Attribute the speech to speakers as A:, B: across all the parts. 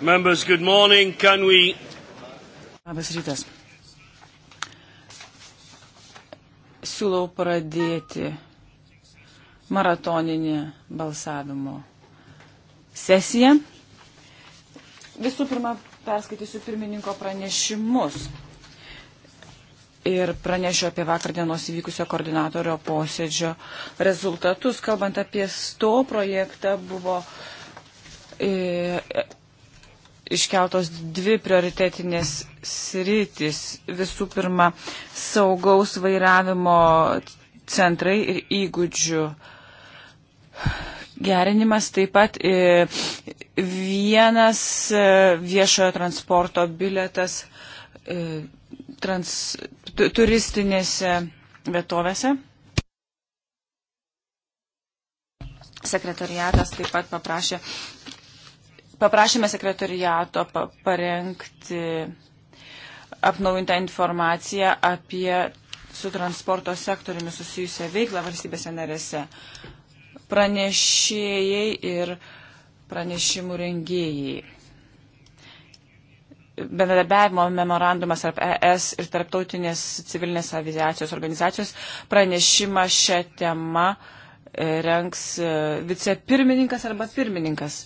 A: Members, good morning. Can we...
B: Labas rytas. Siūlau pradėti maratoninį balsavimo sesiją. Visų pirma, perskaitysiu pirmininko pranešimus ir pranešiu apie vakardienos įvykusio koordinatorio posėdžio rezultatus. Kalbant apie STO projektą, buvo e, iškeltos dvi prioritetinės sritis. Visų pirma, saugaus vairavimo centrai ir įgūdžių gerinimas, taip pat e, vienas e, viešojo transporto biletas e, trans, turistinėse vietovėse. Sekretariatas taip pat paprašė paprašėme sekretoriato parengti apnaujintą informaciją apie su transporto sektoriumi susijusią veiklą valstybėse narėse. Pranešėjai ir pranešimų rengėjai. Bendradarbiavimo memorandumas tarp ES ir tarptautinės civilinės aviacijos organizacijos pranešimą šią temą e, renks e, vicepirmininkas arba pirmininkas.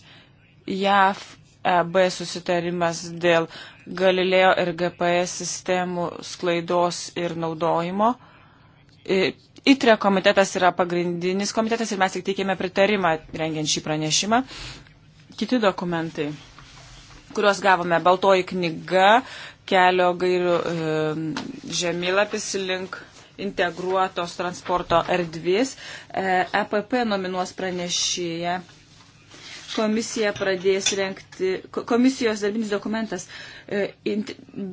B: JAV EB susitarimas dėl Galileo ir GPS sistemų sklaidos ir naudojimo. ITRE komitetas yra pagrindinis komitetas ir mes tik teikėme pritarimą rengiant šį pranešimą. Kiti dokumentai, kuriuos gavome, baltoji knyga, kelio gairių žemėlapis link integruotos transporto erdvės. EPP e nominuos pranešėje komisija pradės renkti, komisijos darbinis dokumentas e,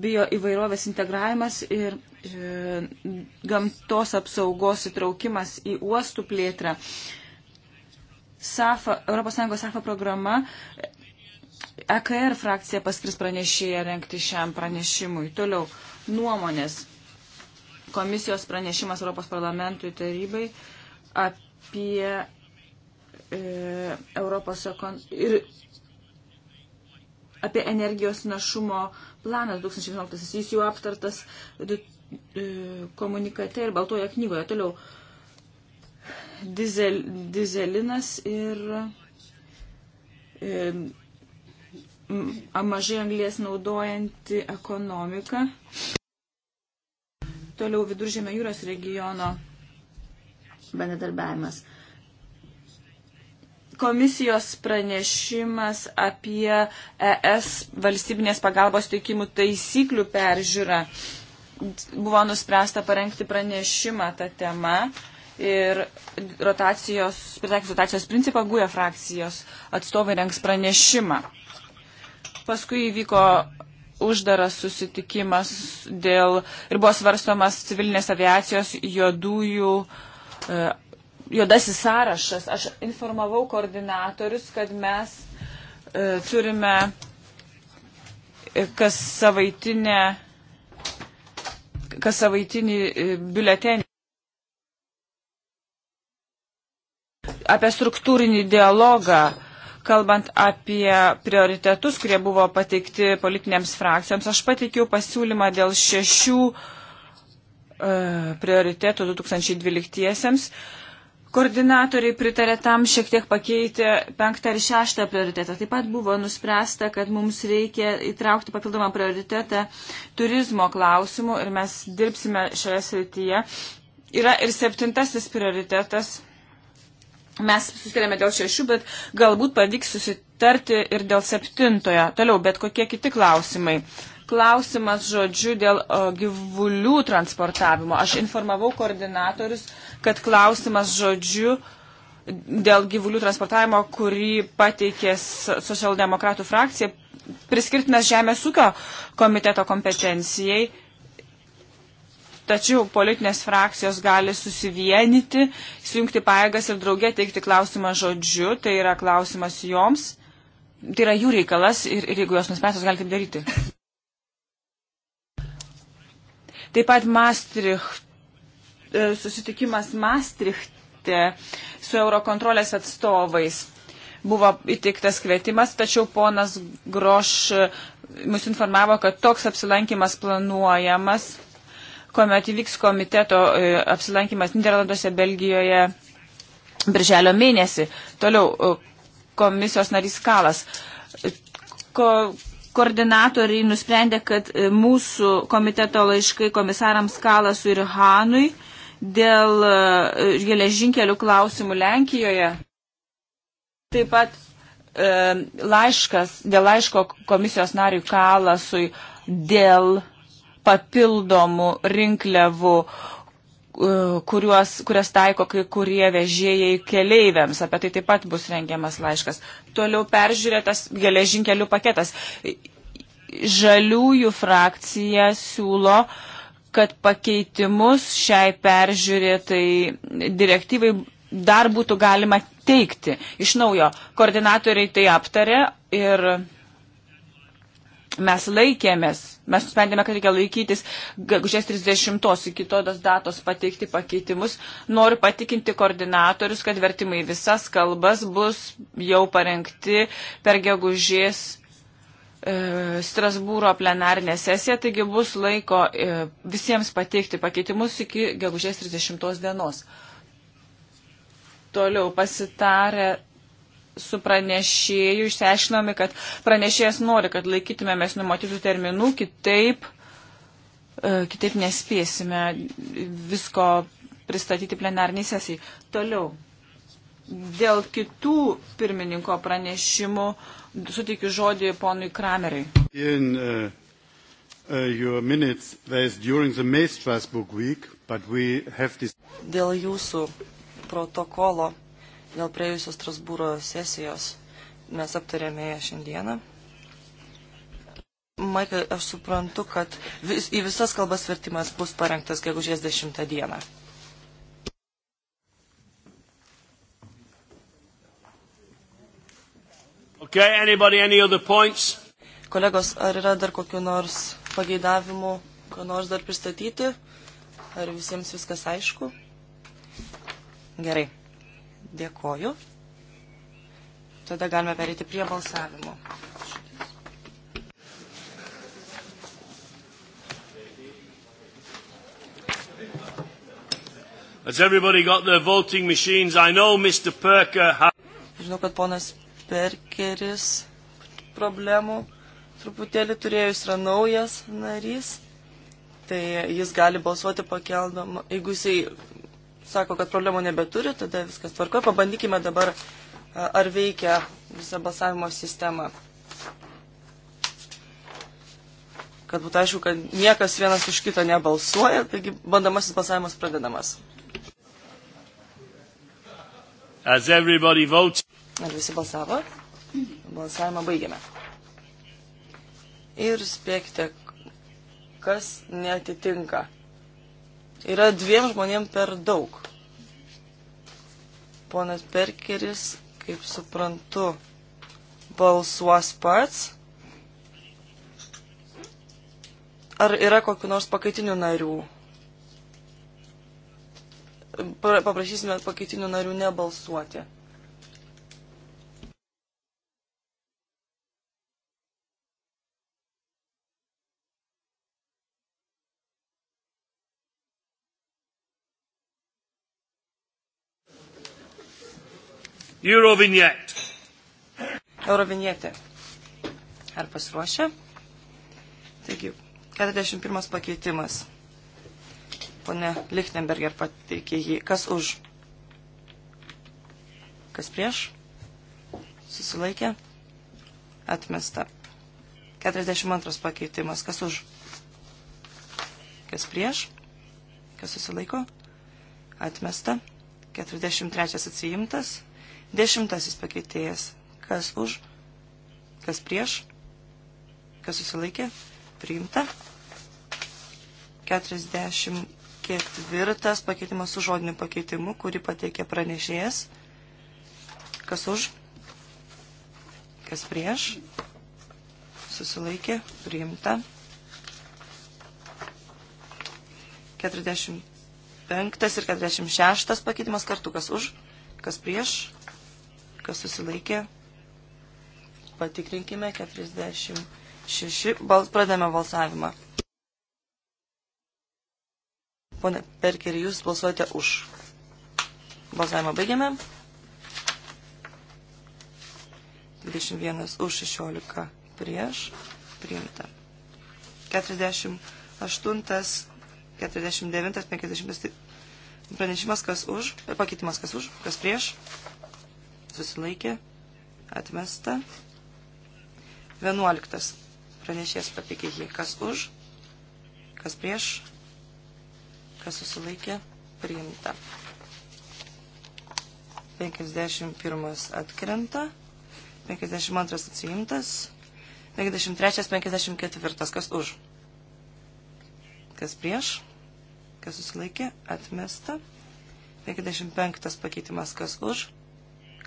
B: bio įvairovės integravimas ir e, gamtos apsaugos įtraukimas į uostų plėtrą. SAFA, ES SAFA programa, EKR frakcija paskris pranešėją renkti šiam pranešimui. Toliau nuomonės komisijos pranešimas Europos parlamentui tarybai apie e, Europos ekon ir apie energijos našumo planas 2011. Jis jau aptartas e, komunikate ir baltoje knygoje. Toliau dizel, dizelinas ir e, mažai anglės naudojanti ekonomika. Toliau viduržėme jūros regiono
C: bendradarbiavimas. E,
B: komisijos pranešimas apie ES valstybinės pagalbos teikimų taisyklių peržiūrą. Buvo nuspręsta parengti pranešimą tą temą ir rotacijos, pritaikius rotacijos principą, guja frakcijos atstovai rengs pranešimą. Paskui įvyko uždaras susitikimas dėl ir buvo svarstomas civilinės aviacijos juodųjų e, juodasis sąrašas. Aš informavau koordinatorius, kad mes e, turime e, kas savaitinę kas savaitinį e, biuletenį apie struktūrinį dialogą, kalbant apie prioritetus, kurie buvo pateikti politinėms frakcijoms. Aš pateikiau pasiūlymą dėl šešių e, prioritetų 2012-iesiems. Uh, Koordinatoriai pritarė tam šiek tiek pakeitė penktą ir šeštą prioritetą. Taip pat buvo nuspręsta, kad mums reikia įtraukti papildomą prioritetą turizmo klausimų ir mes dirbsime šioje srityje. Yra ir septintasis prioritetas. Mes susitarėme dėl šešių, bet galbūt pavyks susitarti ir dėl septintojo. Toliau, bet kokie kiti klausimai klausimas žodžiu dėl gyvulių transportavimo. Aš informavau koordinatorius kad klausimas žodžiu dėl gyvulių transportavimo, kurį pateikė socialdemokratų frakcija, priskirtinas Žemės ūkio komiteto kompetencijai. Tačiau politinės frakcijos gali susivienyti, sujungti paėgas ir draugė teikti klausimą žodžiu, tai yra klausimas joms, tai yra jų reikalas ir, ir jeigu jos nuspręs, jos gali taip daryti. Taip pat Maastricht E, susitikimas Maastrichte su Eurokontrolės atstovais. Buvo įteiktas kvietimas, tačiau ponas Groš e, mus informavo, kad toks apsilankimas planuojamas, kuomet įvyks komiteto e, apsilankimas Niderlanduose, Belgijoje, Birželio mėnesį. Toliau komisijos narys Kalas. Ko, koordinatoriai nusprendė, kad mūsų komiteto laiškai komisarams Kalasui ir Hanui dėl e, geležinkelių klausimų Lenkijoje. Taip pat e, laiškas, dėl laiško komisijos nariui Kalasui dėl papildomų rinkliavų, e, kuriuos, kurias taiko kai kurie vežėjai keleiviams. Apie tai taip pat bus rengiamas laiškas. Toliau peržiūrėtas geležinkelių paketas. Žaliųjų frakcija siūlo uh, kad pakeitimus šiai peržiūrėtai direktyvai dar būtų galima teikti. Iš naujo, koordinatoriai tai aptarė ir mes laikėmės, mes nusprendėme, kad reikia laikytis gegužės 30 iki tos datos pateikti pakeitimus. Noriu patikinti koordinatorius, kad vertimai visas kalbas bus jau parengti per gegužės E, Strasbūro plenarinė sesija, taigi bus laiko e, visiems pateikti pakeitimus iki gegužės 30 dienos. Toliau pasitarę su pranešėju išsiaiškinome, kad pranešėjas nori, kad laikytumėmės numatytų terminų, kitaip, e, kitaip nespėsime visko pristatyti plenarniai sesijai. Toliau, dėl kitų pirmininko pranešimų uh, Suteikiu žodį ponui Krameriai. In, uh... uh
D: dėl jūsų protokolo, dėl praėjusios Strasbūro sesijos mes aptarėme ją šiandieną. Maikai, aš suprantu, kad vis, į visas kalbas vertimas bus parengtas gegužės 10 dieną.
A: Okay, anybody, any other points? Kolegos, ar yra dar kokiu nors
D: pageidavimu, ko nors dar pristatyti? Ar visiems viskas aišku? Gerai, dėkoju. Tada galime perėti prie balsavimo.
A: Has everybody got their voting machines? I know Mr. Perker has...
D: Žinau, kad ponas Berkeris problemų truputėlį turėjo, jis yra naujas narys, tai jis gali balsuoti pakeldama, jeigu jisai sako, kad problemų nebeturi, tada viskas tvarkoja, pabandykime dabar, ar veikia visa balsavimo sistema. Kad būtų aišku, kad niekas vienas už kitą nebalsuoja, taigi bandamasis balsavimas pradedamas.
A: As everybody votes. Ar visi balsavo?
D: Balsavimą baigiame. Ir spėkite, kas netitinka. Yra dviem žmonėm per daug. Ponas Perkeris, kaip suprantu, balsuos pats. Ar yra kokiu nors pakaitinių narių? Paprašysime pakaitinių narių nebalsuoti.
A: Eurovignet.
D: Eurovignietė. Ar pasiruošę? Taigi, 41 pakeitimas. Pone Lichtenberger pateikė jį. Kas už? Kas prieš? Susilaikė? Atmesta. 42 pakeitimas. Kas už? Kas prieš? Kas susilaiko? Atmesta. 43 atsijimtas. Dešimtasis pakeitėjas. Kas už, kas prieš, kas susilaikė, priimta. 44 pakeitimas su žodiniu pakeitimu, kurį pateikė pranešėjas. Kas už, kas prieš, susilaikė, priimta. 45 ir 46 pakeitimas kartu, kas už, kas prieš, kas susilaikė. Patikrinkime 46. Bal, pradame balsavimą. Pone Perkeri, jūs balsuojate už. Balsavimą baigiame. 21 už 16 prieš. Priimta. 48, 49, 50. Pranešimas kas už, pakeitimas kas už, kas prieš susilaikė, atmesta. 11. Pranešės patikė jį, kas už, kas prieš, kas susilaikė, priimta. 51 atkrenta, 52 atsiimtas, 53, 54, kas už, kas prieš, kas susilaikė, atmesta. 55 pakeitimas, kas už,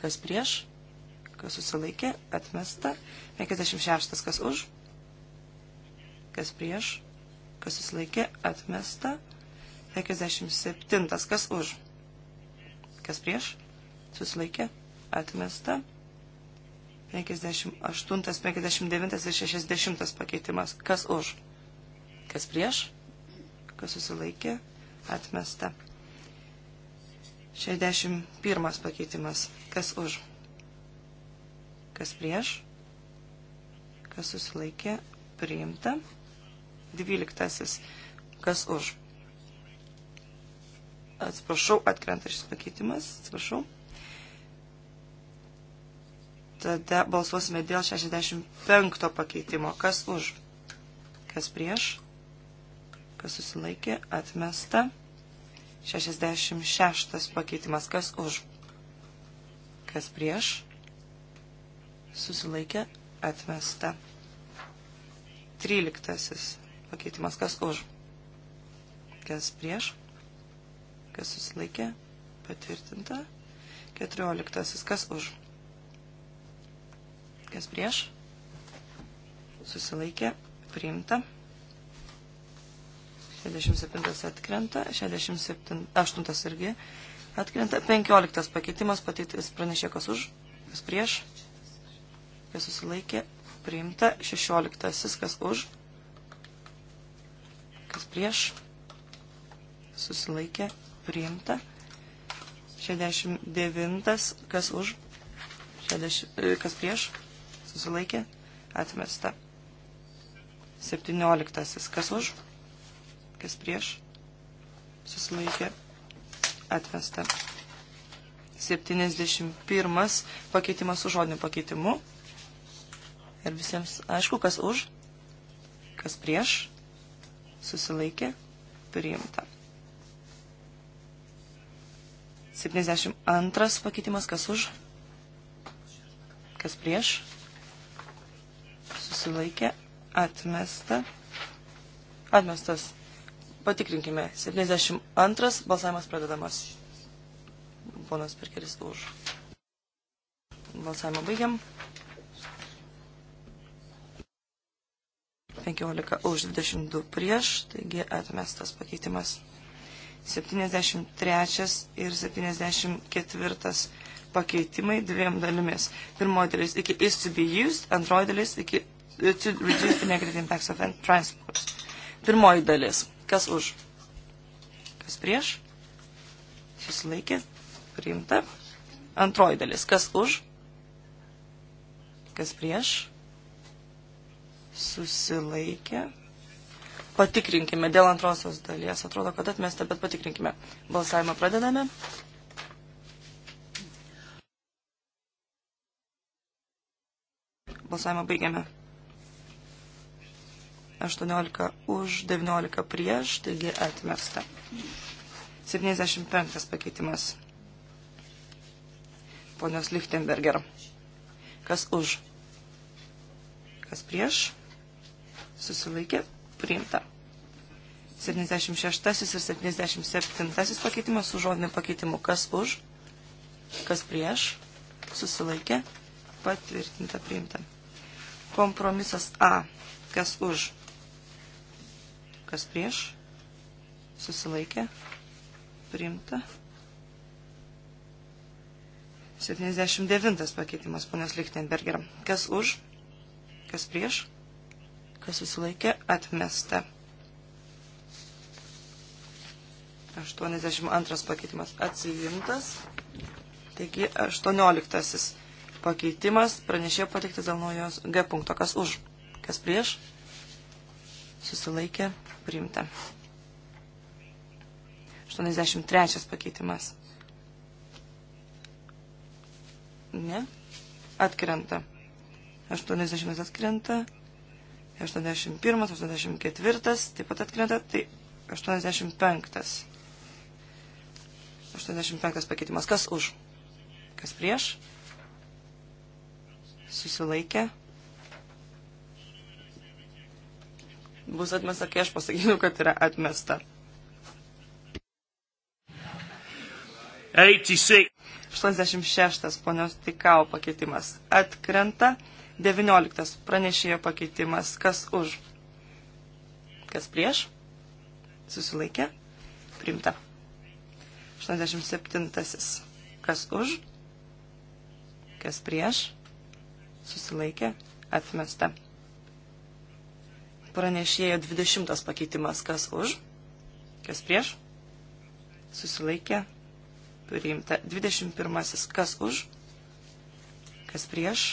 D: Kas prieš? Kas susilaikė? Atmesta. 56. Kas už? Kas prieš? Kas susilaikė? Atmesta. 57. Kas už? Kas prieš? Susilaikė? Atmesta. 58, 59 ir 60 pakeitimas. Kas už? Kas prieš? Kas susilaikė? Atmesta. 61 pakeitimas. Kas už? Kas prieš? Kas susilaikė? Priimta. 12. Kas už? Atsiprašau, atkrenta šis pakeitimas. Atsiprašau. Tada balsuosime dėl 65 pakeitimo. Kas už? Kas prieš? Kas susilaikė? Atmesta. 65. 66 pakeitimas. Kas už? Kas prieš? Susilaikė atmesta. 13 pakeitimas. Kas už? Kas prieš? Kas susilaikė? Patvirtinta. 14 kas už? Kas prieš? Susilaikė. Priimta. 67 atkrenta, 68 irgi atkrenta, 15 pakeitimas, pateitis pranešė, kas už, kas prieš, kas susilaikė, priimta, 16 kas už, kas prieš, susilaikė, priimta, 69 kas už, 60, e, kas prieš, susilaikė, atmesta, 17 kas už, kas prieš, susilaikė, atvesta. 71 pakeitimas su žodiniu pakeitimu. Ir visiems aišku, kas už, kas prieš, susilaikė, priimta. 72 pakeitimas, kas už, kas prieš, susilaikė, atmesta, atmestas Patikrinkime. 72 balsavimas pradedamas. Ponas Perkeris už. Balsavimą baigiam. 15 už 22 prieš, taigi atmestas pakeitimas. 73 ir 74 pakeitimai dviem dalimis. Pirmoji dalis iki is to be used, antroji dalis iki to reduce the negative impacts of transport. Pirmoji dalis Kas už? Kas prieš? Susilaikė. Priimta. Antroji dalis. Kas už? Kas prieš? Susilaikė. Patikrinkime dėl antrosios dalies. Atrodo, kad atmesta, bet patikrinkime. Balsavimą pradedame. Balsavimą baigiame. 18 už 19 prieš, taigi atmesta. 75 pakeitimas. Ponios Lichtenberger. Kas už? Kas prieš? Susilaikė? Priimta. 76 ir 77 pakeitimas su žodiniu pakeitimu. Kas už? Kas prieš? Susilaikė? Patvirtinta, priimta. Kompromisas A. Kas už? kas prieš, susilaikė, priimta. 79 pakeitimas ponios Lichtenberger. Kas už, kas prieš, kas susilaikė, atmesta. 82 pakeitimas atsiimtas. Taigi 18 pakeitimas pranešėjo pateiktas dėl naujos G punkto. Kas už, kas prieš, susilaikė, priimta. 83 pakeitimas. Ne. Atkrenta. 80 atkrenta. 81, 84, taip pat atkrenta. Tai 85. 85 pakeitimas. Kas už? Kas prieš? Susilaikė. bus atmesta, kai aš pasakysiu, kad yra atmesta. 86. 86 ponios Tikau pakeitimas atkrenta. 19 pranešėjo pakeitimas. Kas už? Kas prieš? Susilaikė? Primta. 87. Kas už? Kas prieš? Susilaikė? Atmesta pranešėjo 20 pakeitimas, kas už, kas prieš, susilaikė, priimta. 21 kas už, kas prieš,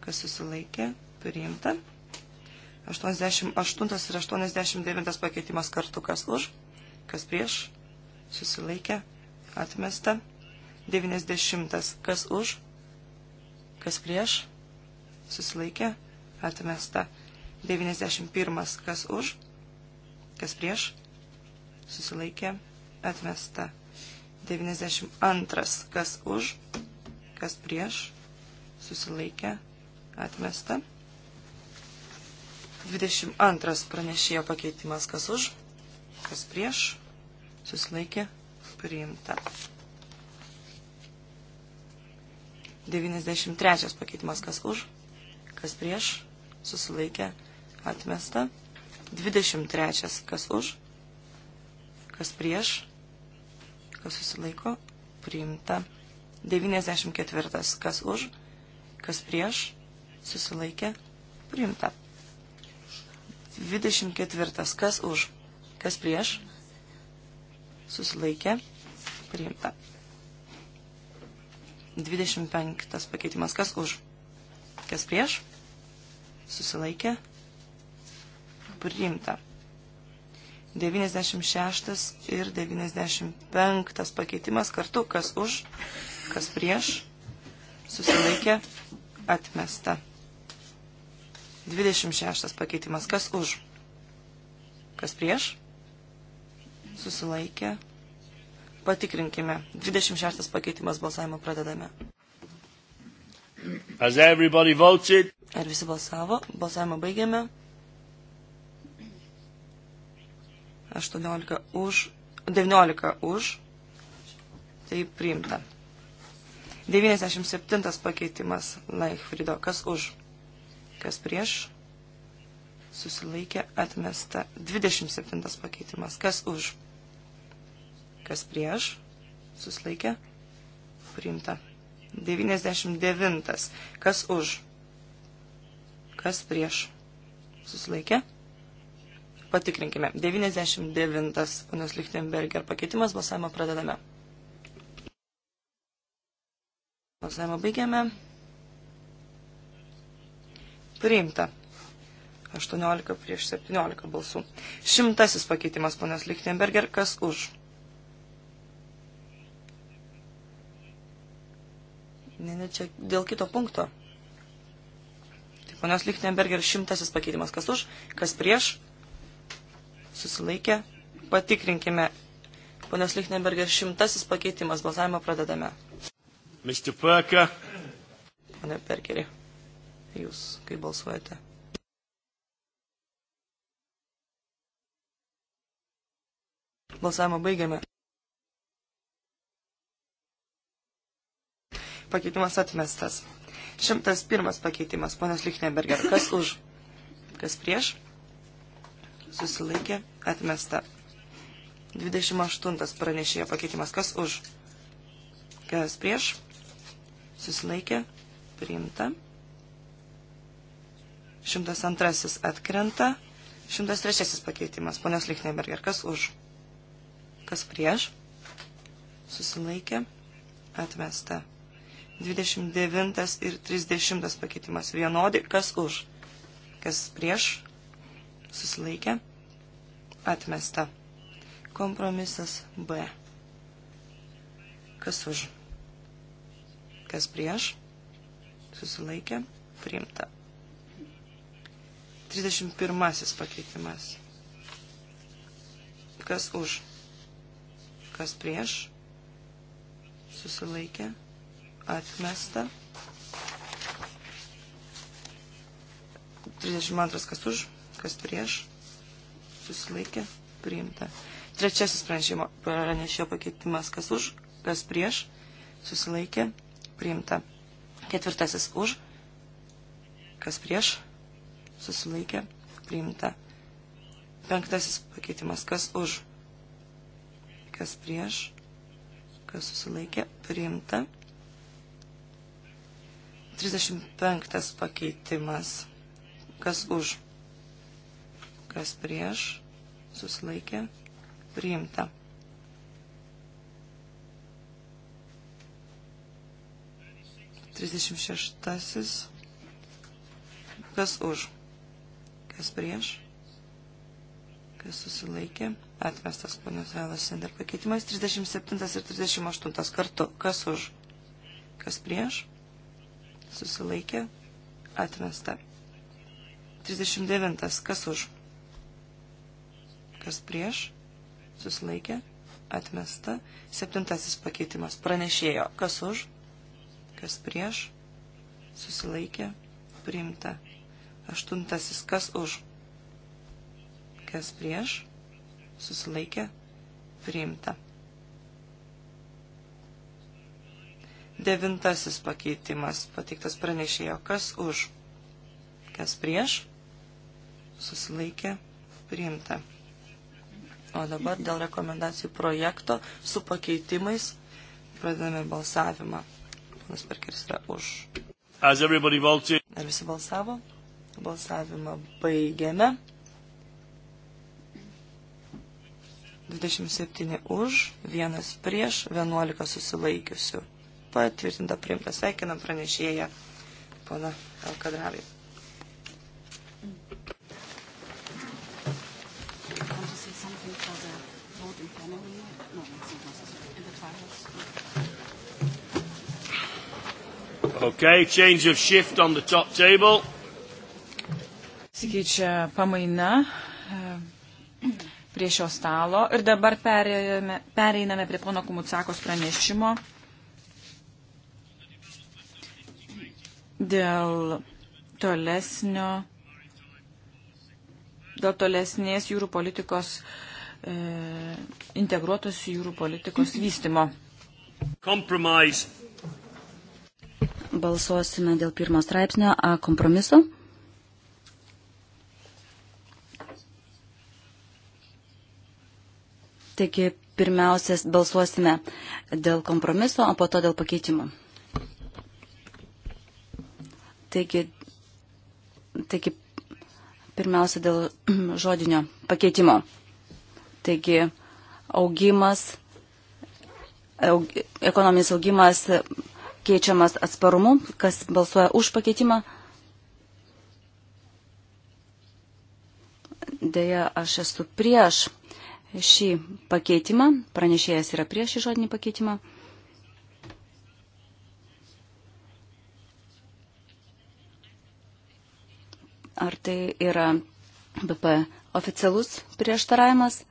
D: kas susilaikė, priimta. 88 ir 89 pakeitimas kartu, kas už, kas prieš, susilaikė, atmesta. 90 kas už, kas prieš, susilaikė, atmesta. 91. Kas už, kas prieš, susilaikė, atmesta. 92. Kas už, kas prieš, susilaikė, atmesta. 22. Pranešėjo pakeitimas. Kas už, kas prieš, susilaikė, priimta. 93 pakeitimas, kas už, kas prieš, susilaikė, atmesta. 23. Kas už, kas prieš, kas susilaiko, priimta. 94. Kas už, kas prieš, susilaikė, priimta. 24. Kas už, kas prieš, susilaikė, priimta. 25. Pakeitimas. Kas už, kas prieš, susilaikė, priimta priimta. 96 ir 95 pakeitimas kartu, kas už, kas prieš, susilaikė, atmesta. 26 pakeitimas, kas už, kas prieš, susilaikė, patikrinkime. 26 pakeitimas balsavimo pradedame. As everybody voted. Ar visi balsavo? Balsavimą baigėme. 18 už, 19 už, tai priimta. 97 pakeitimas Laichfrido, kas už, kas prieš, susilaikė atmesta. 27 pakeitimas, kas už, kas prieš, susilaikė, priimta. 99, kas už, kas prieš, susilaikė, priimta Patikrinkime. 99. Ponios Lichtenberger pakeitimas. Balsavimą pradedame. Balsavimą baigiame. Priimta. 18 prieš 17 balsų. Šimtasis pakeitimas, ponios Lichtenberger, kas už? Ne, ne, čia dėl kito punkto. Tai ponios Lichtenberger, šimtasis pakeitimas, kas už, kas prieš? susilaikė. Patikrinkime. Ponios Lichtenberger, šimtasis pakeitimas. Balsavimą pradedame.
A: Mr. Perker. Pane Perkeri,
D: jūs kaip balsuojate? Balsavimą baigiame. Pakeitimas atmestas. Šimtas pirmas pakeitimas, ponas Lichtenberger. Kas už? Kas prieš? susilaikė, atmesta. 28 pranešėjo pakeitimas, kas už, kas prieš, susilaikė, priimta. 102 atkrenta, 103 pakeitimas, ponios Lichtenberger, kas už, kas prieš, susilaikė, atmesta. 29 ir 30 pakeitimas vienodi, kas už, kas prieš, susilaikė, atmesta. Kompromisas B. Kas už? Kas prieš? Susilaikė, priimta. 31 pakeitimas. Kas už? Kas prieš? Susilaikė, atmesta. 32 kas už? kas prieš, susilaikė, priimta. Trečiasis pranešimo pranešėjo pakeitimas, kas už, kas prieš, susilaikė, priimta. Ketvirtasis už, kas prieš, susilaikė, priimta. Penktasis pakeitimas, kas už, kas prieš, kas susilaikė, priimta. 35 pakeitimas, kas už, kas prieš, susilaikė, priimta. Trisdešimt šeštasis, kas už, kas prieš, kas susilaikė, atmestas ponios Vėlas Sender pakeitimas, 37 ir 38 kartu, kas už, kas prieš, susilaikė, atmesta. 39. Kas už? kas prieš, susilaikė, atmesta. Septintasis pakeitimas pranešėjo, kas už, kas prieš, susilaikė, priimta. Aštuntasis, kas už, kas prieš, susilaikė, priimta. Devintasis pakeitimas pateiktas pranešėjo, kas už, kas prieš, susilaikė, priimta. O dabar dėl rekomendacijų projekto su pakeitimais pradedame balsavimą. Ponas Perkeris yra už.
A: Ar visi balsavo?
D: Balsavimą baigiame. 27 už, 1 prieš, 11 susilaikiusių. Patvirtinta priimta sveikinam pranešėją, pana Alkadravį.
A: Okay, change of shift on the top table.
B: Sikeičia pamaina eh, prie šio stalo ir dabar perėjame, pereiname prie pono Kumutsakos pranešimo dėl tolesnio, dėl tolesnės jūrų politikos, e, integruotos jūrų politikos vystimo.
A: Compromise
C: Balsuosime dėl pirmo straipsnio A kompromiso. Taigi pirmiausia balsuosime dėl kompromiso, o po to dėl pakeitimo. Taigi, taigi pirmiausia dėl žodinio pakeitimo. Taigi augimas, aug, ekonominis augimas keičiamas atsparumu, kas balsuoja už pakeitimą. Deja, aš esu prieš šį pakeitimą, pranešėjas yra prieš šį žodinį pakeitimą. Ar tai yra BP oficialus prieštaravimas?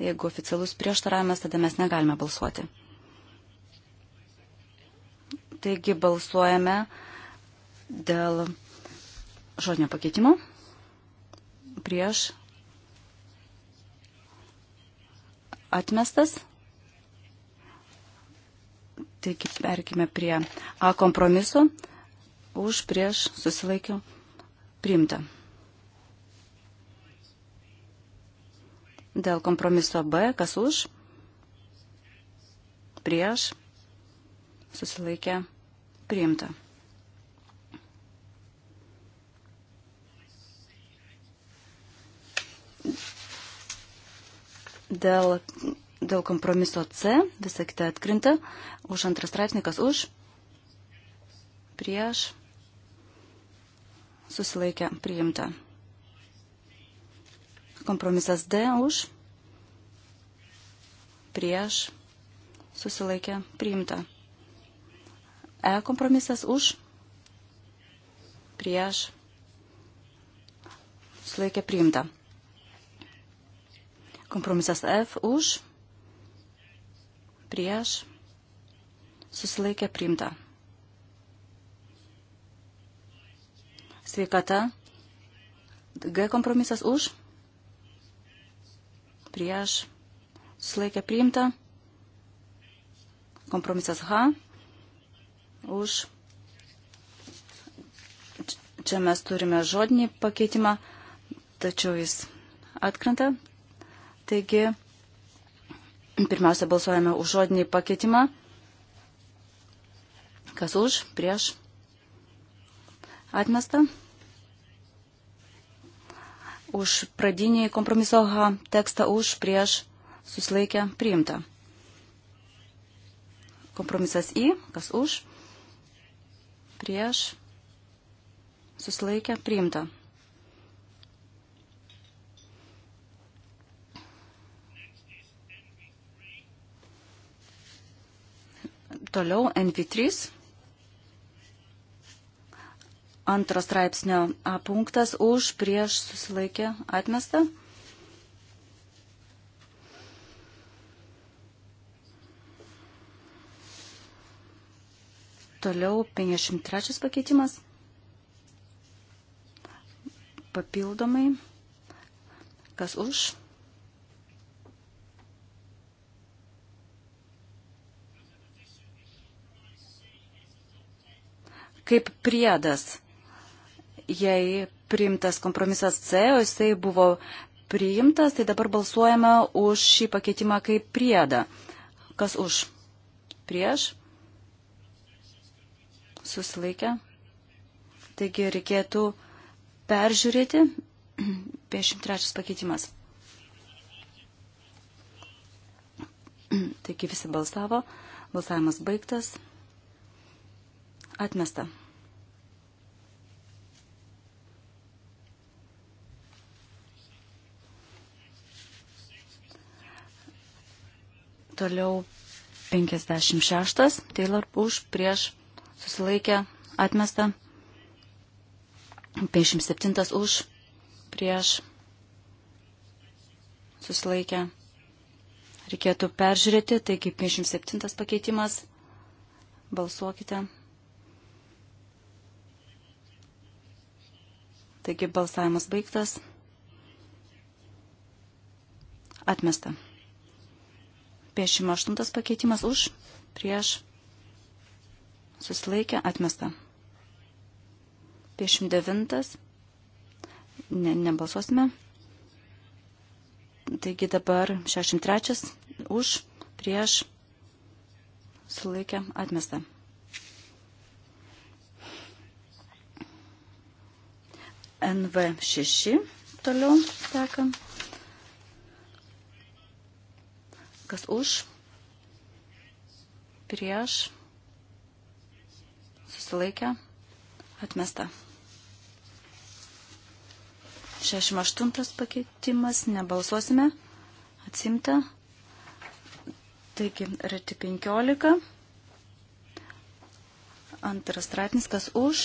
C: Jeigu oficialus prieštaravimas, tada mes negalime balsuoti. Taigi balsuojame dėl žodinio pakeitimo prieš atmestas. Taigi perkime prie A kompromiso už prieš susilaikiu priimta. Dėl kompromiso B, kas už, prieš, susilaikė priimta. Dėl, dėl kompromiso C visą kitą tai atkrinta. Už antras straipsnikas už, prieš, susilaikė priimta. Kompromisas D už, prieš, susilaikė priimta. E kompromisas už, prieš, sulaikė priimta. Kompromisas F už, prieš, susilaikė priimta. Sveikata. G kompromisas už, prieš, susilaikė priimta. Kompromisas H už. Čia mes turime žodinį pakeitimą, tačiau jis atkrenta. Taigi, pirmiausia, balsuojame už žodinį pakeitimą. Kas už, prieš, atmesta. Už pradinį kompromiso H tekstą už, prieš, susilaikę, priimta. Kompromisas I, kas už, prieš, susilaikę, priimta. Toliau NV3 antro straipsnio A punktas už prieš susilaikė atmestą. Toliau 53 pakeitimas. Papildomai. Kas už? Kaip priedas, jei priimtas kompromisas C, o jisai buvo priimtas, tai dabar balsuojame už šį pakeitimą kaip priedą. Kas už? Prieš? susilaikę. Taigi reikėtų peržiūrėti 53 pakeitimas. Taigi visi balsavo, balsavimas baigtas, atmesta. Toliau 56, Taylor už prieš susilaikė, atmesta. 57 už, prieš, susilaikė. Reikėtų peržiūrėti, taigi 57 pakeitimas. Balsuokite. Taigi balsavimas baigtas. Atmesta. 58 pakeitimas už, prieš, susilaikė, atmesta. 59, ne, nebalsuosime. Taigi dabar 63 už, prieš, sulaikė, atmesta. NV6 toliau teka. Kas už, prieš, susilaikė, atmesta. 68 pakeitimas, nebalsuosime, atsimta. Taigi, reti 15. Antras straipsnis, kas už,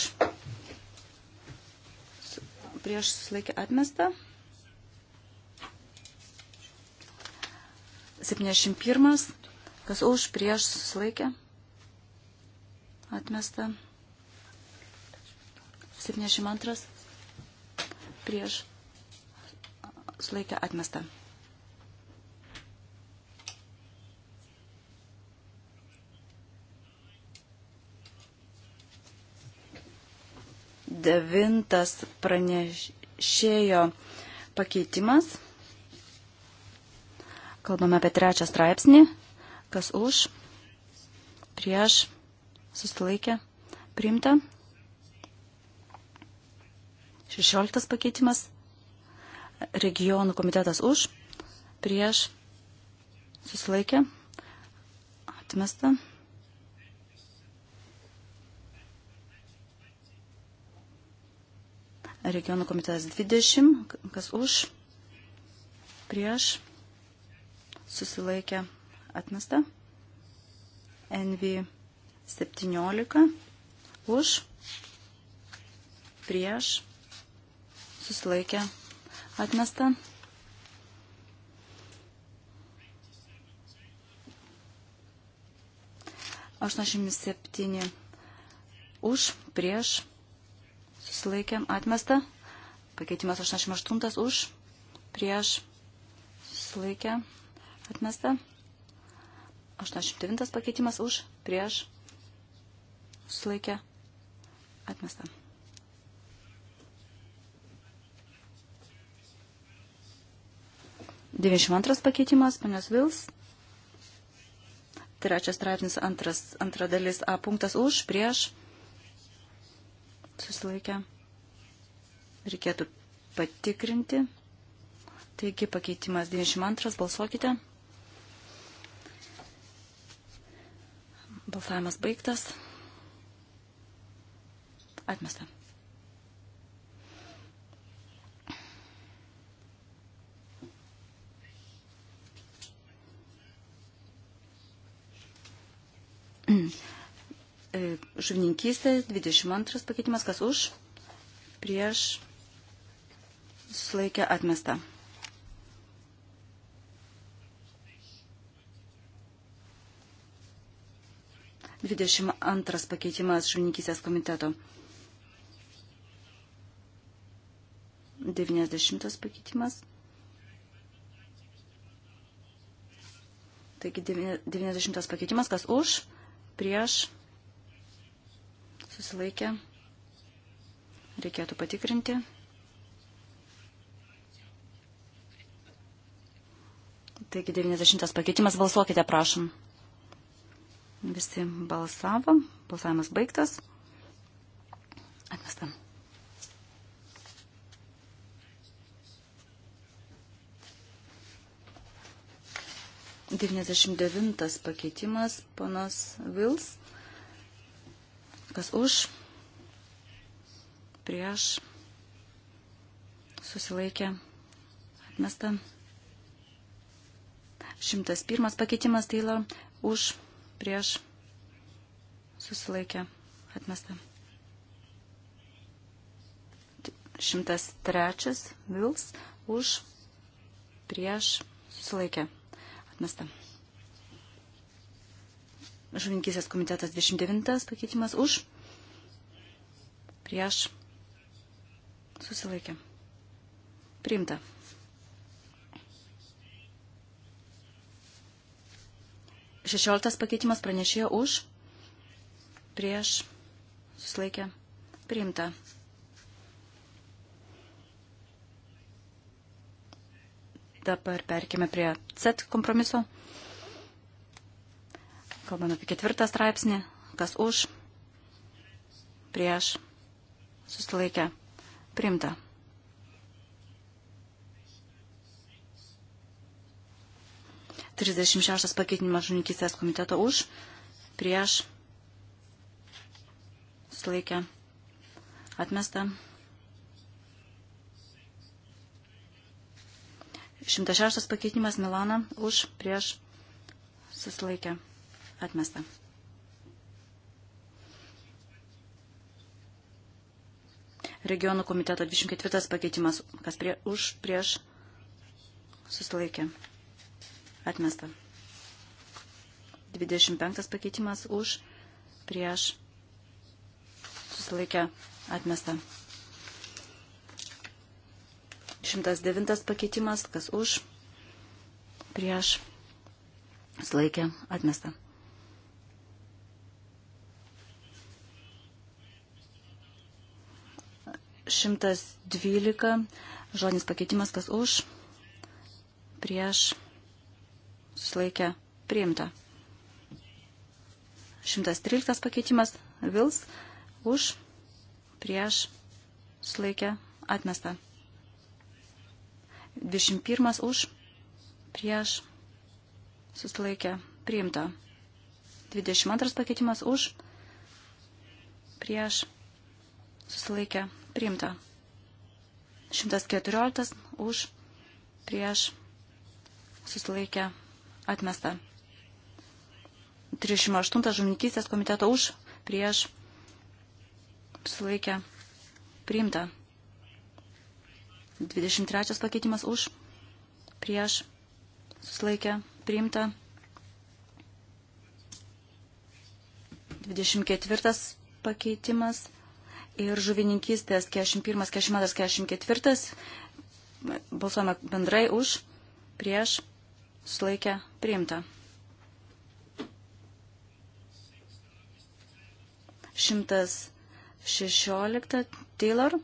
C: prieš susilaikė atmesta. 71, kas už, prieš susilaikė, atmesta. 72 prieš sulaikę atmestą. Devintas pranešėjo pakeitimas. Kalbame apie trečią straipsnį. Kas už, prieš, susilaikė, priimta. 16 pakeitimas. Regionų komitetas už, prieš, susilaikė, atmesta. Regionų komitetas 20, kas už, prieš, susilaikė, atmesta. NV 17, už, prieš, susilaikė susilaikė, atmesta. Aštuoniasdešimt septyni už, prieš, susilaikėm, atmesta. Pakeitimas 88 už, prieš, susilaikė, atmesta. 89 pakeitimas už, prieš, susilaikė, atmesta. 92 pakeitimas, ponios Vils. Trečias straipsnis, antras, antra dalis A punktas už, prieš. Susilaikę. Reikėtų patikrinti. Taigi pakeitimas 92, balsuokite. Balsavimas baigtas. Atmesta. E, Žuvininkystė 22 pakeitimas, kas už, prieš, susilaikė atmesta. Dvidešimt antras pakeitimas žuvininkysės komiteto. Devyniasdešimtas pakeitimas. Taigi 90 pakeitimas, kas už, prieš, susilaikė, reikėtų patikrinti. Taigi 90 pakeitimas, balsuokite, prašom. Visi balsavo, balsavimas baigtas. Atmestam. 99 pakeitimas, ponas Vils. Kas už? Prieš? Susilaikė? Atmesta? 101 pakeitimas Taylor. Už? Prieš? Susilaikė? Atmesta? 103 Vils. Už? Prieš? Susilaikė? Atmesta. Žuvinkysės komitetas 29 pakeitimas už. Prieš. Susilaikė. Priimta. Šešioltas pakeitimas pranešėjo už. Prieš. Susilaikė. Priimta. Dabar perkime prie C kompromiso. Kalbame apie ketvirtą straipsnį. Kas už, prieš, susilaikę, primta. Trisdešimt šeštas pakeitinimas žunikistės komiteto už, prieš, susilaikę, atmesta. Atmesta. 106 pakeitimas Milana už prieš susilaikę atmestą. Regionų komiteto 24 pakeitimas, kas prie, už prieš susilaikė atmestą. 25 pakeitimas už prieš susilaikę atmestą. 109 pakeitimas, kas už, prieš, slaikė, atmesta. Šimtas dvylika, žodinis pakeitimas, kas už, prieš, susilaikė, priimta. Šimtas tryliktas pakeitimas, vils, už, prieš, susilaikė, atmesta. 21 už, prieš, susilaikė, priimta. 22 pakeitimas už, prieš, susilaikė, priimta. 114 už, prieš, susilaikė, atmesta. 308 žuvininkystės komiteto už, prieš, susilaikė, priimta. 23 pakeitimas už, prieš, susilaikę, priimta. 24 pakeitimas ir žuvininkystės 41, 42, 44. Balsuojame bendrai už, prieš, susilaikę, priimta. 116 Taylor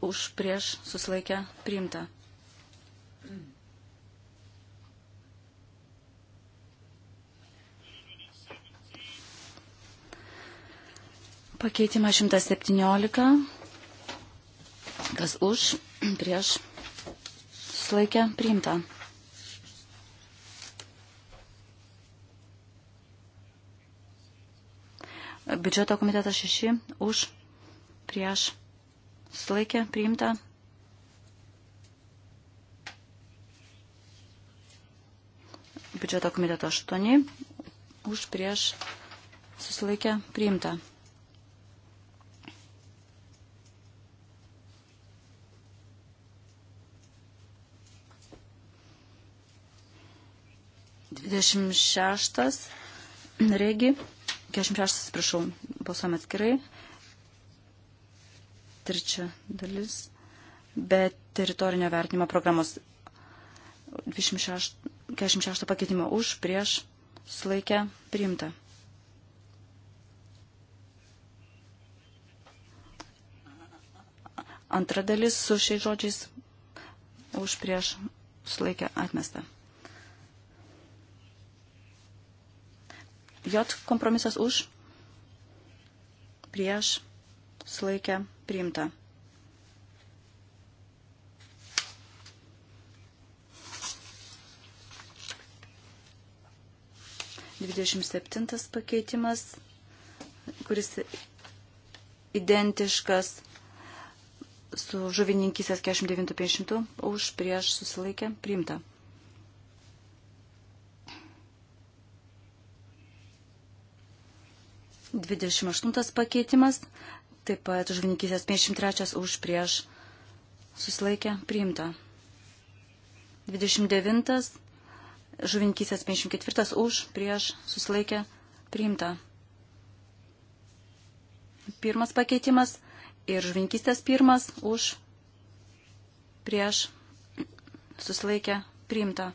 C: už prieš susilaikę priimta. Pakeitimą 117. Kas už, prieš, susilaikę, priimta. Biudžeto komitetas 6, už, prieš, Sulaikė, priimta. Biudžeto komiteto 8. Už prieš susilaikė, priimta. Dvidešimt šeštas, regi, 46, prašau, balsuojame atskirai trečia dalis, bet teritorinio vertinimo programos 26, 46 pakeitimo už, prieš, sulaikę, priimta. Antra dalis su šiais žodžiais už, prieš, sulaikę, atmesta. J kompromisas už, prieš, sulaikę, atmesta Priimta. Dvidešimt septintas pakeitimas, kuris identiškas su žuvininkysės 49-50 už prieš susilaikę priimta. Dvidešimt aštuntas pakeitimas Taip pat žuvininkysės 53 už prieš susilaikė priimta. 29 žuvininkysės 54 už prieš susilaikė priimta. Pirmas pakeitimas ir žuvininkystės pirmas už prieš susilaikė priimta.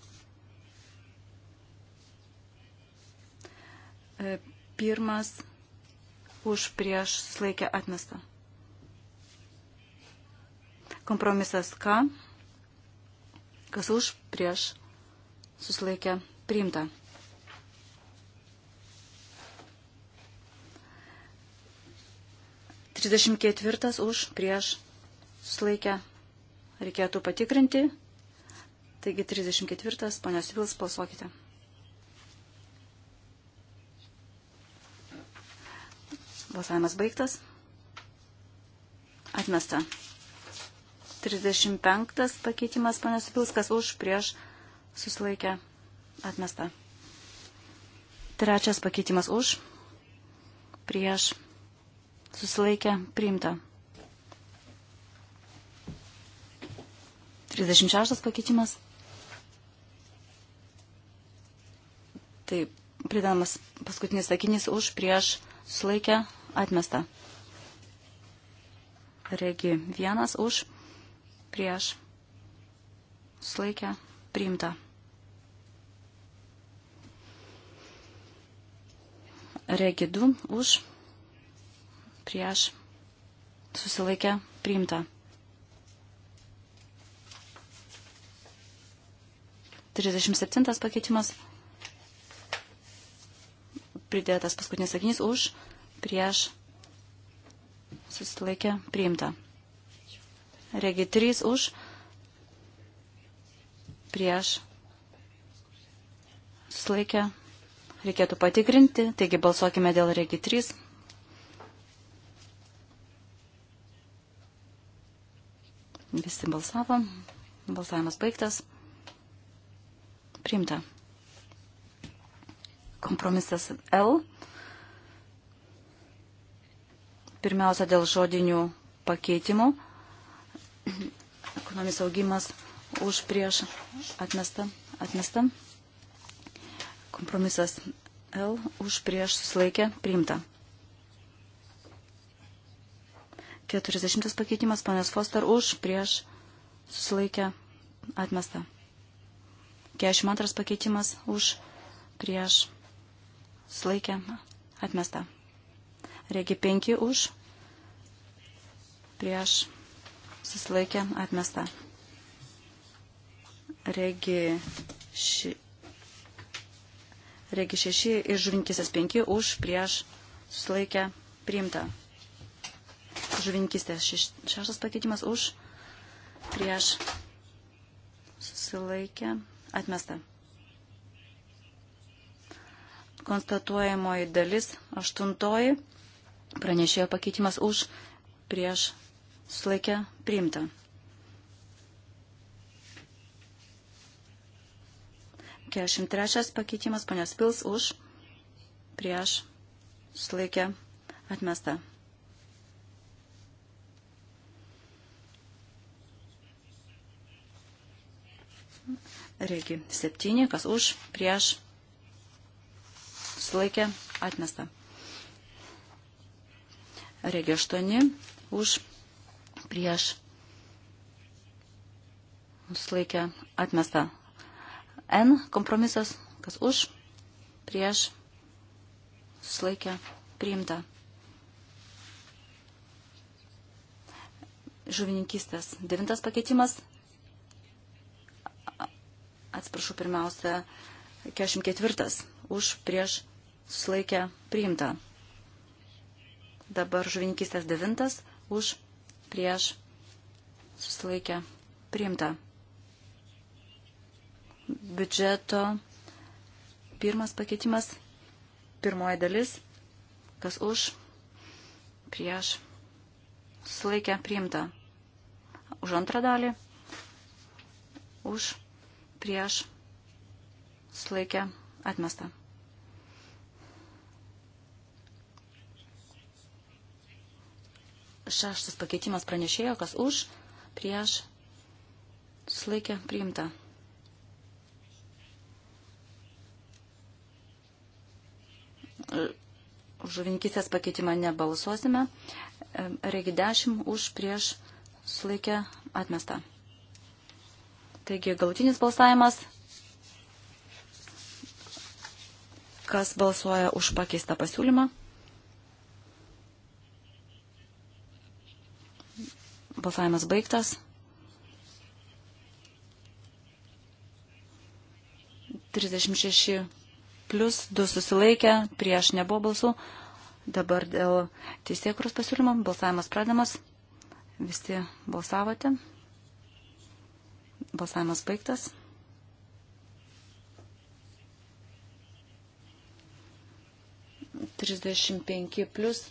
C: E, pirmas už prieš slaikę atmestą. Kompromisas K, kas už prieš susilaikę priimta. Trisdešimt ketvirtas už prieš susilaikę reikėtų patikrinti. Taigi 34, ponios Vils, balsuokite. Balsavimas baigtas. Atmesta. 35 pakeitimas, ponės Vilskas, už, prieš, susilaikę, atmesta. Trečias pakeitimas už, prieš, susilaikę, priimta. 36 pakeitimas. Taip, pridamas paskutinis sakinys už, prieš, susilaikę, atmesta. Regi vienas už, prieš, slaikę, priimta. Regi du už, prieš, susilaikę, priimta. 37 pakeitimas pridėtas paskutinis sakinys už prieš susilaikė priimta. Regi 3 už prieš susilaikė. Reikėtų patikrinti, taigi balsuokime dėl regi 3. Visi balsavo. Balsavimas baigtas. Priimta. Kompromisas L Pirmiausia, dėl žodinių pakeitimų. Ekonomis augimas už prieš atmestą. atmestą. Kompromisas L už prieš susilaikę priimta. 40 pakeitimas panės Foster už prieš susilaikę atmestą. 42 pakeitimas už prieš susilaikę atmestą. Regi 5 už, prieš susilaikę atmesta. Regi 6 ši... ir žuvinkisės 5 už, prieš susilaikę priimta. Žuvinkistės šeš... šeštas pakeitimas už, prieš susilaikę atmesta konstatuojamoji dalis, aštuntoji, Pranešėjo pakeitimas už, prieš, sulaikę, priimta. Kešim trečias pakeitimas, ponios pils, už, prieš, sulaikę, atmesta. Regi, septyni, kas už, prieš, sulaikė, atmesta. Regi 8 už prieš susilaikę atmesta. N kompromisas, kas už, prieš susilaikę priimta. Žuvininkystės devintas pakeitimas. Atsiprašau, pirmiausia, 44 už prieš susilaikę priimta. Dabar žuvininkistės devintas už prieš susilaikę priimta. Biudžeto pirmas pakeitimas, pirmoji dalis, kas už prieš susilaikę priimta. Už antrą dalį, už prieš susilaikę atmestą. Šeštas pakeitimas pranešėjo, kas už, prieš, susilaikė, priimta. Žuvininkystės pakeitimą nebalsuosime. Regi 10 už, prieš, susilaikė, atmesta. Taigi galutinis balsavimas. Kas balsuoja už pakeistą pasiūlymą? Balsavimas baigtas. 36 plus 2 susilaikė, prieš nebuvo balsų. Dabar dėl teisėkuros pasiūlymo balsavimas pradamas. Visi balsavote. Balsavimas baigtas. 35 plus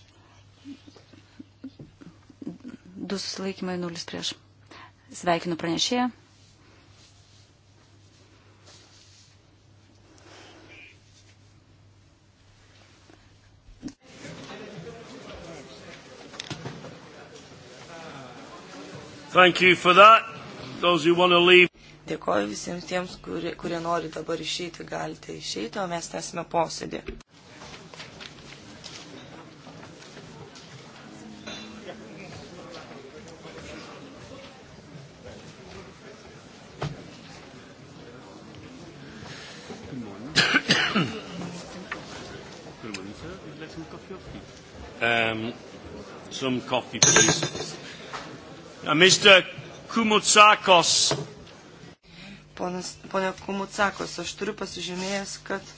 C: du susilaikymai, nulis prieš. Sveikinu pranešėją.
A: Dėkoju visiems
D: tiems, kurie, kurie nori dabar išeiti, galite išeiti, o mes tęsime posėdį.
A: some coffee, please. Now, Mr. Kumutsakos.
D: Ponas, ponia Kumutsakos, aš turiu pasižymėjęs, kad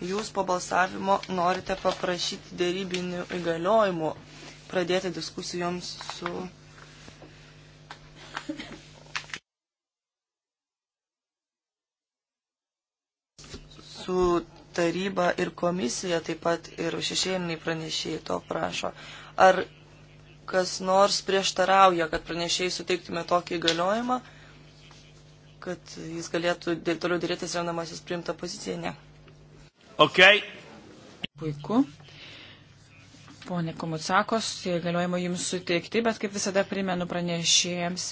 D: jūs po balsavimo norite paprašyti dėrybinių įgaliojimų pradėti diskusijoms su. su taryba ir komisija, taip pat ir šešėliniai pranešėjai to prašo. Ar kas nors prieštarauja, kad pranešėjai suteiktume tokį įgaliojimą, kad jis galėtų toliau dėrėtis remdamasis priimtą poziciją? Ne.
A: Okay.
B: Puiku. Pone Komutsakos, įgaliojimai jums suteikti, bet kaip visada primenu pranešėjams,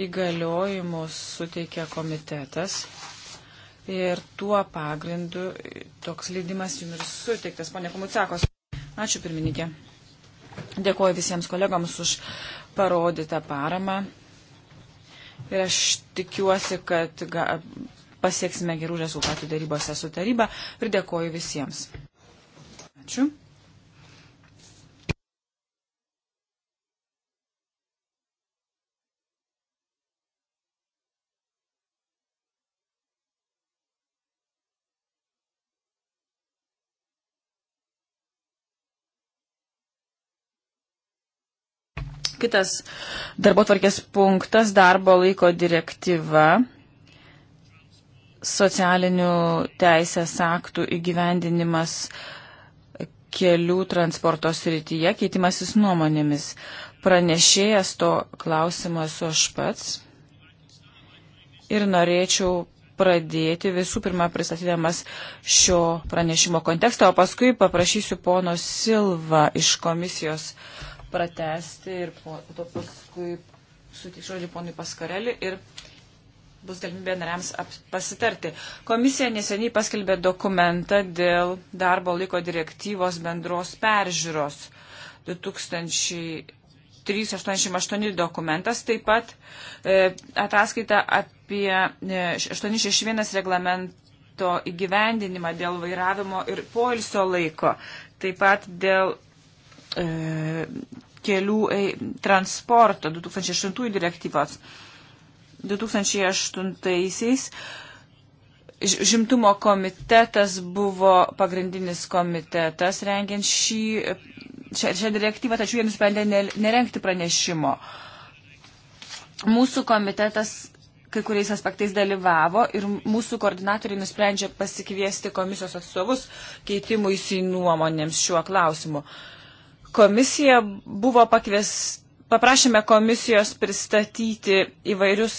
B: įgaliojimus suteikia komitetas. Ir tuo pagrindu toks leidimas jums ir suteiktas, ponė Komutsakos. Ačiū pirmininkė. Dėkuoju visiems kolegoms už parodytą paramą. Ir aš tikiuosi, kad ga, pasieksime gerų rezultatų darybose su taryba ir dėkuoju visiems. Ačiū. Kitas darbo tvarkės punktas - darbo laiko direktyva socialinių teisės aktų įgyvendinimas kelių transporto srityje, keitimasis nuomonėmis. Pranešėjas to klausimo esu aš pats. Ir norėčiau pradėti visų pirma pristatydamas šio pranešimo kontekstą, o paskui paprašysiu pono Silva iš komisijos uh, pratesti ir po to paskui sutik žodį ponui Paskarelį ir bus galimybė nariams pasitarti. Komisija neseniai paskelbė dokumentą dėl darbo laiko direktyvos bendros peržiūros 2388 dokumentas, taip pat e, ataskaita apie e, 861 reglamento įgyvendinimą dėl vairavimo ir poilsio laiko, taip pat dėl E, kelių e, transporto 2008 direktyvos. 2008-aisiais žimtumo komitetas buvo pagrindinis komitetas rengiant šį, šią, šią direktyvą, tačiau jie nusprendė nerengti pranešimo. Mūsų komitetas kai kuriais aspektais dalyvavo ir mūsų koordinatoriai nusprendžia pasikviesti komisijos atstovus keitimui į nuomonėms šiuo klausimu. Uh, Komisija buvo pakvies, paprašėme komisijos pristatyti įvairius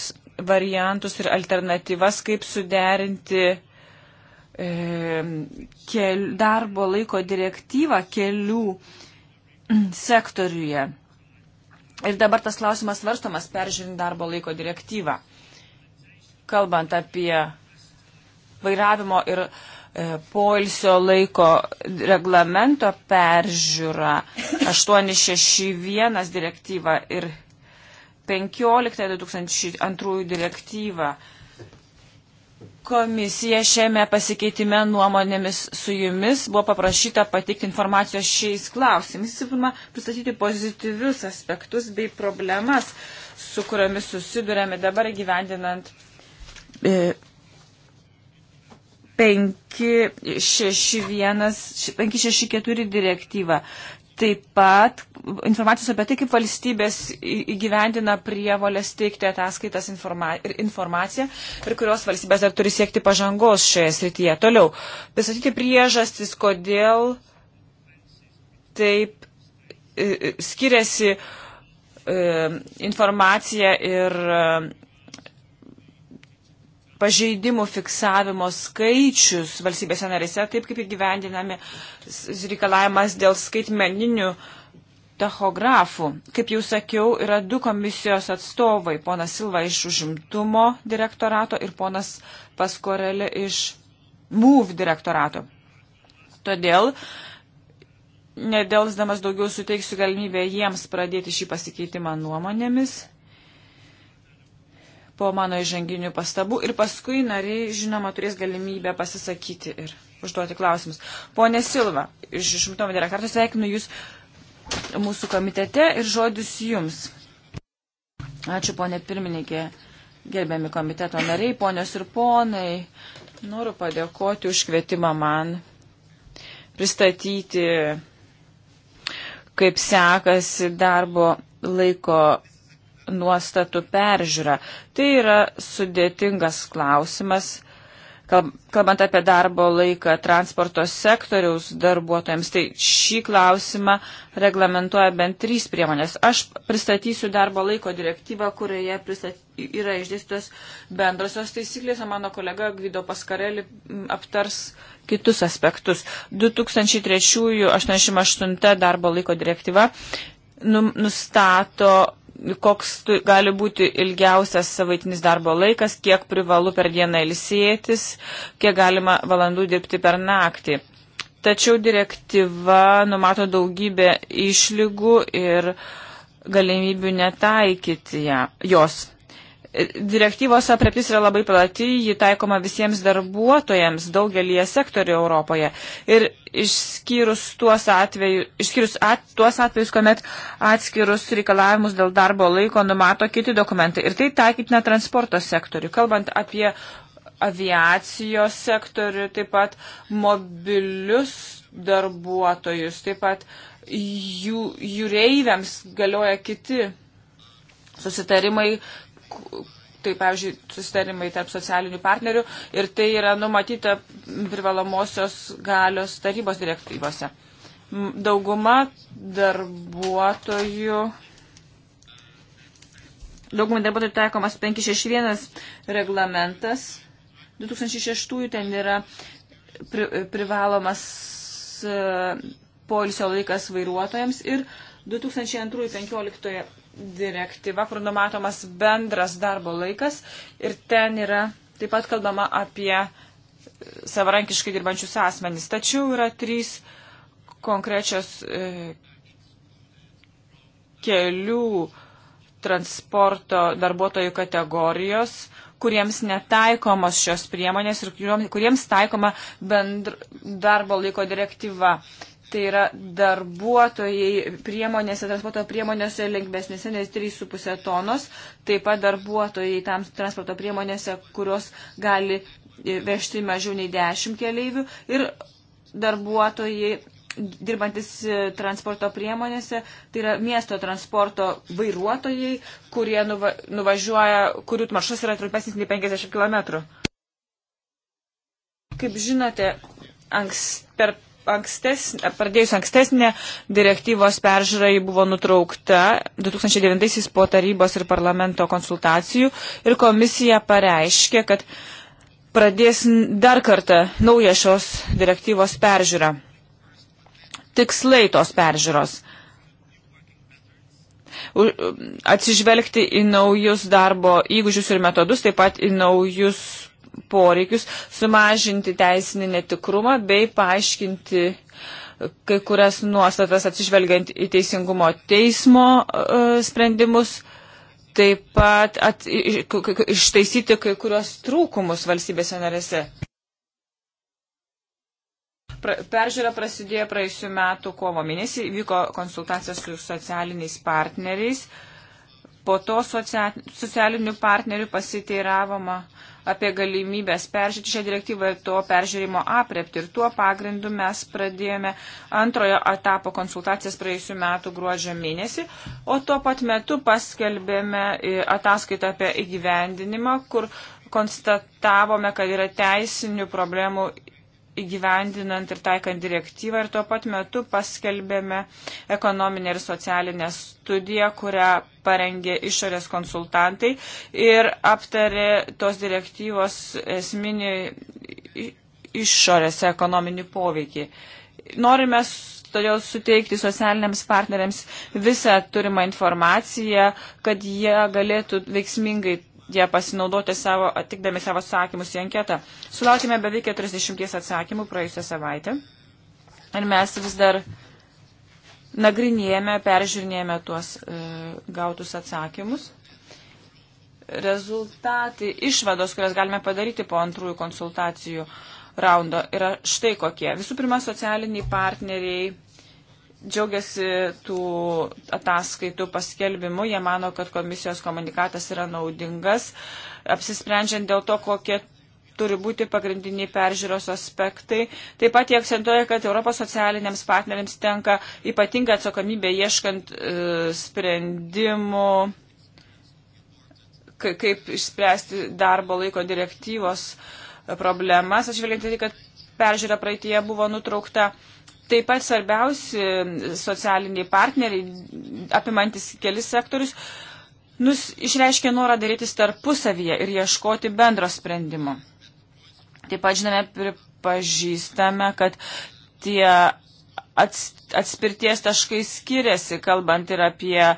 B: variantus ir alternatyvas, kaip suderinti e, kel, darbo laiko direktyvą kelių sektoriuje. Ir dabar tas klausimas svarstomas peržiūrint darbo laiko direktyvą. Kalbant apie vairavimo ir E, poilsio laiko reglamento peržiūra 861 direktyva ir 15.2002 direktyva. Komisija šiame pasikeitime nuomonėmis su jumis buvo paprašyta pateikti informacijos šiais klausimais. Visų pirma, pristatyti pozityvius aspektus bei problemas, su kuriomis susidurėme dabar gyvendinant e, 564 direktyvą. Taip pat informacijos apie tai, kaip valstybės įgyvendina prievolės teikti ataskaitas informa ir informaciją ir kurios valstybės dar turi siekti pažangos šioje srityje. Toliau, pasakyti priežastis, kodėl taip e, e, skiriasi e, informacija ir pažeidimų fiksavimo skaičius valstybėse narėse, taip kaip įgyvendinami reikalavimas dėl skaitmeninių tachografų. Kaip jau sakiau, yra du komisijos atstovai, ponas Silva iš užimtumo direktorato ir ponas Paskorelė iš MUV direktorato. Todėl, nedelsdamas daugiau suteiksiu galimybę jiems pradėti šį pasikeitimą nuomonėmis po mano įžanginių pastabų ir paskui nariai, žinoma, turės galimybę pasisakyti ir užduoti klausimus. Pone Silva, iš išimtomo direktorų sveikinu Jūs mūsų komitete ir žodis Jums. Ačiū, ponė pirmininkė, gerbiami komiteto nariai, ponios ir ponai. Noriu padėkoti už kvietimą man pristatyti, kaip sekasi darbo laiko nuostatų peržiūra. Tai yra sudėtingas klausimas. Kalbant apie darbo laiką transporto sektoriaus darbuotojams, tai šį klausimą reglamentuoja bent trys priemonės. Aš pristatysiu darbo laiko direktyvą, kurioje pristat... yra išdėstos bendrosios taisyklės, o mano kolega Gvido Paskarelį aptars kitus aspektus. 2003-88 darbo laiko direktyva nustato koks gali būti ilgiausias savaitinis darbo laikas, kiek privalu per dieną ilsėtis, kiek galima valandų dirbti per naktį. Tačiau direktyva numato daugybę išlygų ir galimybių netaikyti ją, jos. Direktyvos apreptis yra labai plati, ji taikoma visiems darbuotojams daugelie sektorių Europoje. Ir išskyrus tuos, atveju, išskyrus at, tuos atvejus, kuomet atskirus reikalavimus dėl darbo laiko numato kiti dokumentai. Ir tai taikytina transporto sektoriu. Kalbant apie aviacijos sektorių, taip pat mobilius darbuotojus, taip pat jų, jūreiviams galioja kiti susitarimai tai, pavyzdžiui, susitarimai tarp socialinių partnerių ir tai yra numatyta privalomosios galios tarybos direktyvose. Dauguma darbuotojų. Daugumai darbuotojų taikomas 561 reglamentas 2006 ten yra pri, privalomas e, poilsio laikas vairuotojams ir 2002-2015 direktyva, kur numatomas bendras darbo laikas ir ten yra taip pat kalbama apie savarankiškai dirbančius asmenys. Tačiau yra trys konkrečios e, kelių transporto darbuotojų kategorijos, kuriems netaikomos šios priemonės ir kuriems taikoma bendr, darbo laiko direktyva tai yra darbuotojai priemonėse, transporto priemonėse lengvesnėse, nes 3,5 tonos, taip pat darbuotojai tam transporto priemonėse, kurios gali vežti mažiau nei 10 keleivių ir darbuotojai dirbantis transporto priemonėse, tai yra miesto transporto vairuotojai, kurie nuva, nuvažiuoja, kurių maršrutas yra trumpesnis nei 50 km. Kaip žinote, anks, per ankstesnė, pradėjus ankstesnė direktyvos peržiūra jį buvo nutraukta 2009-aisiais po tarybos ir parlamento konsultacijų ir komisija pareiškė, kad pradės dar kartą naują šios direktyvos peržiūrą. Tikslai tos peržiūros atsižvelgti į naujus darbo įgūdžius ir metodus, taip pat į naujus poreikius, sumažinti teisinį netikrumą bei paaiškinti kai kurias nuostatas atsižvelgiant į teisingumo teismo e, sprendimus, taip pat at, ištaisyti kai kurios trūkumus valstybėse narėse. Pra, peržiūra prasidėjo praėjusiu metu kovo mėnesį, vyko konsultacija su socialiniais partneriais. Po to socialinių partnerių pasiteiravoma uh, apie galimybės peržiūrėti šią direktyvą ir to peržiūrimo aprepti. Ir tuo pagrindu mes pradėjome antrojo etapo konsultacijas praėjusiu metu gruodžio mėnesį, o tuo pat metu paskelbėme e, ataskaitą apie įgyvendinimą, kur konstatavome, kad yra teisinių problemų įgyvendinant ir taikant direktyvą ir tuo pat metu paskelbėme ekonominę ir socialinę studiją, kurią parengė išorės konsultantai ir aptarė tos direktyvos esminį išorės ekonominį poveikį. Norime todėl suteikti socialiniams partneriams visą turimą informaciją, kad jie galėtų veiksmingai ja pasinaudoti savo, atikdami savo atsakymus į anketą. Sulaukime beveik 40 atsakymų praėjusią savaitę. Ir mes vis dar nagrinėjame, peržiūrinėjame tuos e, gautus atsakymus. Rezultatai, išvados, kurias galime padaryti po antrųjų konsultacijų raundo, yra štai kokie. Visų pirma, socialiniai partneriai džiaugiasi tų ataskaitų paskelbimu, jie mano, kad komisijos komunikatas yra naudingas, apsisprendžiant dėl to, kokie turi būti pagrindiniai peržiūros aspektai. Taip pat jie akcentuoja, kad Europos socialiniams partneriams tenka ypatinga atsakomybė ieškant e, sprendimų, ka, kaip išspręsti darbo laiko direktyvos problemas, ašvelgiant tai, kad peržiūra praeitie buvo nutraukta. E, Taip pat svarbiausi socialiniai partneriai, apimantis kelis sektorius, nus išreiškė norą darytis tarpusavyje ir ieškoti bendro sprendimo. Taip pat, žinome, pripažįstame, kad tie atspirties taškai skiriasi, kalbant ir apie e,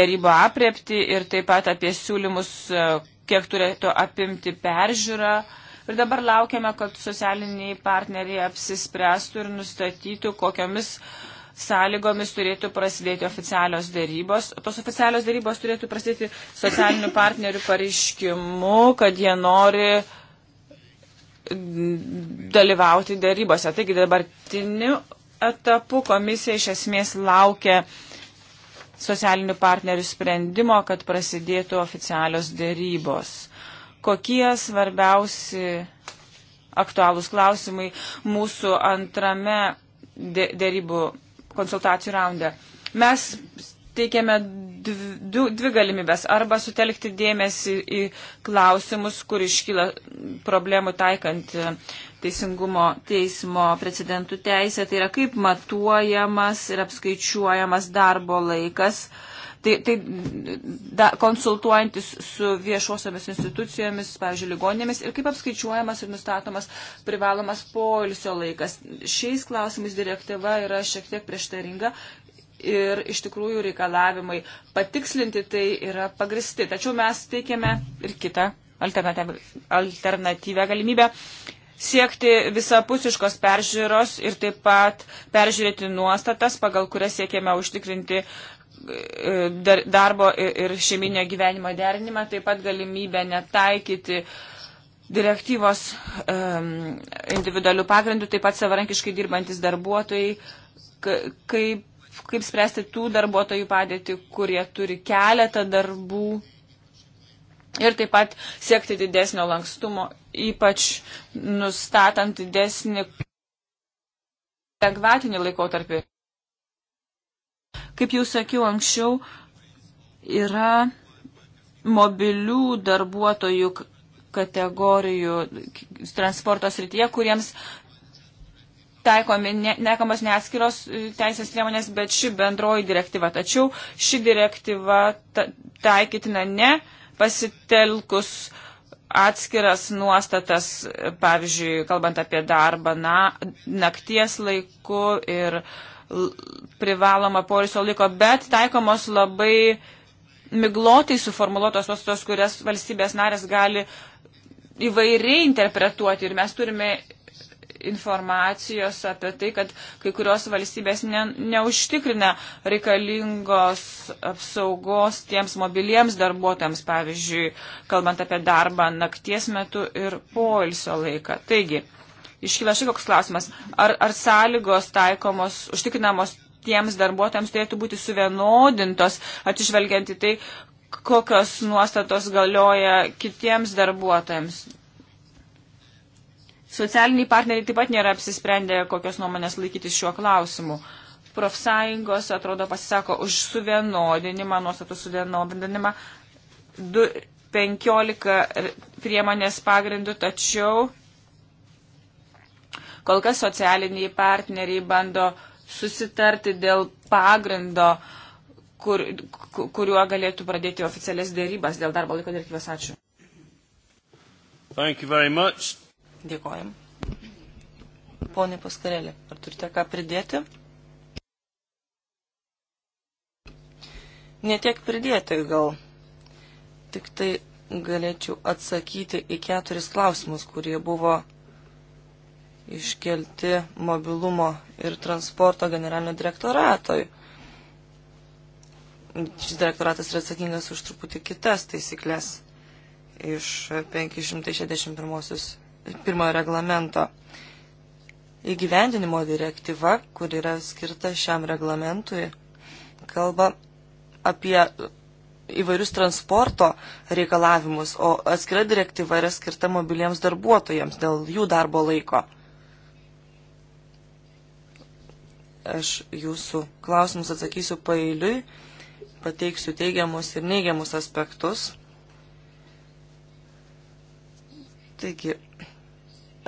B: darybo apriepti ir taip pat apie siūlymus, e, kiek turėtų apimti peržiūrą Ir dabar laukiame, kad socialiniai partneriai apsispręstų ir nustatytų, kokiamis sąlygomis turėtų prasidėti oficialios dėrybos. Tos oficialios dėrybos turėtų prasidėti socialinių partnerių pareiškimu, kad jie nori dalyvauti dėrybose. Taigi dabartiniu etapu komisija iš esmės laukia socialinių partnerių sprendimo, kad prasidėtų oficialios dėrybos kokie svarbiausi aktualūs klausimai mūsų antrame dėrybų konsultacijų raunde. Mes teikėme dvi, du, dvi galimybės. Arba sutelkti dėmesį į klausimus, kur iškyla problemų taikant teisingumo teismo precedentų teisę. Tai yra kaip matuojamas ir apskaičiuojamas darbo laikas Tai, tai da, konsultuojantis su viešuosiamis institucijomis, pavyzdžiui, ligoninėmis ir kaip apskaičiuojamas ir nustatomas privalomas poilsio laikas. Šiais klausimais direktyva yra šiek tiek prieštaringa ir iš tikrųjų reikalavimai patikslinti tai yra pagristi. Tačiau mes teikiame ir kitą alternatyvę galimybę siekti visapusiškos peržiūros ir taip pat peržiūrėti nuostatas, pagal kurias siekėme užtikrinti E, darbo ir šeiminio gyvenimo derinimą, taip pat galimybę netaikyti direktyvos individualių pagrindų, taip pat savarankiškai dirbantis darbuotojai, kaip, kaip spręsti tų darbuotojų padėti, kurie turi keletą darbų ir taip pat siekti didesnio lankstumo, ypač nustatant didesnį lengvatinį laikotarpį. Kaip jau sakiau anksčiau, yra mobilių darbuotojų kategorijų transporto srityje, kuriems taikomi ne, nekamos neskiros e, teisės priemonės, bet ši bendroji direktyva. Tačiau ši direktyva ta, taikytina ne pasitelkus atskiras nuostatas, e, pavyzdžiui, kalbant apie darbą na, nakties laiku ir uh, privaloma poilsio laiko, bet taikomos labai miglotai suformuoluotos nuostatos, kurias valstybės narės gali įvairiai interpretuoti ir mes turime informacijos apie tai, kad kai kurios valstybės ne, neužtikrina reikalingos apsaugos tiems mobiliems darbuotojams, pavyzdžiui, kalbant apie darbą nakties metu ir poilsio laiką. Taigi, iškyla štai koks klausimas. Ar, ar sąlygos taikomos, užtikrinamos tiems darbuotojams turėtų būti suvienodintos, atsižvelgiant į tai, kokios nuostatos galioja kitiems darbuotojams? Socialiniai partneriai taip pat nėra apsisprendę, kokios nuomonės laikytis šiuo klausimu. Profsąjungos, atrodo, pasisako už suvienodinimą, nuostatų suvienodinimą. Du, 15 priemonės pagrindų, tačiau Kol kas socialiniai partneriai bando susitarti dėl pagrindo, kur, kuriuo galėtų pradėti oficialias dėrybas dėl darbo laiko direktyvės. Ačiū.
A: Dėkojam.
D: Pone Paskarelė, ar turite ką pridėti? Netiek pridėti gal. Tik tai galėčiau atsakyti į keturis klausimus, kurie buvo iškelti mobilumo ir transporto generalinio direktoratoj. Šis direktoratas yra atsakingas už truputį kitas taisyklės iš 561 reglamento. Įgyvendinimo direktyva, kur yra skirta šiam reglamentui, kalba apie įvairius transporto reikalavimus, o atskira direktyva yra skirta mobiliems darbuotojams dėl jų darbo laiko. Aš jūsų klausimus atsakysiu pailiui, pateiksiu teigiamus ir neigiamus aspektus. Taigi,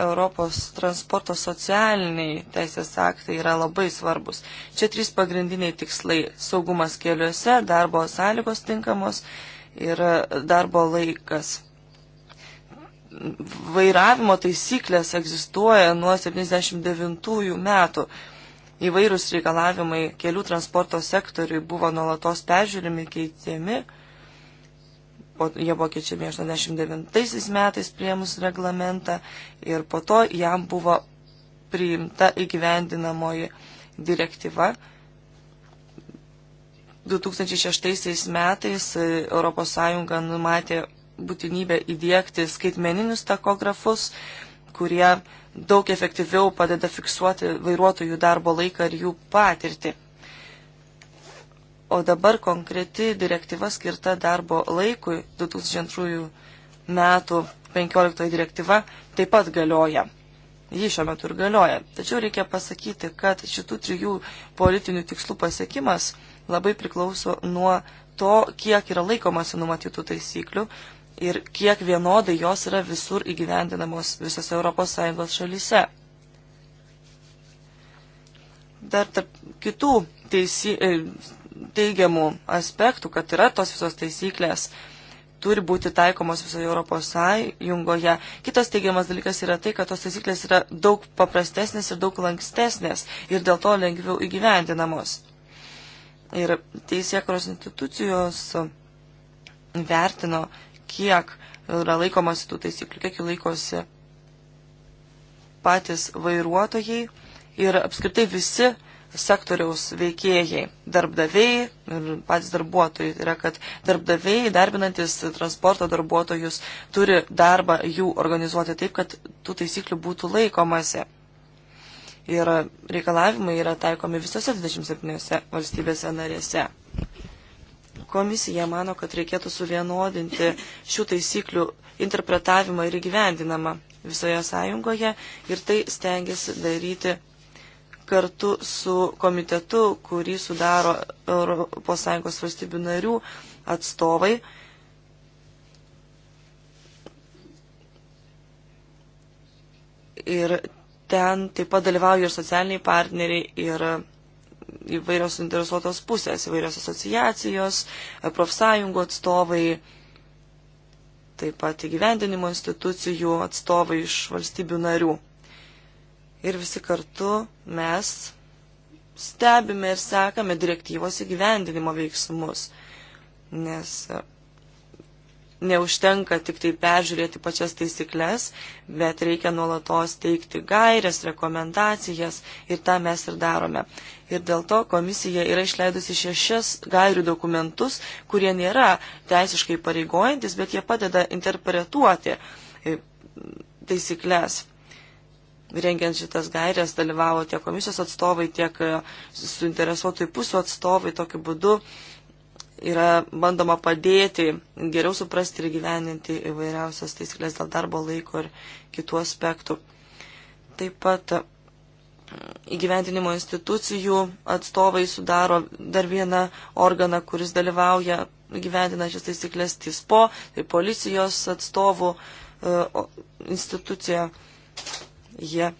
D: Europos transporto socialiniai teisės aktai yra labai svarbus. Čia trys pagrindiniai tikslai - saugumas keliuose, darbo sąlygos tinkamos ir darbo laikas. Vairavimo taisyklės egzistuoja nuo 79 metų įvairūs reikalavimai kelių transporto sektoriui buvo nuolatos peržiūrimi, keitėmi. Po, jie buvo keičiami 89 metais priemus reglamentą ir po to jam buvo priimta įgyvendinamoji direktyva. 2006 metais ES numatė būtinybę įdėkti skaitmeninius takografus, kurie daug efektyviau padeda fiksuoti vairuotojų darbo laiką ir jų patirtį. O dabar konkreti direktyva skirta darbo laikui 2002 metų 15 direktyva taip pat galioja. Ji šiuo metu ir galioja. Tačiau reikia pasakyti, kad šitų trijų politinių tikslų pasiekimas labai priklauso nuo to, kiek yra laikomasi numatytų taisyklių ir kiek vienodai jos yra visur įgyvendinamos visose ES šalyse. Dar tarp kitų teisi, e, teigiamų aspektų, kad yra tos visos taisyklės, turi būti taikomos visoje Europos Sąjungoje. Kitas teigiamas dalykas yra tai, kad tos taisyklės yra daug paprastesnės ir daug lankstesnės ir dėl to lengviau įgyvendinamos. Ir teisėkros institucijos vertino kiek yra laikomasi tų taisyklių, kiek jų laikosi patys vairuotojai ir apskritai visi sektoriaus veikėjai, darbdaviai ir patys darbuotojai. Tai yra, kad darbdaviai, darbinantis transporto darbuotojus, turi darbą jų organizuoti taip, kad tų taisyklių būtų laikomasi. Ir reikalavimai yra taikomi visose 27 valstybėse narėse. Komisija mano, kad reikėtų suvienodinti šių taisyklių interpretavimą ir įgyvendinamą visoje sąjungoje ir tai stengiasi daryti kartu su komitetu, kurį sudaro ES valstybių narių atstovai. Ir ten taip pat dalyvauja ir socialiniai partneriai, ir įvairios interesuotos pusės, įvairios asociacijos, e, profsąjungų atstovai, taip pat įgyvendinimo institucijų atstovai iš valstybių narių. Ir visi kartu mes stebime ir sekame direktyvos įgyvendinimo veiksmus, nes e, neužtenka tik tai peržiūrėti pačias taisyklės, bet reikia nuolatos teikti gairias, rekomendacijas ir tą mes ir darome. Ir dėl to komisija yra išleidusi šešias gairių dokumentus, kurie nėra teisiškai pareigojantis, bet jie padeda interpretuoti e, taisyklės. Rengiant šitas gairias dalyvavo tiek komisijos atstovai, tiek e, suinteresuotojų pusių atstovai, tokiu būdu yra bandoma padėti geriau suprasti ir gyveninti įvairiausias taisyklės dėl darbo laiko ir kitų aspektų. Taip pat mm, įgyventinimo institucijų atstovai sudaro dar vieną organą, kuris dalyvauja gyventina šias taisyklės TISPO, tai policijos atstovų e, institucija. Jie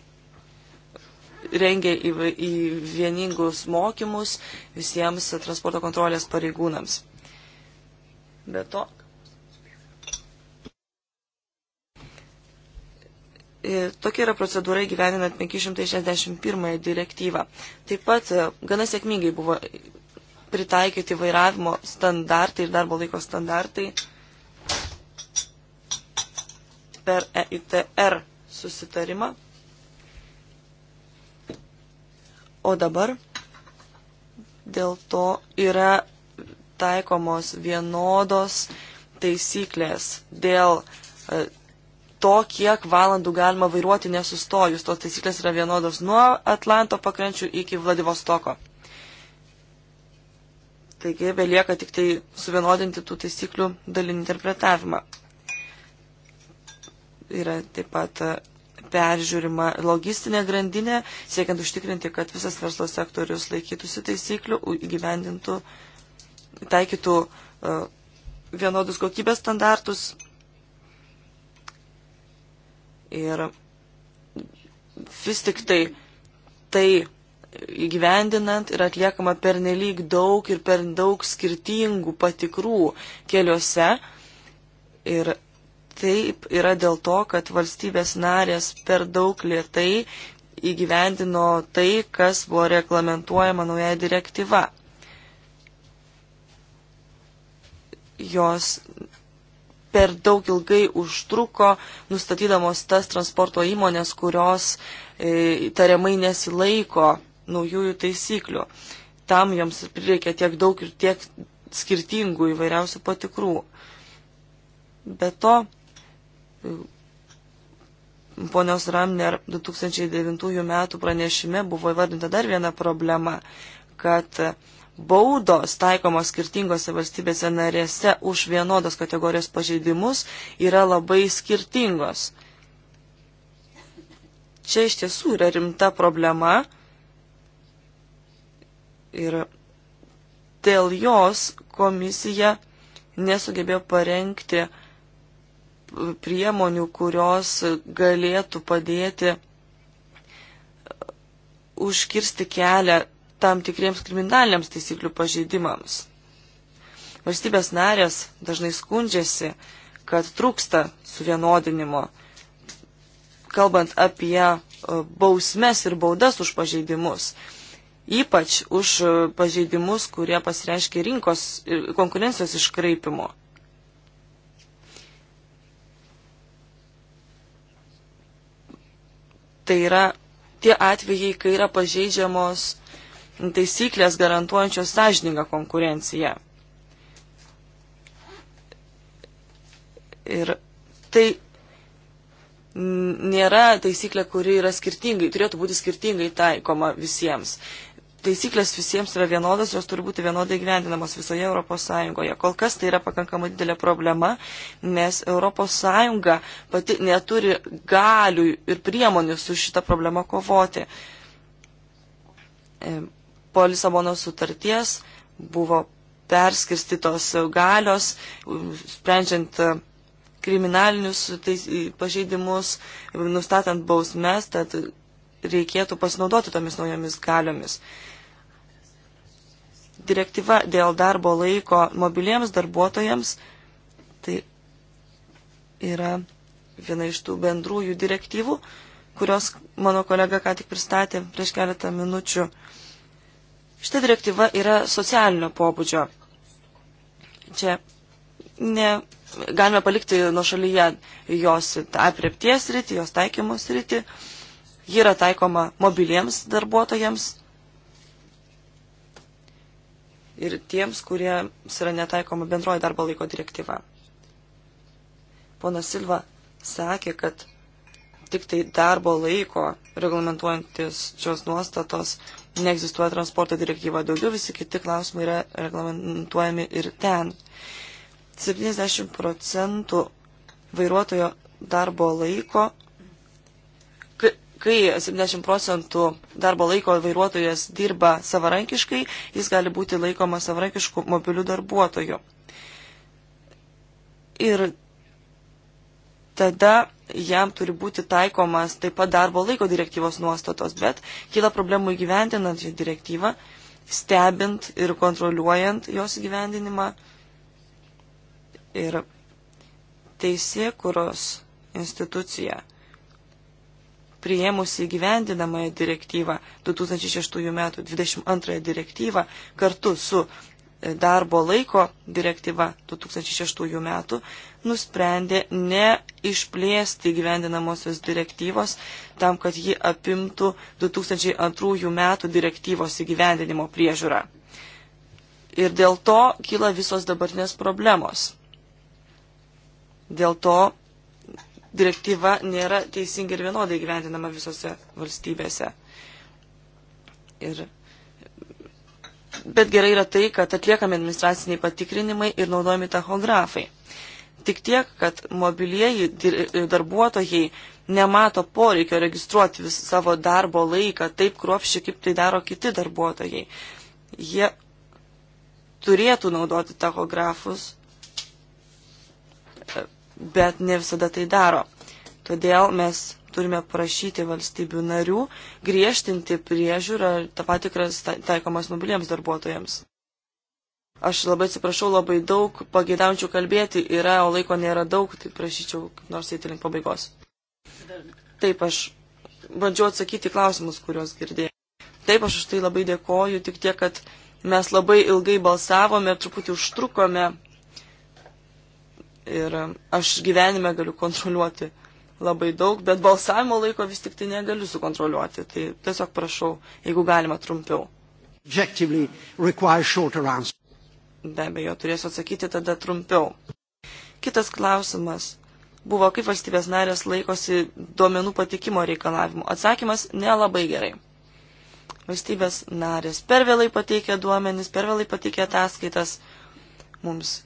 D: rengia į, į vieningus mokymus visiems transporto kontrolės pareigūnams. Be to, e, Tokia yra procedūra įgyveninant 561 direktyvą. Taip pat e, gana sėkmingai buvo pritaikyti vairavimo standartai ir darbo laiko standartai per EITR susitarimą O dabar dėl to yra taikomos vienodos taisyklės dėl e, to, kiek valandų galima vairuoti nesustojus. Tos taisyklės yra vienodos nuo Atlanto pakrančių iki Vladivostoko. Taigi belieka tik tai suvienodinti tų taisyklių dalinį interpretavimą. Yra taip pat e, peržiūrima logistinė grandinė, siekiant užtikrinti, kad visas verslo sektorius laikytųsi taisyklių, įgyvendintų, taikytų e, vienodus kokybės standartus. Ir vis tik tai tai įgyvendinant yra atliekama per nelik daug ir per daug skirtingų patikrų keliuose. Ir taip yra dėl to, kad valstybės narės per daug lietai įgyvendino tai, kas buvo reglamentuojama nauja direktyva. Jos per daug ilgai užtruko, nustatydamos tas transporto įmonės, kurios e, tariamai nesilaiko naujųjų taisyklių. Tam joms prireikia tiek daug ir tiek skirtingų įvairiausių patikrų. Be to, ponios Ramner 2009 metų pranešime buvo įvardinta dar viena problema, kad baudos taikomos skirtingose valstybėse narėse už vienodos kategorijos pažeidimus yra labai skirtingos. Čia iš tiesų yra rimta problema ir dėl jos komisija nesugebėjo parengti uh, priemonių, kurios galėtų padėti e, užkirsti kelią tam tikriems kriminaliniams taisyklių pažeidimams. Valstybės narės dažnai skundžiasi, kad trūksta suvienodinimo, kalbant apie e, bausmes ir baudas už pažeidimus ypač už e, pažeidimus, kurie pasireiškia rinkos konkurencijos iškraipimo. Tai yra tie atvejai, kai yra pažeidžiamos taisyklės garantuojančios sąžiningą konkurenciją. Ir tai nėra taisyklė, kuri yra skirtingai, turėtų būti skirtingai taikoma visiems taisyklės visiems yra vienodas, jos turi būti vienodai gyvendinamos visoje Europos Sąjungoje. Kol kas tai yra pakankamai didelė problema, nes Europos Sąjunga pati neturi galių ir priemonių su šita problema kovoti. E, po Lisabono sutarties buvo perskirstytos galios, sprendžiant e, kriminalinius pažeidimus, nustatant bausmes, tad reikėtų pasinaudoti tomis naujomis galiomis direktyva dėl darbo laiko mobiliems darbuotojams, tai yra viena iš tų bendrųjų direktyvų, kurios mano kolega ką tik pristatė prieš keletą minučių. Šita direktyva yra socialinio pobūdžio. Čia ne, galime palikti nuo šalyje jos apriepties rytį, jos taikymos rytį. Ji yra taikoma mobiliems darbuotojams, ir tiems, kuriems yra netaikoma bendroji darbo laiko direktyva. Ponas Silva sakė, kad tik tai darbo laiko reglamentuojantis šios nuostatos neegzistuoja transporto direktyva, daugiau visi kiti klausimai yra reglamentuojami ir ten. 70 procentų vairuotojo darbo laiko kai 70 procentų darbo laiko vairuotojas dirba savarankiškai, jis gali būti laikomas savarankišku mobiliu darbuotoju. Ir tada jam turi būti taikomas taip pat darbo laiko direktyvos nuostatos, bet kyla problemų įgyvendinant šią direktyvą, stebint ir kontroliuojant jos įgyvendinimą. Ir teisė, kurios institucija priėmusi gyvendinamąją direktyvą 2006 m. 22 direktyvą kartu su e, darbo laiko direktyva 2006 metų nusprendė neišplėsti gyvendinamosios direktyvos tam, kad ji apimtų 2002 metų direktyvos įgyvendinimo priežiūrą. Ir dėl to kyla visos dabartinės problemos. Dėl to direktyva nėra teisingai ir vienodai gyventinama visose valstybėse. Ir Bet gerai yra tai, kad atliekami administraciniai patikrinimai ir naudojami tachografai. Tik tiek, kad mobilieji darbuotojai nemato poreikio registruoti vis savo darbo laiką taip kruopščiai, kaip tai daro kiti darbuotojai. Jie turėtų naudoti tachografus bet ne visada tai daro. Todėl mes turime prašyti valstybių narių griežtinti priežiūrą tą patikras taikomas mobiliems darbuotojams. Aš labai atsiprašau, labai daug pageidaujančių kalbėti yra, o laiko nėra daug, tai prašyčiau nors eiti link pabaigos. Taip, aš bandžiau atsakyti klausimus, kuriuos girdėjau. Taip, aš už tai labai dėkoju, tik tiek, kad mes labai ilgai balsavome, truputį užtrukome Ir aš gyvenime galiu kontroliuoti labai daug, bet balsavimo laiko vis tik tai negaliu sukontroliuoti. Tai tiesiog prašau, jeigu galima trumpiau. Be abejo, turėsiu atsakyti tada trumpiau. Kitas klausimas buvo, kaip valstybės narės laikosi duomenų patikimo reikalavimų. Atsakymas nelabai gerai. Valstybės narės per vėlai pateikė duomenis, per vėlai pateikė ataskaitas. Mums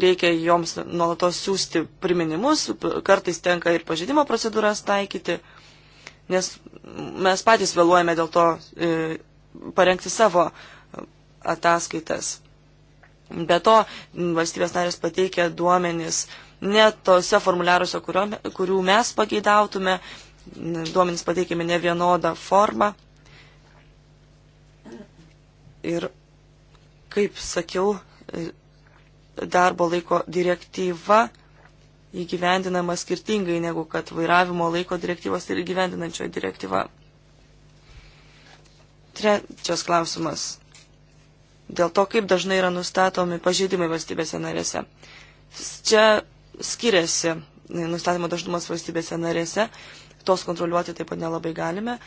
D: reikia joms nuolatos siūsti priminimus, kartais tenka ir pažeidimo procedūras taikyti, nes mes patys vėluojame dėl to e, parengti savo ataskaitas. Be to, valstybės narės pateikia duomenis ne tose formuliaruose, kurių mes pageidautume, duomenis pateikiami ne vienodą formą. Ir, kaip sakiau, darbo laiko direktyva įgyvendinama skirtingai negu kad vairavimo laiko direktyvos ir įgyvendinančioji direktyva. Trečias klausimas. Dėl to, kaip dažnai yra nustatomi pažeidimai valstybėse narėse. Čia skiriasi nustatymo dažnumas valstybėse narėse, tos kontroliuoti taip pat nelabai galime,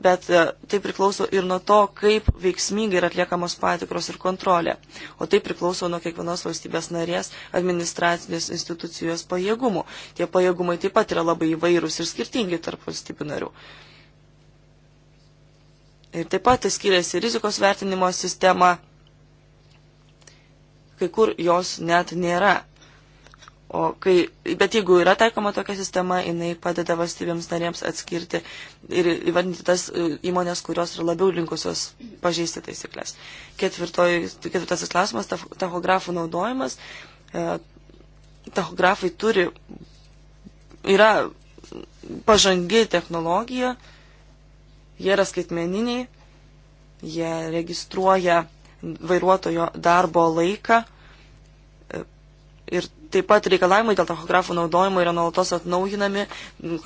D: bet e, tai priklauso ir nuo to, kaip veiksmingai yra atliekamos patikros ir kontrolė. O tai priklauso nuo kiekvienos valstybės narės administracinės institucijos pajėgumų. Tie pajėgumai taip pat yra labai įvairūs ir skirtingi tarp valstybių narių. Ir taip pat tai skiriasi rizikos vertinimo sistema, kai kur jos net nėra. O kai, bet jeigu yra taikoma tokia sistema, jinai padeda valstybėms narėms atskirti ir įvardinti tas e, įmonės, kurios yra labiau linkusios pažeisti taisyklės. Ketvirtasis klausimas - tachografų naudojimas. E, tachografai turi, yra pažangi technologija, jie yra skaitmeniniai, jie registruoja vairuotojo darbo laiką Ir taip pat reikalavimai dėl tachografų naudojimo yra nuolatos atnaujinami,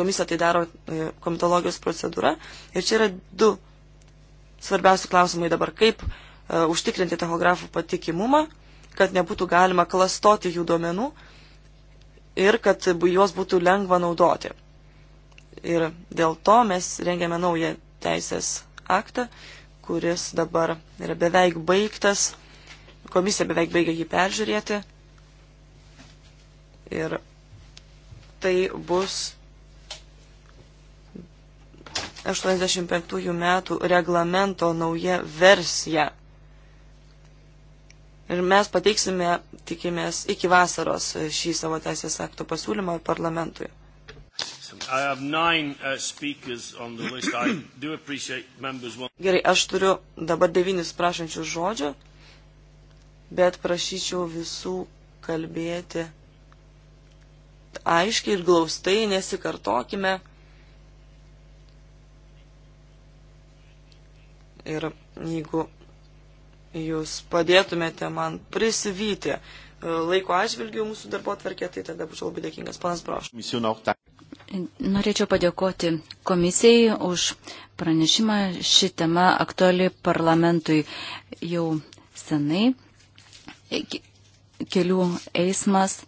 D: komisija tai daro e, komitologijos procedūra. Ir čia yra du svarbiausi klausimai dabar, kaip uh, užtikrinti tachografų patikimumą, kad nebūtų galima klastoti jų duomenų ir kad juos būtų lengva naudoti. Ir dėl to mes rengiame naują teisės aktą, kuris dabar yra beveik baigtas, komisija beveik baigia jį peržiūrėti Ir tai bus 85 metų reglamento nauja versija. Ir mes pateiksime, tikimės, iki vasaros šį savo teisės akto pasiūlymą parlamentui.
A: Nine, uh,
D: Gerai, aš turiu dabar devynis prašančius žodžio, bet prašyčiau visų kalbėti aiškiai ir glaustai nesikartokime. Ir jeigu jūs padėtumėte man prisivyti e, laiko atžvilgių mūsų darbo atverkė, tai tada būčiau labai dėkingas. Panas Brošas.
C: Norėčiau padėkoti komisijai už pranešimą. Ši tema aktuali parlamentui jau senai. Kelių eismas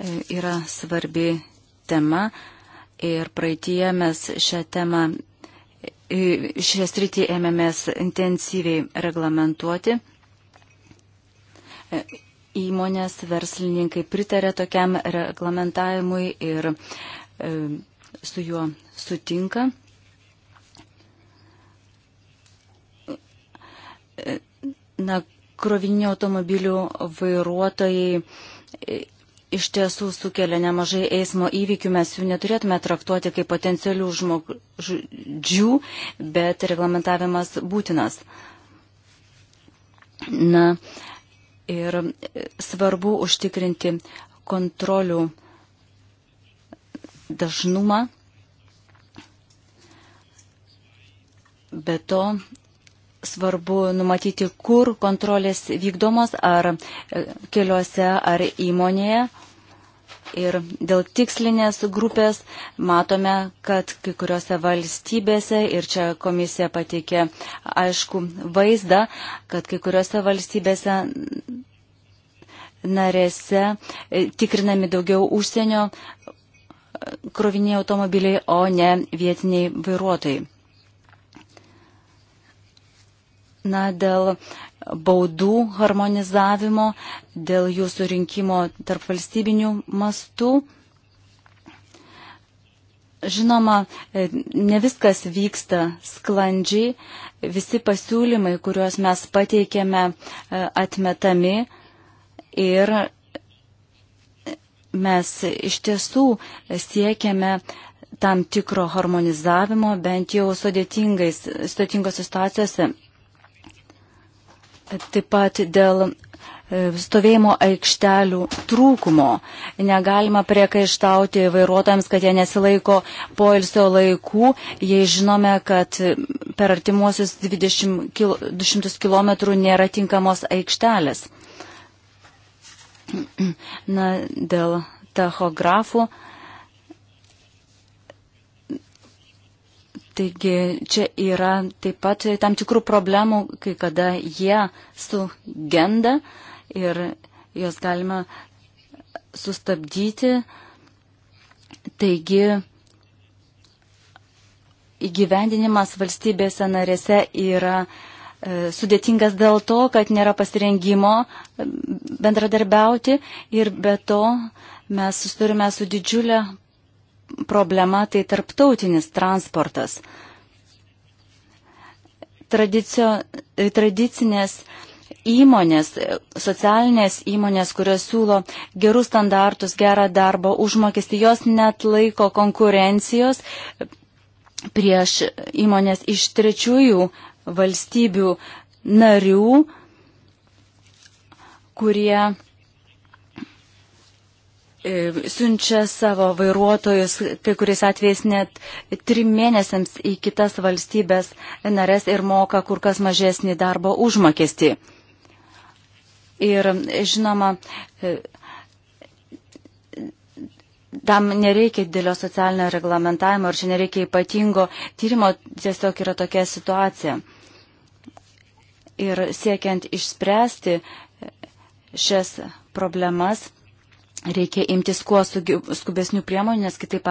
C: E, yra svarbi tema ir praeitie mes šią temą, e, šią sritį ėmėmės intensyviai reglamentuoti. E, įmonės verslininkai pritarė tokiam reglamentavimui ir su juo sutinka. Na, krovinio automobilių vairuotojai iš tiesų sukelia nemažai eismo įvykių, mes jų neturėtume traktuoti kaip potencialių žmogžudžių, bet reglamentavimas būtinas. Na ir svarbu užtikrinti kontrolių dažnumą. Be to svarbu numatyti, kur kontrolės vykdomos, ar e, keliuose, ar įmonėje. Ir dėl tikslinės grupės matome, kad kai kuriuose valstybėse, ir čia komisija pateikė aišku vaizdą, kad kai kuriuose valstybėse narėse e, tikrinami daugiau užsienio e, kroviniai automobiliai, o ne vietiniai vairuotojai na, dėl baudų harmonizavimo, dėl jų surinkimo tarp valstybinių mastų. Žinoma, e, ne viskas vyksta sklandžiai, visi pasiūlymai, kuriuos mes pateikėme, e, atmetami ir mes iš tiesų siekiame tam tikro harmonizavimo, bent jau sudėtingose situacijose Taip pat dėl e, stovėjimo aikštelių trūkumo. Negalima priekaištauti vairuotojams, kad jie nesilaiko poilsio laikų, jei žinome, kad per artimuosius 20 kil, 200 km nėra tinkamos aikštelės. Na, dėl tachografų Taigi čia yra taip pat tam tikrų problemų, kai kada jie sugenda ir juos galima sustabdyti. Taigi įgyvendinimas valstybėse narėse yra e, sudėtingas dėl to, kad nėra pasirengimo e, bendradarbiauti ir be to mes susidurime su didžiulė problema tai tarptautinis transportas. Tradicio, tradicinės įmonės, socialinės įmonės, kurios siūlo gerus standartus, gerą darbo užmokestį, jos net laiko konkurencijos prieš įmonės iš trečiųjų valstybių narių, kurie E, siunčia savo vairuotojus, kai kuriais atvejais net trim mėnesiams į kitas valstybės narės ir moka kur kas mažesnį darbo užmokestį. Ir žinoma, e, tam nereikia didelio socialinio reglamentavimo ir čia nereikia ypatingo tyrimo, tiesiog yra tokia situacija. Ir siekiant išspręsti šias problemas, reikia imtis kuo skubesnių priemonių, nes kitaip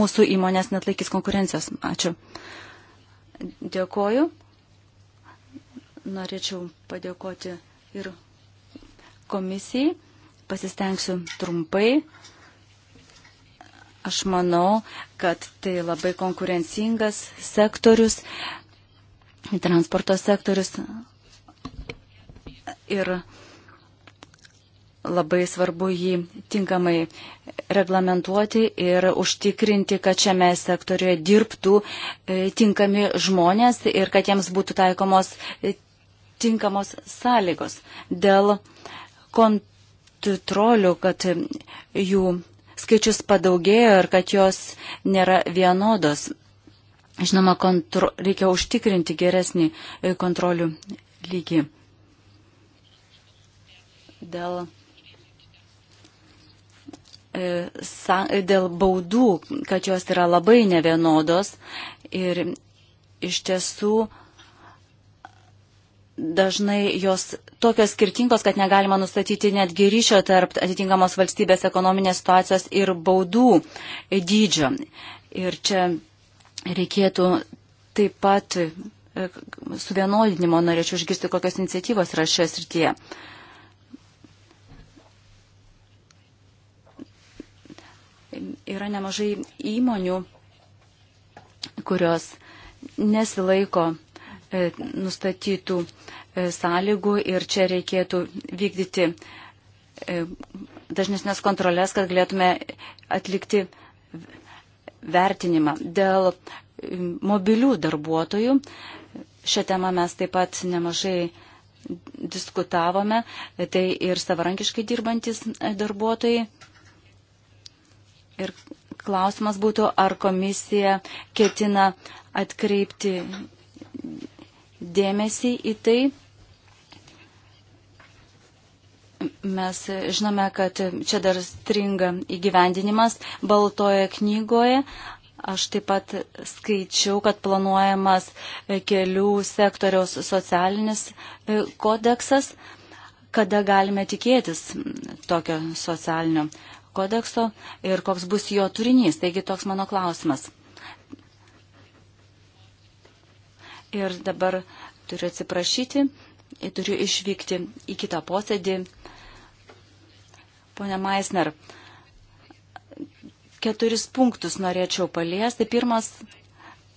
C: mūsų įmonės net laikys konkurencijos. Ačiū. Dėkoju. Norėčiau padėkoti ir komisijai. Pasistengsiu trumpai. Aš manau, kad tai labai konkurencingas sektorius, transporto sektorius. Ir labai svarbu jį tinkamai reglamentuoti ir užtikrinti, kad šiame sektoriuje dirbtų e, tinkami žmonės ir kad jiems būtų taikomos e, tinkamos sąlygos dėl kontrolių, kad jų skaičius padaugėjo ir kad jos nėra vienodos. Žinoma, kontro, reikia užtikrinti geresnį e, kontrolių lygį. Dėl E, dėl baudų, kad jos yra labai nevienodos ir iš tiesų dažnai jos tokios skirtingos, kad negalima nustatyti netgi ryšio tarp atitinkamos valstybės ekonominės situacijos ir baudų dydžio. Ir čia reikėtų taip pat e, suvienodinimo norėčiau išgirsti, kokios iniciatyvos yra šioje srityje. Uh, yra nemažai įmonių, kurios nesilaiko e, nustatytų e, sąlygų ir čia reikėtų vykdyti e, dažnesnės kontrolės, kad galėtume atlikti vertinimą. Dėl mobilių darbuotojų šią temą mes taip pat nemažai diskutavome, tai ir savarankiškai dirbantis darbuotojai Ir klausimas būtų, ar komisija ketina atkreipti dėmesį į tai. Mes žinome, kad čia dar stringa įgyvendinimas baltoje knygoje. Aš taip pat skaičiau, kad planuojamas kelių sektoriaus socialinis kodeksas. Kada galime tikėtis tokio socialinio kodekso ir koks bus jo turinys. Taigi toks mano klausimas. Ir dabar turiu atsiprašyti, turiu išvykti į kitą posėdį. Pone Maisner, keturis punktus norėčiau paliesti. Pirmas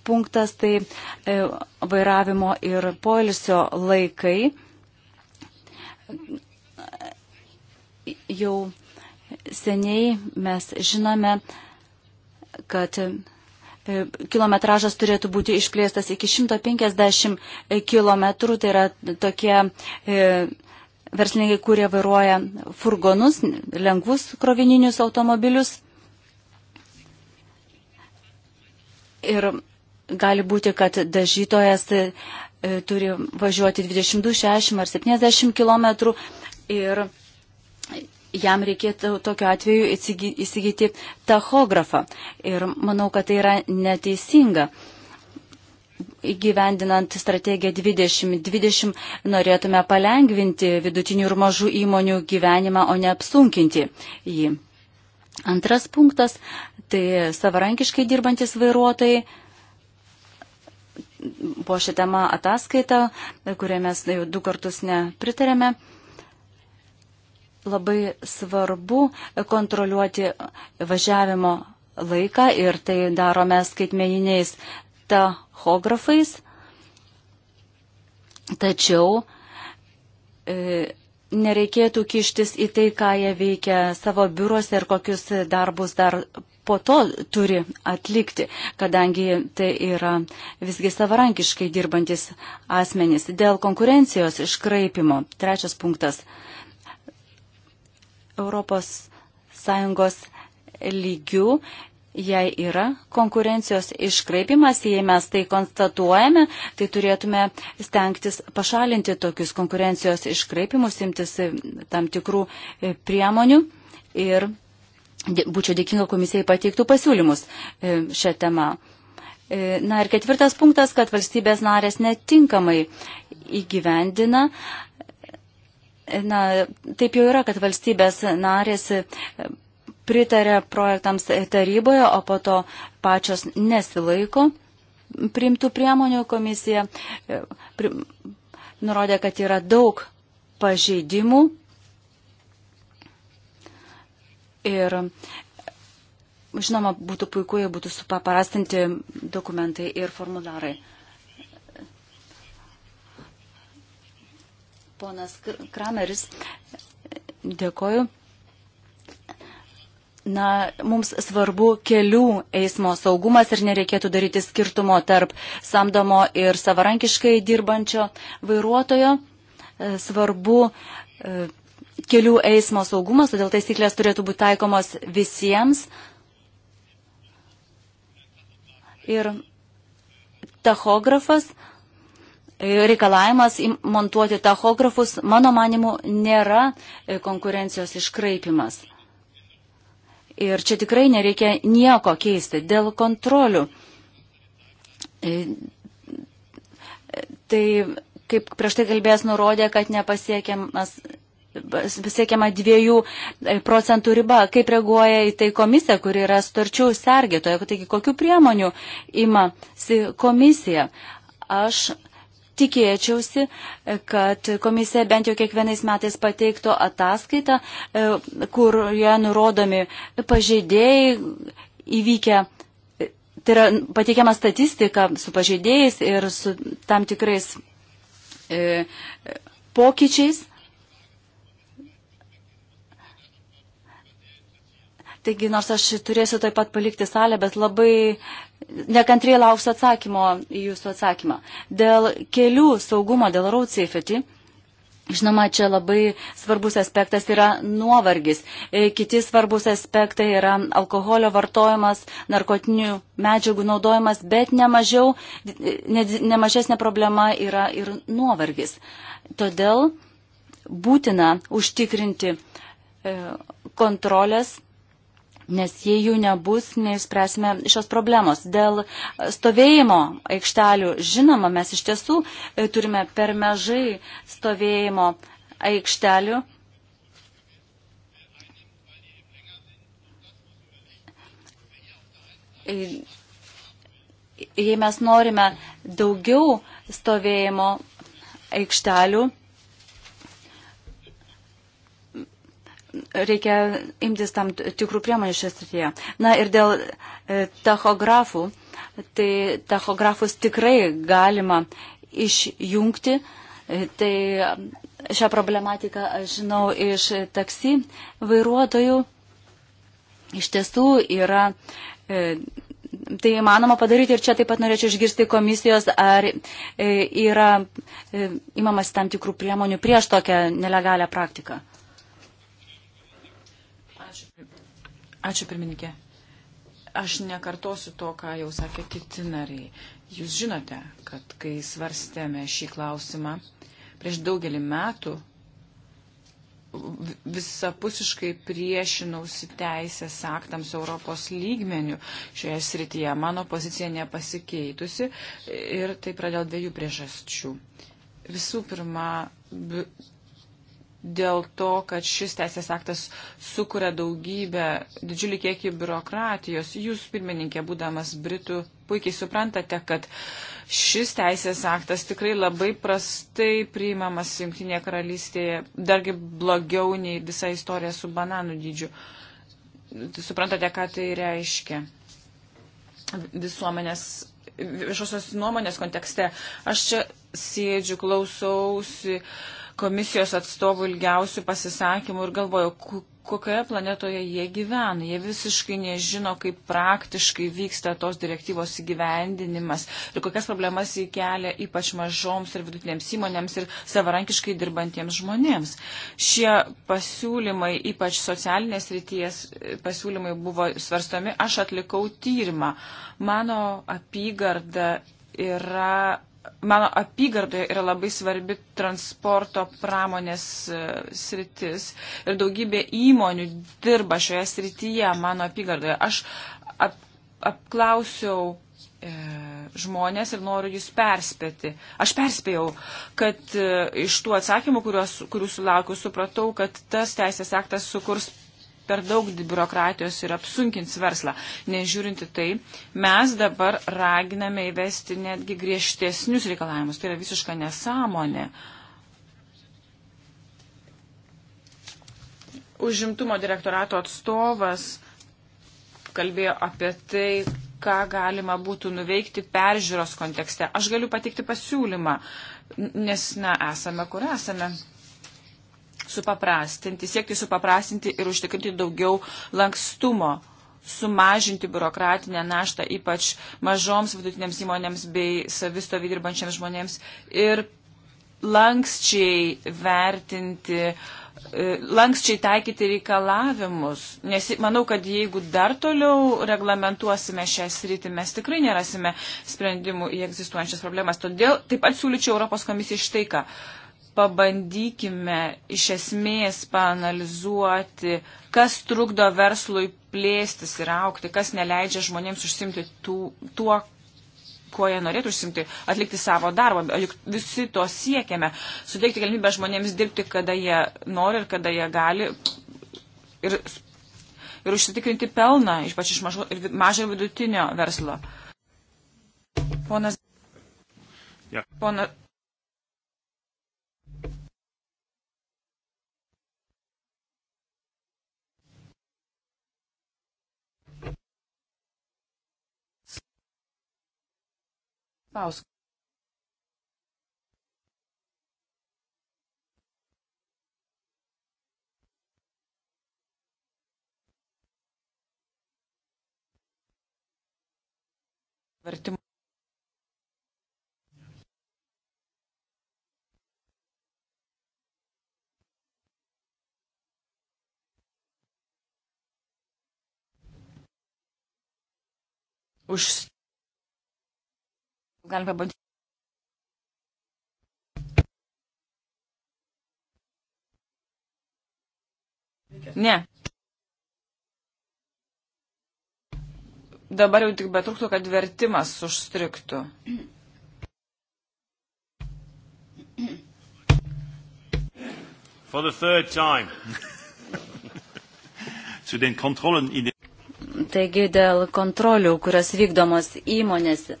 C: punktas tai e, vairavimo ir poilsio laikai. Jau seniai mes žinome, kad e, kilometražas turėtų būti išplėstas iki 150 km, tai yra tokie e, verslininkai, kurie vairuoja furgonus, lengvus krovininius automobilius. Ir gali būti, kad dažytojas e, turi važiuoti 22, 60 ar 70 km ir jam reikėtų tokiu atveju įsigyti tachografą. Ir manau, kad tai yra neteisinga. Įgyvendinant strategiją 2020 norėtume palengvinti vidutinių ir mažų įmonių gyvenimą, o ne apsunkinti jį. Antras punktas - tai savarankiškai dirbantis vairuotojai buvo šią temą ataskaitą, kurią mes jau du kartus nepritarėme labai svarbu kontroliuoti važiavimo laiką ir tai darome skaitmeniniais tachografais. Tačiau e, nereikėtų kištis į tai, ką jie veikia savo biuruose ir kokius darbus dar po to turi atlikti, kadangi tai yra visgi savarankiškai dirbantis asmenys. Dėl konkurencijos iškraipimo. Trečias punktas. E, ES lygių, jei yra konkurencijos iškraipimas, jei mes tai konstatuojame, tai turėtume stengtis pašalinti tokius konkurencijos iškraipimus, imtis e, tam tikrų e, priemonių ir būčiau dėkinga komisijai pateiktų pasiūlymus e, šią temą. Na ir ketvirtas punktas, kad valstybės narės netinkamai įgyvendina Na, taip jau yra, kad valstybės narės e, pritarė projektams taryboje, o po to pačios nesilaiko priimtų priemonių komisija. E, pri, nurodė, kad yra daug pažeidimų ir žinoma, būtų puiku, jei būtų supaprastinti dokumentai ir formularai. ponas Krameris. Dėkoju. Na, mums svarbu kelių eismo saugumas ir nereikėtų daryti skirtumo tarp samdomo ir savarankiškai dirbančio vairuotojo. E, svarbu e, kelių eismo saugumas, todėl taisyklės turėtų būti taikomos visiems. Ir tachografas reikalavimas montuoti tachografus, mano manimu, nėra e, konkurencijos iškraipimas. Ir čia tikrai nereikia nieko keisti dėl kontrolių. E, tai, kaip prieš tai kalbėjęs, nurodė, kad nepasiekiamas pasiekiama dviejų e, procentų riba. Kaip reaguoja į tai komisija, kuri yra starčių sergėtoja? Taigi, kokiu priemoniu imasi komisija? Aš tikėčiausi, kad komisija bent jau kiekvienais metais pateiktų ataskaitą, e, kurioje nurodomi pažeidėjai įvykę. E, tai yra pateikiama statistika su pažeidėjais ir su tam tikrais e, pokyčiais. Taigi, nors aš turėsiu taip pat palikti salę, bet labai nekantriai lauksiu atsakymo į jūsų atsakymą. Dėl kelių saugumo, dėl road safety. Žinoma, čia labai svarbus aspektas yra nuovargis. E, kiti svarbus aspektai yra alkoholio vartojimas, narkotinių medžiagų naudojimas, bet nemažiau, nemažesnė problema yra ir nuovargis. Todėl būtina užtikrinti e, kontrolės Nes jei jų nebus, neįspręsime šios problemos. Dėl stovėjimo aikštelių, žinoma, mes iš tiesų e, turime per mažai stovėjimo aikštelių. E, jei mes norime daugiau stovėjimo aikštelių, reikia imtis tam tikrų priemonių šią srityje. Na ir dėl e, tachografų, tai tachografus tikrai galima išjungti. E, tai šią problematiką aš žinau iš taksi vairuotojų. Iš tiesų yra e, tai įmanoma padaryti ir čia taip pat norėčiau išgirsti komisijos, ar yra imamas tam tikrų priemonių prieš tokią nelegalią praktiką. Ačiū pirmininkė.
B: Aš nekartosiu to, ką jau sakė kiti nariai. Jūs žinote, kad kai svarstėme šį klausimą prieš daugelį metų, visapusiškai priešinausi teisės aktams Europos lygmenių šioje srityje. Mano pozicija nepasikeitusi ir tai pradėjo dviejų priežasčių. Visų pirma, dėl to, kad šis teisės aktas sukuria daugybę, didžiulį kiekį biurokratijos. Jūs, pirmininkė, būdamas Britų, puikiai suprantate, kad šis teisės aktas tikrai labai prastai priimamas Junktinėje karalystėje, dargi blogiau nei visa istorija su bananų dydžiu. Suprantate, ką tai reiškia visuomenės viešosios nuomonės kontekste. Aš čia sėdžiu, klausausi, uh, komisijos atstovų ilgiausių pasisakymų ir galvojau, kokioje planetoje jie gyvena. Jie visiškai nežino, kaip praktiškai vyksta tos direktyvos įgyvendinimas ir kokias problemas jį kelia ypač mažoms ir vidutinėms įmonėms ir savarankiškai dirbantiems žmonėms. Šie pasiūlymai, ypač socialinės ryties pasiūlymai buvo svarstomi. Aš atlikau tyrimą. Mano apygarda yra mano apygardoje yra labai svarbi transporto pramonės e, sritis ir daugybė įmonių dirba šioje srityje mano apygardoje. Aš ap, apklausiau e, žmonės ir noriu jūs perspėti. Aš perspėjau, kad e, iš tų atsakymų, kuriuos, kurių sulaukiu, supratau, kad tas teisės aktas sukurs per daug biurokratijos ir apsunkins verslą. Nežiūrinti tai, mes dabar raginame įvesti netgi griežtesnius reikalavimus. Tai yra visiška nesąmonė. Užimtumo direktorato atstovas kalbėjo apie tai, ką galima būtų nuveikti peržiūros kontekste. Aš galiu pateikti pasiūlymą, nes, na, esame kur esame supaprastinti, siekti supaprastinti ir užtikrinti daugiau lankstumo sumažinti biurokratinę naštą, ypač mažoms vidutinėms įmonėms bei savistovį dirbančiams žmonėms ir lankščiai vertinti, e, lankščiai taikyti reikalavimus. Nes manau, kad jeigu dar toliau reglamentuosime šią sritį, mes tikrai nerasime sprendimų į egzistuojančias problemas. Todėl taip pat siūlyčiau Europos komisijai štai ką. Uh, pabandykime iš esmės paanalizuoti, kas trukdo verslui plėstis ir aukti, kas neleidžia žmonėms užsimti tų, tuo, kuo jie norėtų užsimti, atlikti savo darbą. Juk visi to siekiame. Suteikti galimybę žmonėms dirbti, kada jie nori ir kada jie gali. Ir, ir užsitikrinti pelną, ypač iš mažo ir vidutinio verslo. Ponas. Ja. Ponas. Paus. Vertimo. Už Galime pabandyti. Ne. Dabar jau tik betruktų, kad vertimas užstriktų.
A: For the third time. Zu den Kontrollen in
C: Taigi dėl kontrolių, kurios vykdomos įmonėse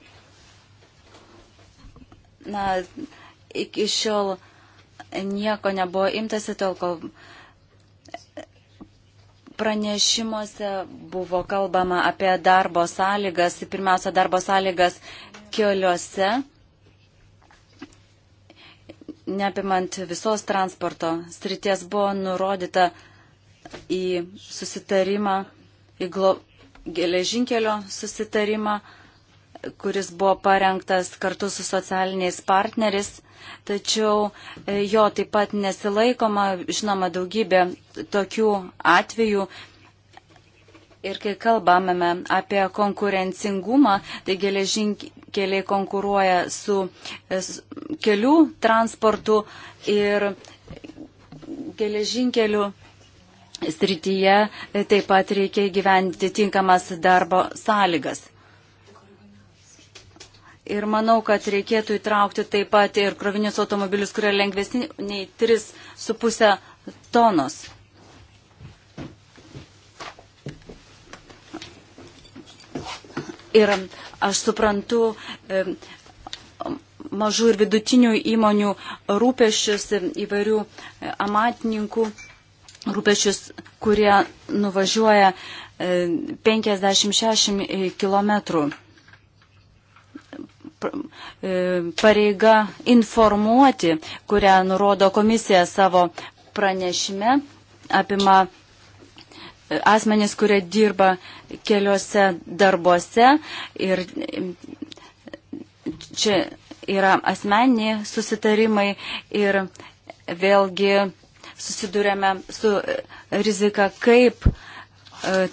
C: na, iki šiol nieko nebuvo imtasi tol, kol pranešimuose buvo kalbama apie darbo sąlygas, pirmiausia, darbo sąlygas keliuose, neapimant visos transporto srities, buvo nurodyta į susitarimą, į glo, geležinkelio susitarimą, kuris buvo parengtas kartu su socialiniais partneris, tačiau e, jo taip pat nesilaikoma, žinoma, daugybė tokių atvejų. Ir kai kalbame apie konkurencingumą, tai geležinkeliai konkuruoja su e, kelių transportu ir geležinkelių srityje taip pat reikia gyventi tinkamas darbo sąlygas. Ir manau, kad reikėtų įtraukti taip pat ir krovinius automobilius, kurie lengvesni nei 3,5 tonos. Ir aš suprantu e, mažų ir vidutinių įmonių rūpešius e, įvairių e, amatininkų rūpešius, kurie nuvažiuoja 50-60 km. E, pareiga informuoti, kurią nurodo komisija savo pranešime, apima e, asmenys, kurie dirba keliose darbuose ir e, čia yra asmeniai susitarimai ir vėlgi susidurėme su rizika, kaip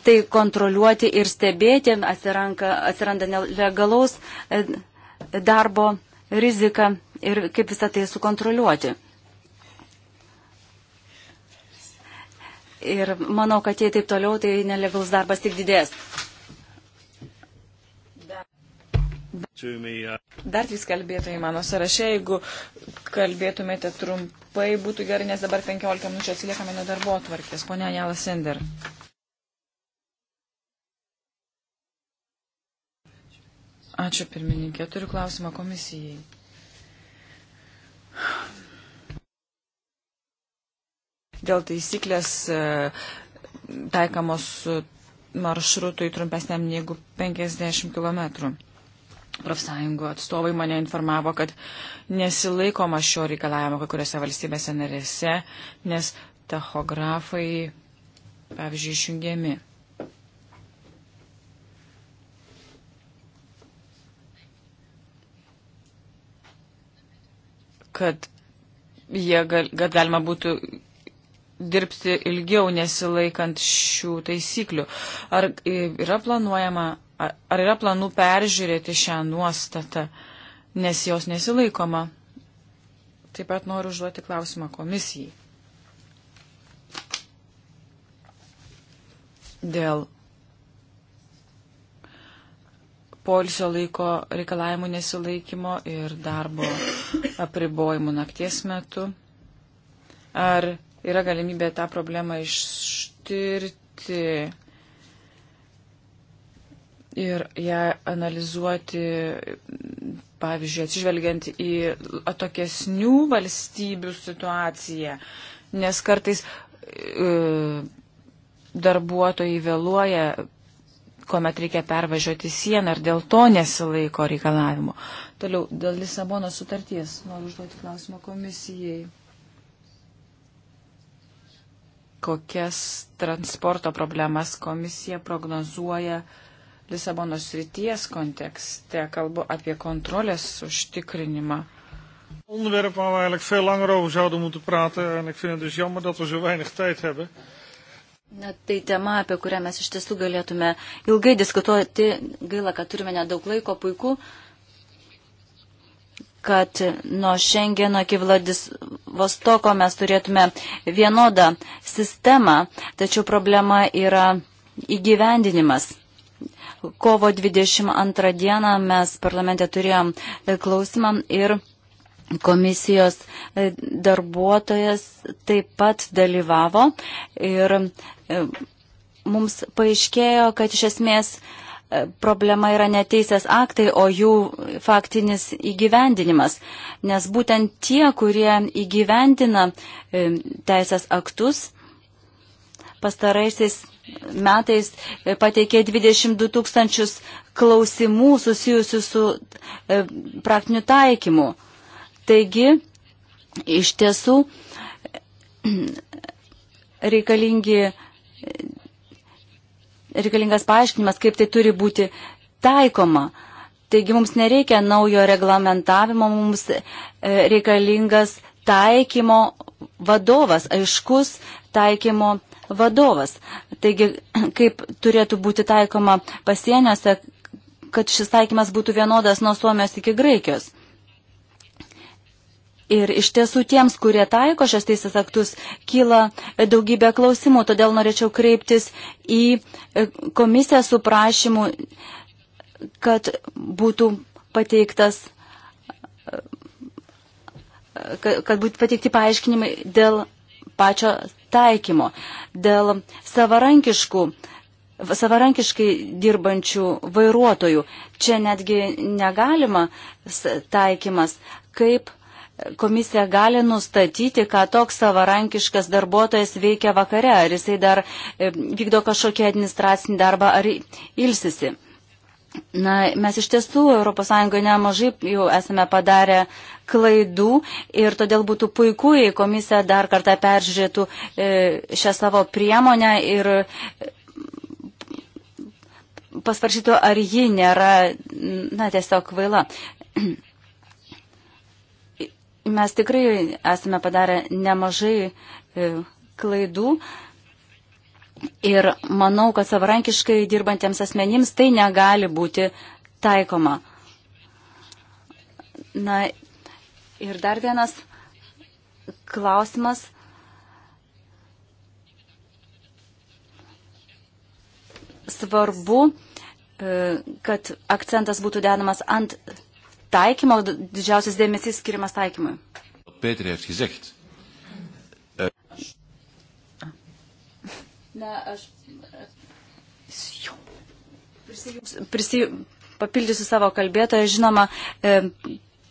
C: tai kontroliuoti ir stebėti, atsiranka, atsiranda nelegalaus darbo riziką ir kaip visą tai sukontroliuoti. Ir manau, kad jei taip toliau, tai nelegalus darbas tik didės. Dar trys
B: kalbėtojai mano sąraše, jeigu kalbėtumėte trumpai, būtų gerai, nes dabar 15 minučių atsiliekame nuo darbo atvarkės. Pone Jalas Sender. Ačiū pirmininkė. Turiu klausimą komisijai. Dėl taisyklės e, taikamos maršrutui trumpesniam negu 50 km. Profsąjungų atstovai mane informavo, kad nesilaikoma šio reikalavimo kai kuriuose valstybėse narėse, nes tachografai, pavyzdžiui, išjungiami. kad, jie gal, kad galima būtų dirbti ilgiau nesilaikant šių taisyklių. Ar yra planuojama, ar, ar yra planų peržiūrėti šią nuostatą, nes jos nesilaikoma? Taip pat noriu užduoti klausimą komisijai. Dėl polsio laiko reikalavimų nesilaikymo ir darbo apribojimų nakties metu? Ar yra galimybė tą problemą ištirti ir ją analizuoti, pavyzdžiui, atsižvelgiant į atokesnių valstybių situaciją? Nes kartais e, darbuotojai vėluoja kuomet reikia pervažiuoti sieną ir dėl to nesilaiko reikalavimo. Toliau, dėl Lisabono sutarties noriu užduoti klausimą komisijai. Kokias transporto problemas komisija prognozuoja Lisabonos ryties kontekste? Kalbu apie kontrolės užtikrinimą
A: onderwerp waar we eigenlijk veel langer over zouden moeten praten. En ik vind het dus jammer dat we zo weinig tijd hebben.
C: Na, tai tema, apie kurią mes iš tiesų galėtume ilgai diskutuoti. Gaila, kad turime nedaug laiko, puiku, kad nuo Šengeno iki Vladivostoko mes turėtume vienodą sistemą, tačiau problema yra įgyvendinimas. Kovo 22 dieną mes parlamente turėjom klausimą ir komisijos darbuotojas taip pat dalyvavo ir E, mums paaiškėjo, kad iš esmės e, problema yra neteisės aktai, o jų faktinis įgyvendinimas. Nes būtent tie, kurie įgyvendina e, teisės aktus, pastaraisiais metais pateikė 22 tūkstančius klausimų susijusių su praktiniu taikymu. Taigi, iš tiesų reikalingi reikalingas paaiškinimas, kaip tai turi būti taikoma. Taigi mums nereikia naujo reglamentavimo, mums e, reikalingas taikymo vadovas, aiškus taikymo vadovas. Taigi, kaip turėtų būti taikoma pasieniuose, kad šis taikymas būtų vienodas nuo Suomijos iki Graikijos. Ir iš tiesų tiems, kurie taiko šios teisės aktus, kyla daugybė klausimų, todėl norėčiau kreiptis į e, komisiją su prašymu, kad būtų pateiktas e, kad būtų pateikti paaiškinimai dėl pačio taikymo, dėl savarankiškų, savarankiškai dirbančių vairuotojų. Čia netgi negalima taikymas, kaip komisija gali nustatyti, ką toks savarankiškas darbuotojas veikia vakare, ar jisai dar e, vykdo kažkokį administracinį darbą, ar ilsisi. Na, mes iš tiesų ES nemažai jau esame padarę klaidų ir todėl būtų puiku, jei komisija dar kartą peržiūrėtų e, šią savo priemonę ir e, pasvaršytų, ar ji nėra, na, tiesiog kvaila. Mes tikrai esame padarę nemažai e, klaidų ir manau, kad savarankiškai dirbantiems asmenims tai negali būti taikoma. Na ir dar vienas klausimas. Svarbu, e, kad akcentas būtų dedamas ant taikymo, didžiausias dėmesys skiriamas taikymui.
D: Petrė, atsizecht. E,
C: Na, aš prisi, papildysiu savo kalbėtoją. Žinoma, e,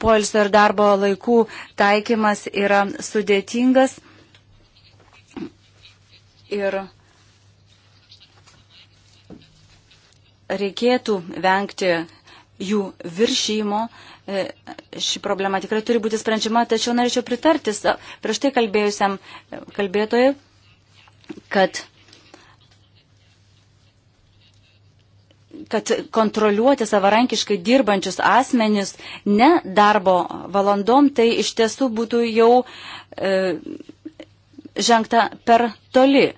C: poilsio ir darbo laikų taikymas yra sudėtingas. Ir reikėtų vengti jų viršymo. E, ši problema tikrai turi būti sprendžiama, tačiau norėčiau pritartis prieš tai kalbėjusiam e, kalbėtojui, kad kad kontroliuoti savarankiškai dirbančius asmenis ne darbo valandom, tai iš tiesų būtų jau e, žengta per toli.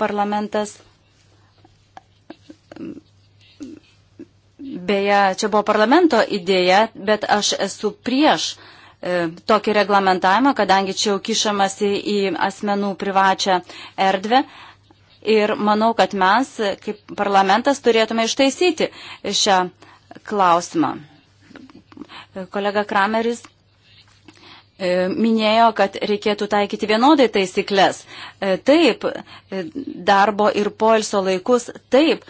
C: Parlamentas Beje, čia buvo parlamento idėja, bet aš esu prieš e, tokį reglamentavimą, kadangi čia jau kišamasi į asmenų privačią erdvę. Ir manau, kad mes, kaip parlamentas, turėtume ištaisyti šią klausimą. Kolega Krameris e, minėjo, kad reikėtų taikyti vienodai taisyklės. E, taip, darbo ir poilsio laikus, taip,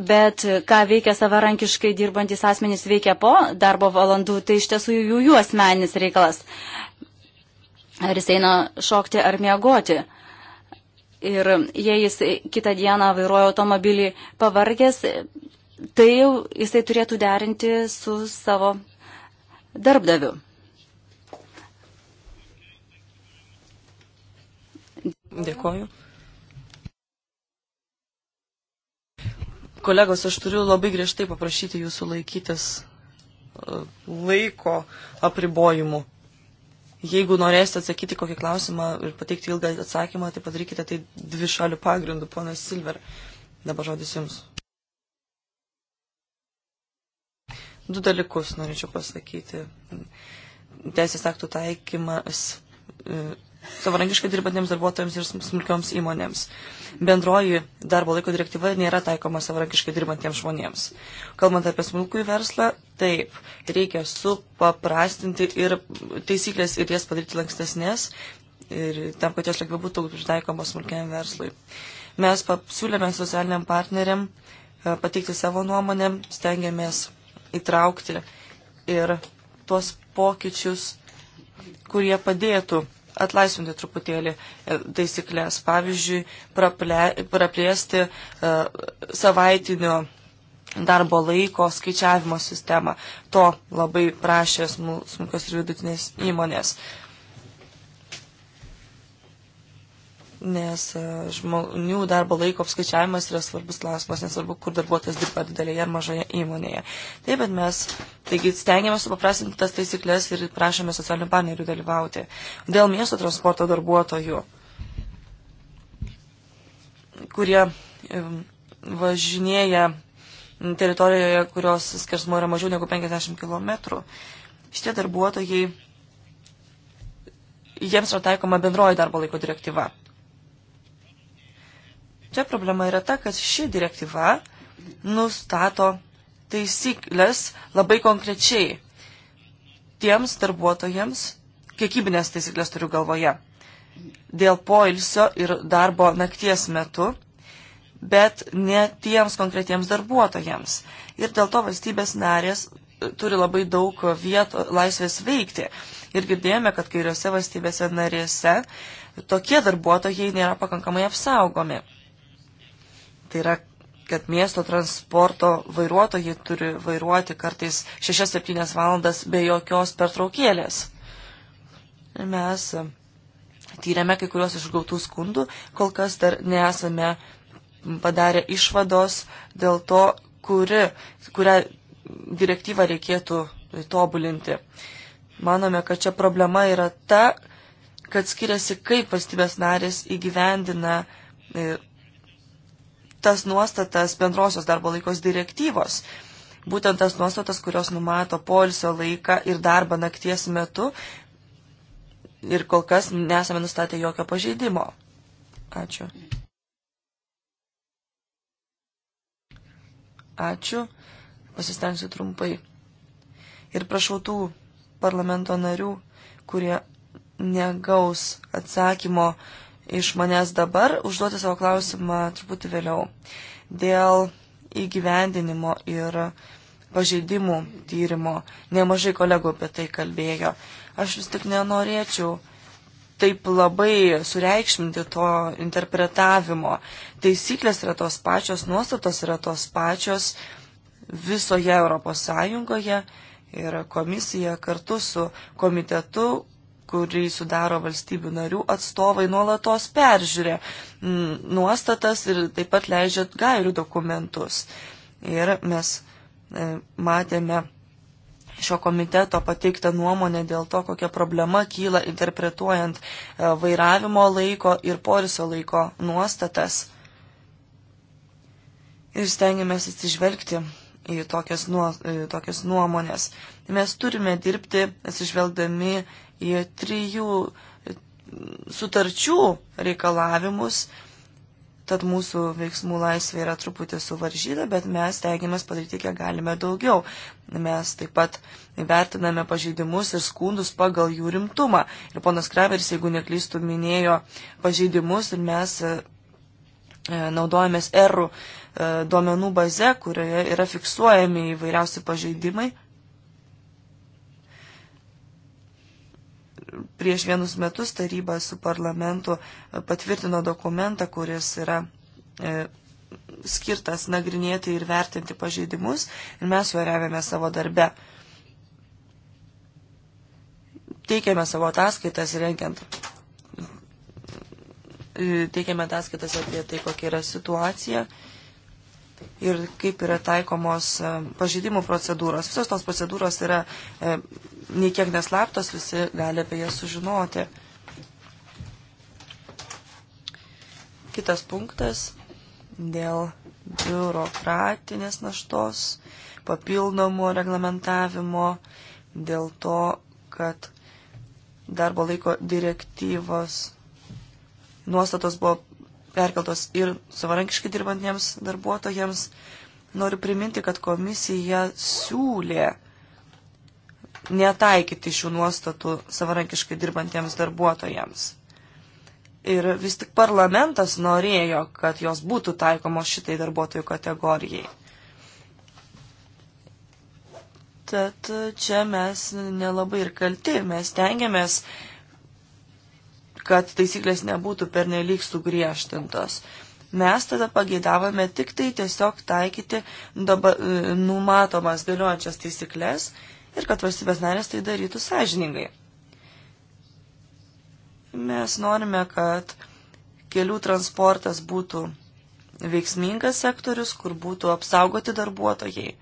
C: Bet ką veikia savarankiškai dirbantis asmenys veikia po darbo valandų, tai iš tiesų jų, jų asmeninis reikalas. Ar jis eina šokti ar miegoti. Ir jei jis kitą dieną vairuoja automobilį pavargęs, tai jau jisai turėtų derinti su savo darbdaviu.
D: Dėkuoju. Kolegos, aš turiu labai griežtai paprašyti jūsų laikytis e, laiko apribojimų. Jeigu norėsite atsakyti kokį klausimą ir pateikti ilgą atsakymą, tai padarykite tai dvi šalių pagrindų, ponas Silver. Dabar žodis jums. Du dalykus norėčiau pasakyti. Teisės aktų taikymas e, savarankiškai dirbantiems darbuotojams ir smulkioms įmonėms. Bendroji darbo laiko direktyva nėra taikoma savarankiškai dirbantiems žmonėms. Kalbant apie smulkųjį verslą, taip, reikia supaprastinti ir taisyklės ir jas padaryti lankstesnės, ir tam, kad jos lengviau būtų pritaikomos smulkiam verslui. Mes pasiūlėme socialiniam partneriam e, pateikti savo nuomonę, stengiamės įtraukti ir tuos pokyčius, kurie padėtų atlaisvinti truputėlį e, taisyklės. Pavyzdžiui, praple, praplėsti e, savaitinio darbo laiko skaičiavimo sistemą. To labai prašė smulkios ir vidutinės įmonės. Nes e, žmonių darbo laiko apskaičiavimas yra svarbus klausimas, nesvarbu, kur darbuotojas dirba didelėje ar mažoje įmonėje. Taip, bet mes Taigi stengiamės supaprastinti tas taisyklės ir prašome socialinių partnerių dalyvauti. Dėl miesto transporto darbuotojų, kurie važinėja teritorijoje, kurios skersmo yra mažiau negu 50 km, šitie darbuotojai, jiems yra taikoma bendroji darbo laiko direktyva. Čia problema yra ta, kad ši direktyva nustato taisyklės labai konkrečiai tiems darbuotojams, kiekybinės taisyklės turiu galvoje, dėl poilsio ir darbo nakties metu, bet ne tiems konkretiems darbuotojams. Ir dėl to valstybės narės turi labai daug vietų laisvės veikti. Ir girdėjome, kad kairiose valstybėse narėse tokie darbuotojai nėra pakankamai apsaugomi. Tai yra kad miesto transporto vairuotojai turi vairuoti kartais 6-7 valandas be jokios pertraukėlės. Mes e, tyrėme kai kuriuos išgautų skundų, kol kas dar nesame padarę išvados dėl to, kuri, kurią direktyvą reikėtų tobulinti. Manome, kad čia problema yra ta, kad skiriasi, kaip valstybės narės įgyvendina e, tas nuostatas bendrosios darbo laikos direktyvos. Būtent tas nuostatas, kurios numato polisio laiką ir darbą nakties metu. Ir kol kas nesame nustatę jokio pažeidimo. Ačiū. Ačiū. Pasistengsiu trumpai. Ir prašau tų parlamento narių, kurie negaus atsakymo iš manęs dabar, užduoti savo klausimą truputį vėliau. Dėl įgyvendinimo ir pažeidimų tyrimo nemažai kolegų apie tai kalbėjo. Aš vis tik nenorėčiau taip labai sureikšminti to interpretavimo. Taisyklės yra tos pačios, nuostatos yra tos pačios visoje Europos Sąjungoje ir komisija kartu su komitetu kurį sudaro valstybių narių atstovai nuolatos peržiūrė mm, nuostatas ir taip pat leidžia gairių dokumentus. Ir mes e, matėme šio komiteto pateiktą nuomonę dėl to, kokia problema kyla interpretuojant e, vairavimo laiko ir poriso laiko nuostatas. Ir stengiamės atsižvelgti į tokias, nuo, e, tokias nuomonės. Mes turime dirbti atsižvelgdami į trijų sutarčių reikalavimus, tad mūsų veiksmų laisvė yra truputį suvaržyta, bet mes tengiamės padaryti kiek galime daugiau. Mes taip pat vertiname pažeidimus ir skundus pagal jų rimtumą. Ir ponas Kraveris, jeigu neklystų, minėjo pažeidimus ir mes e, e, naudojamės erų e, duomenų baze, kurioje yra fiksuojami įvairiausi pažeidimai prieš vienus metus taryba su parlamentu e, patvirtino dokumentą, kuris yra e, skirtas nagrinėti ir vertinti pažeidimus ir mes juo remiame savo darbe. Teikiame savo ataskaitas rengiant. Teikiame ataskaitas apie tai, kokia yra situacija. E, ir kaip yra taikomos e, pažydimų procedūros. Visos tos procedūros yra e, niekiek neslaptos, visi gali apie jas sužinoti. Kitas punktas dėl biurokratinės naštos, papildomo reglamentavimo, dėl to, kad darbo laiko direktyvos nuostatos buvo perkeltos ir savarankiškai dirbantiems darbuotojams. Noriu priminti, kad komisija siūlė netaikyti šių nuostatų savarankiškai dirbantiems darbuotojams. Ir vis tik parlamentas norėjo, kad jos būtų taikomos šitai darbuotojų kategorijai. Tad čia mes nelabai ir kalti, mes tengiamės uh, kad taisyklės nebūtų pernelyg sugriežtintos. Mes tada pageidavome tik tai tiesiog taikyti dabar, e, numatomas galiojančias taisyklės ir kad valstybės narės tai darytų sąžiningai. Mes norime, kad kelių transportas būtų veiksmingas sektorius, kur būtų apsaugoti darbuotojai.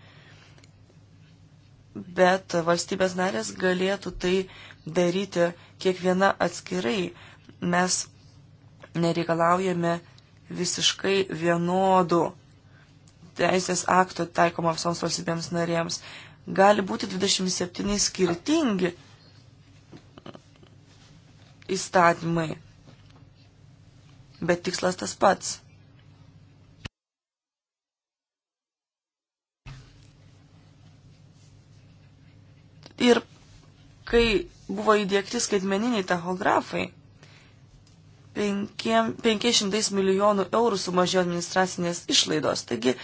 D: Bet valstybės narės galėtų tai daryti kiekviena atskirai, mes nereikalaujame visiškai vienodų teisės aktų taikomą visoms valstybėms narėms. Gali būti 27 skirtingi įstatymai, bet tikslas tas pats. Ir kai buvo įdėkti skaitmeniniai tachografai, 500 milijonų eurų sumažėjo administracinės išlaidos. Taigi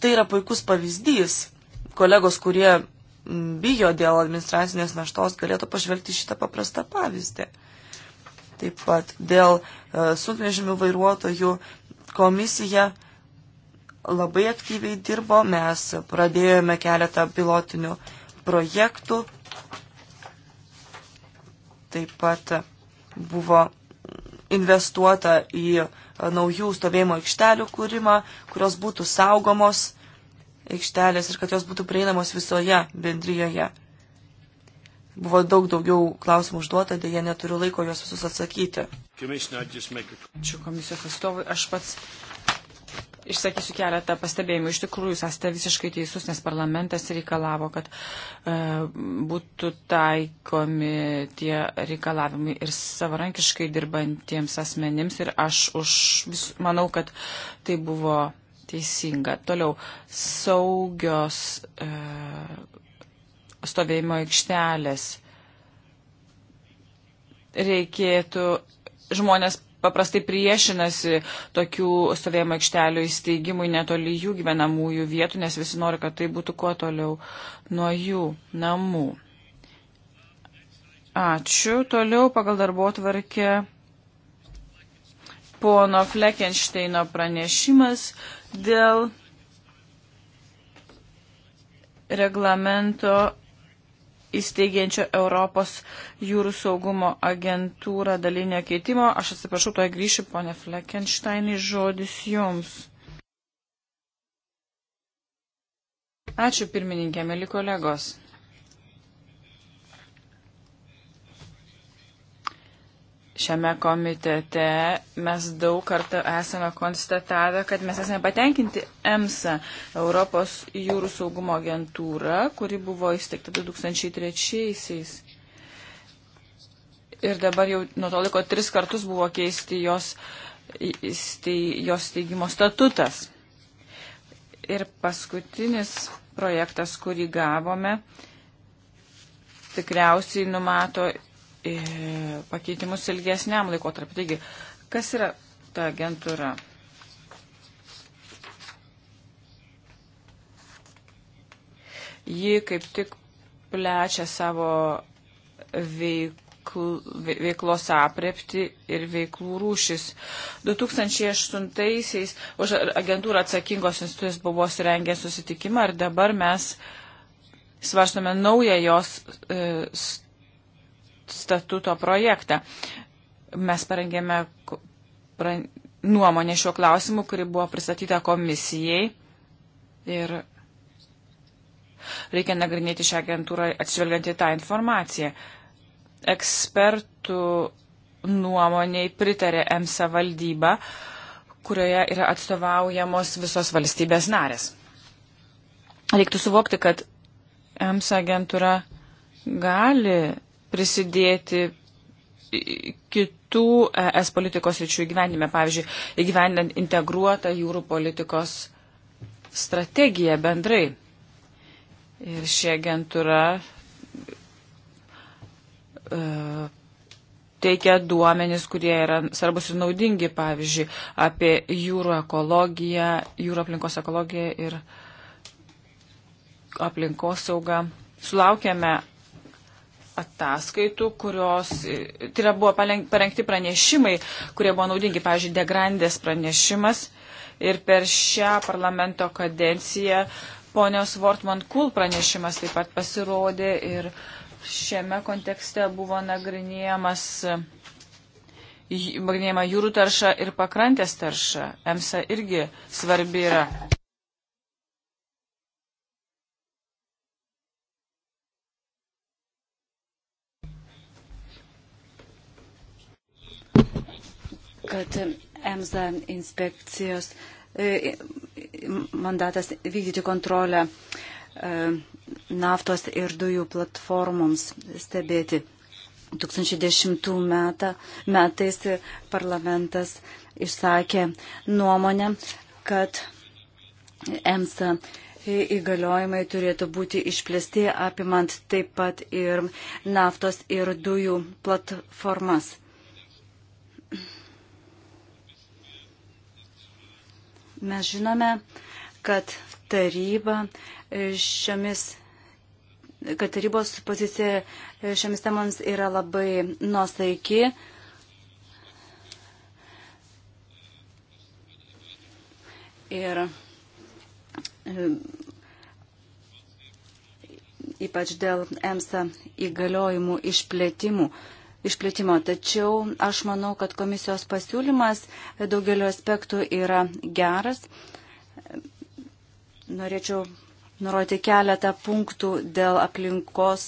D: tai yra puikus pavyzdys. Kolegos, kurie bijo dėl administracinės naštos, galėtų pažvelgti šitą paprastą pavyzdį. Taip pat dėl e, sunkvežimių vairuotojų komisija labai aktyviai dirbo, mes pradėjome keletą pilotinių projektų. Taip pat buvo investuota į e, naujų stovėjimo aikštelių kūrimą, kurios būtų saugomos aikštelės ir kad jos būtų prieinamos visoje bendryjoje. Buvo daug daugiau klausimų užduota, dėje neturiu laiko juos visus atsakyti.
A: Ačiū
B: komisijos atstovui. Aš pats Išsakysiu keletą pastebėjimų. Iš tikrųjų, jūs esate visiškai teisus, nes parlamentas reikalavo, kad e, būtų taikomi tie reikalavimai ir savarankiškai dirbantiems asmenims. Ir aš už, vis, manau, kad tai buvo teisinga. Toliau, saugios e, stovėjimo aikštelės reikėtų žmonės paprastai priešinasi tokių stovėjimo aikštelių įsteigimui netoli jų gyvenamųjų vietų, nes visi nori, kad tai būtų kuo toliau nuo jų namų. Ačiū. Toliau pagal darbo tvarkę pono Fleckensteino pranešimas dėl reglamento įsteigiančio Europos jūrų saugumo agentūrą dalinio keitimo. Aš atsiprašau, toje grįšiu, ponė Fleckensteinai, žodis jums. Ačiū pirmininkė, mėly kolegos. šiame komitete mes daug kartų esame konstatavę, kad mes esame patenkinti EMSA, Europos jūrų saugumo agentūra, kuri buvo įsteigta 2003-aisiais. Ir dabar jau nuo to laiko tris kartus buvo keisti jos, jos steigimo statutas. Ir paskutinis projektas, kurį gavome, tikriausiai numato pakeitimus ilgesniam laikotarpiu. Taigi, kas yra ta agentūra? Ji kaip tik plečia savo veikl, veiklos aprepti ir veiklų rūšis. 2008-aisiais už agentūrą atsakingos institucijos buvo surengę susitikimą ir dabar mes svarstome naują jos e, statuto projektą. Mes parengėme nuomonę šiuo klausimu, kuri buvo pristatyta komisijai ir reikia nagrinėti šią agentūrą atsižvelgiant į tą informaciją. Ekspertų nuomoniai pritarė EMSA valdyba, kurioje yra atstovaujamos visos valstybės narės. Reiktų suvokti, kad EMSA agentūra gali prisidėti kitų ES politikos ryčių įgyvendime, pavyzdžiui, įgyvendinant integruotą jūrų politikos strategiją bendrai. Ir ši agentūra e, teikia duomenis, kurie yra svarbus ir naudingi, pavyzdžiui, apie jūrų ekologiją, jūrų aplinkos ekologiją ir aplinkos saugą. Sulaukėme ataskaitų, kurios, tai yra buvo parengti pranešimai, kurie buvo naudingi, pavyzdžiui, Degrandės pranešimas ir per šią parlamento kadenciją ponios Wortman Kul pranešimas taip pat pasirodė ir šiame kontekste buvo nagrinėjamas nagrinėjama jūrų tarša ir pakrantės tarša. EMSA irgi svarbi yra.
C: kad EMSA inspekcijos e, mandatas vykdyti kontrolę e, naftos ir dujų platformoms stebėti. 2010 metą, metais parlamentas išsakė nuomonę, kad EMSA įgaliojimai turėtų būti išplėsti, apimant taip pat ir naftos ir dujų platformas. Mes žinome, kad taryba e, šiomis kad tarybos pozicija e, šiomis temams yra labai nuosaiki. Ir e, ypač dėl EMSA įgaliojimų išplėtimų išplėtimo. Tačiau aš manau, kad komisijos pasiūlymas daugeliu aspektų yra geras. Norėčiau nurodyti keletą punktų dėl aplinkos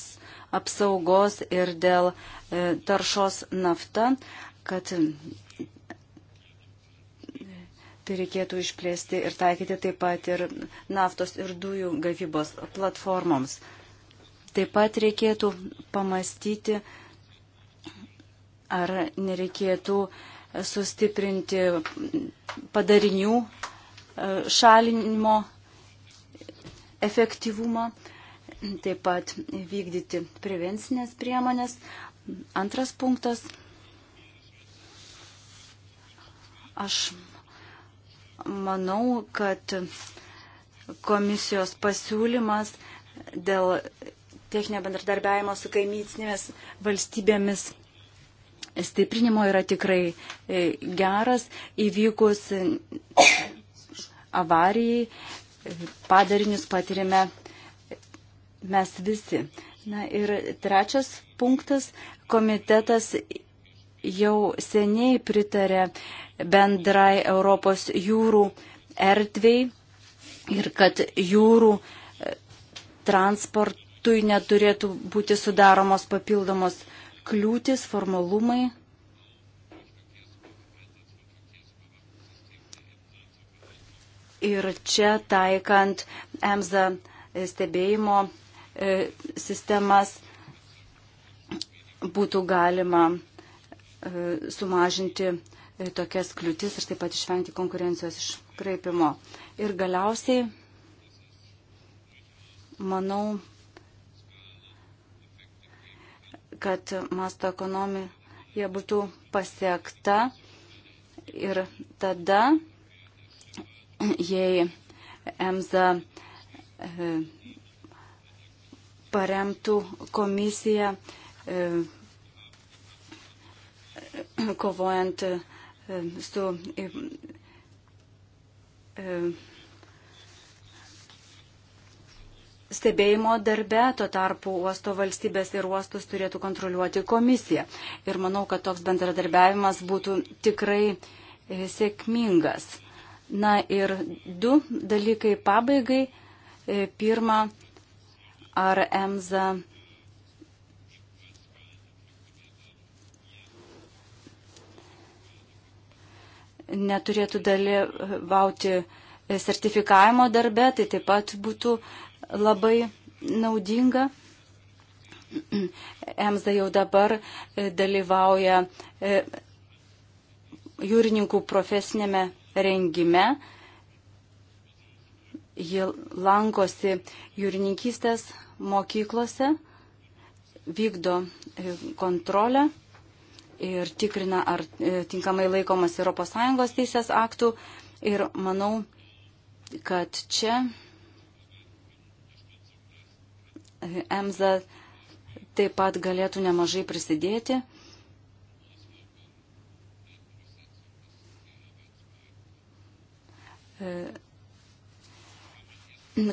C: apsaugos ir dėl e, taršos nafta, kad tai reikėtų išplėsti ir taikyti taip pat ir naftos ir dujų gavybos platformoms. Taip pat reikėtų pamastyti, Ar nereikėtų sustiprinti padarinių e, šalinimo efektyvumą, taip pat vykdyti prevencinės priemonės. Antras punktas. Aš manau, kad komisijos pasiūlymas dėl techninio bendradarbiavimo su kaimycinėmis valstybėmis stiprinimo yra tikrai e, geras. Įvykus avarijai e, padarinius patirime mes visi. Na ir trečias punktas, komitetas jau seniai pritarė bendrai Europos jūrų erdvei ir kad jūrų e, transportui neturėtų būti sudaromos papildomos kliūtis, formalumai. Ir čia taikant EMSA stebėjimo e, sistemas būtų galima e, sumažinti e, tokias kliūtis ir taip pat išvengti konkurencijos iškraipimo. Ir galiausiai, manau, kad masto ekonomija būtų pasiekta ir tada, jei EMSA e, paremtų komisiją e, kovojant e, su stebėjimo darbe, tuo tarpu uosto valstybės ir uostus turėtų kontroliuoti komisija. Ir manau, kad toks bendradarbiavimas būtų tikrai e, sėkmingas. Na ir du dalykai pabaigai. E, pirma, ar EMSA neturėtų dalyvauti e, sertifikavimo darbe, tai taip pat būtų labai naudinga. EMSDA jau dabar e, dalyvauja e, jūrininkų profesinėme rengime. Ji lankosi jūrininkystės mokyklose, vykdo e, kontrolę ir tikrina, ar tinkamai laikomas ES teisės aktų. Ir manau, kad čia EMSA taip pat galėtų nemažai prisidėti.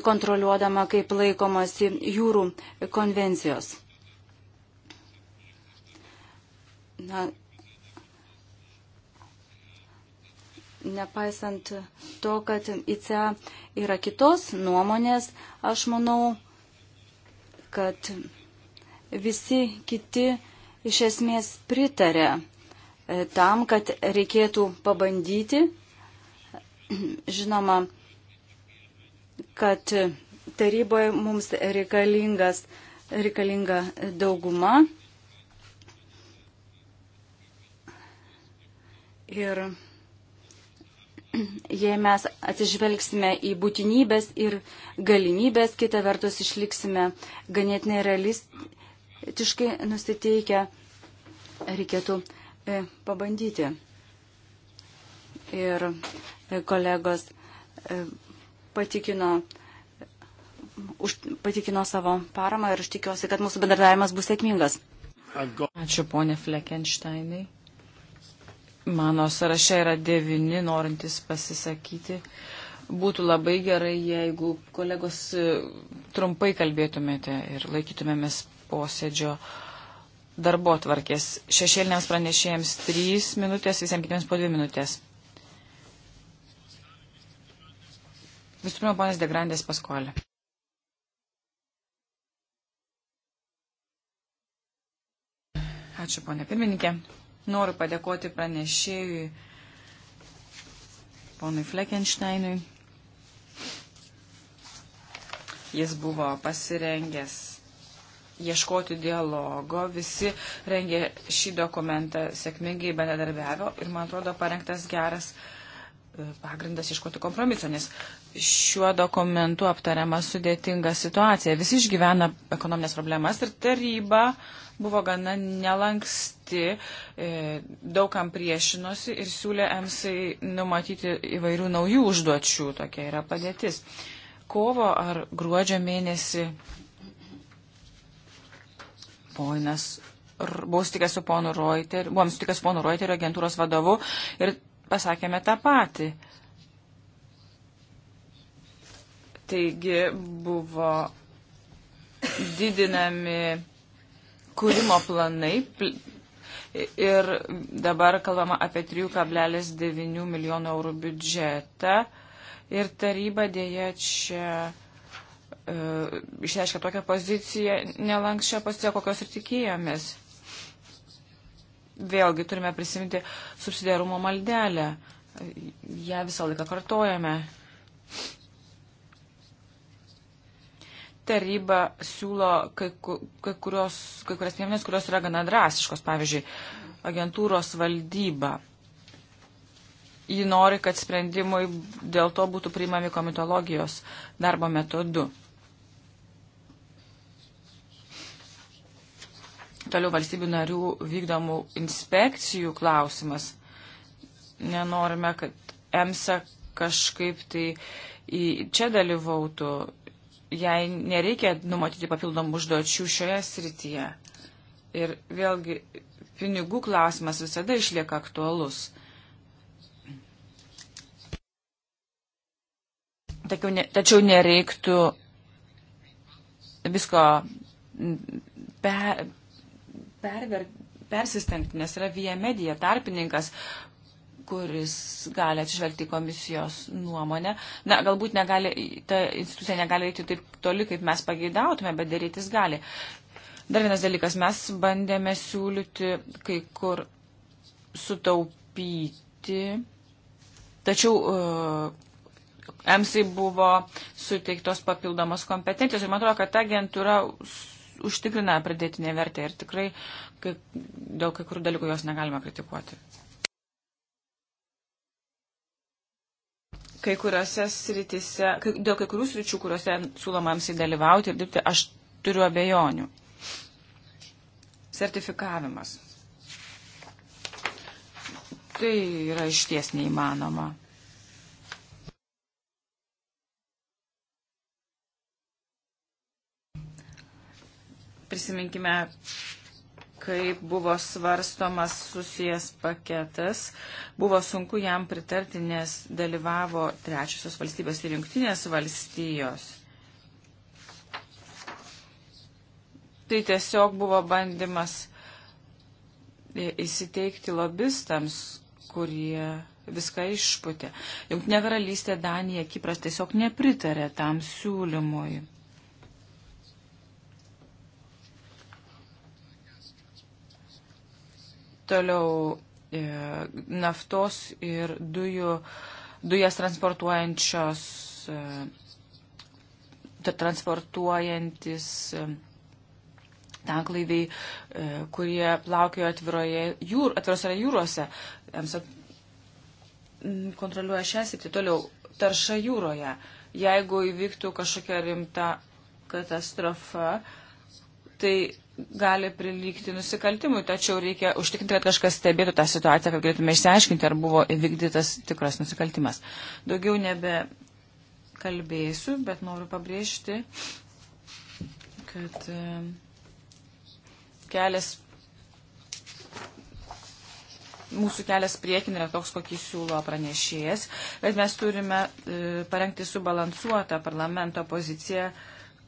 C: kontroliuodama, kaip laikomasi jūrų konvencijos. Na, nepaisant to, kad ICA yra kitos nuomonės, aš manau, kad visi kiti iš esmės pritarė e, tam, kad reikėtų pabandyti. Žinoma, kad taryboje mums reikalingas, reikalinga dauguma. Ir jei mes atsižvelgsime į būtinybės ir galimybės, kita vertus išliksime ganėtinai realistiškai nusiteikę, reikėtų e, pabandyti. Ir e, kolegos e, patikino, už, patikino savo paramą ir aš tikiuosi, kad mūsų bendradavimas bus sėkmingas. Ačiū, ponė Fleckensteinai. Mano sąraše yra
B: devini norintys pasisakyti. Būtų labai gerai, jeigu kolegos e, trumpai kalbėtumėte ir laikytumėmės posėdžio darbo tvarkės. Šešėliniams pranešėjams trys minutės, visiems kitiems po dvi minutės. Visų pirma, ponas Degrandės paskolė. Ačiū, ponė pirmininkė. Noriu padėkoti pranešėjui ponui Fleckensteinui. Jis buvo pasirengęs ieškoti dialogo, visi rengė šį dokumentą sėkmingai bendradarbiavo ir, man atrodo, parengtas geras e, pagrindas iškoti kompromiso, nes šiuo dokumentu aptariama sudėtinga situacija. Visi išgyvena ekonominės problemas ir taryba buvo gana nelanksti, e, daugam priešinosi ir siūlė EMSai numatyti įvairių naujų užduočių. Tokia yra padėtis. Kovo ar gruodžio mėnesį poinas, buvau sutikęs su ponu Reuter, buvom sutikęs su ponu Reuterio agentūros vadovu ir pasakėme tą patį. Taigi buvo didinami kūrimo planai ir dabar kalbama apie 3,9 milijonų eurų biudžetą. Ir taryba dėja čia e, išreiškia tokią poziciją, nelankščią poziciją, kokios ir tikėjomės. Vėlgi turime prisiminti subsidiarumo maldelę. Ja visą laiką kartojame taryba siūlo kai, kai, kurios, kai kurias priemonės, kurios yra gana drastiškos, pavyzdžiui, agentūros valdyba. Ji nori, kad sprendimui dėl to būtų priimami komitologijos darbo metodu. Toliau valstybių narių vykdomų inspekcijų klausimas. Nenorime, kad EMSA kažkaip tai į čia dalyvautų jai nereikia numatyti papildomų užduočių šioje srityje. Ir vėlgi, pinigų klausimas visada išlieka aktualus. Tačiau, ne, tačiau nereiktų visko per, perver, persistengti, nes yra vie medija, tarpininkas, kuris gali atsižvelgti komisijos nuomonę. Na, galbūt negali, ta institucija negali eiti taip toli, kaip mes pageidautume, bet darytis gali. Dar vienas dalykas, mes bandėme siūlyti kai kur sutaupyti, tačiau uh, EMSI buvo suteiktos papildomos kompetencijos ir man atrodo, kad ta agentūra užtikrina pridėtinę vertę ir tikrai kai, dėl kai kurių dalykų jos negalima kritikuoti. kai kuriuose sritise, kai, dėl kai kurių sričių, kuriuose siūloma jiems įdalyvauti ir dirbti, aš turiu abejonių. Sertifikavimas. Tai yra išties neįmanoma. Prisiminkime kaip buvo svarstomas susijęs paketas, buvo sunku jam pritarti, nes dalyvavo trečiosios valstybės ir jungtinės valstijos. Tai tiesiog buvo bandymas e, įsiteikti lobistams, kurie viską išputė. Jungtinė karalystė, Danija, Kipras tiesiog nepritarė tam siūlymui. Toliau e, naftos ir dujų, dujas transportuojančios, e, transportuojantis e, tanklaiviai, kurie plaukioja atviroje jūr, atvirose jūrose. Mm, kontroliuoja šią sritį. Toliau tarša jūroje. Jeigu įvyktų kažkokia rimta katastrofa, tai gali prilygti nusikaltimui, tačiau reikia užtikrinti, kad kažkas stebėtų tą situaciją, kad galėtume išsiaiškinti, ar buvo įvykdytas tikras nusikaltimas. Daugiau nebe kalbėsiu, bet noriu pabrėžti, kad e, kelias, mūsų kelias priekin yra toks, kokį siūlo pranešėjas, bet mes turime e, parengti subalansuotą parlamento poziciją,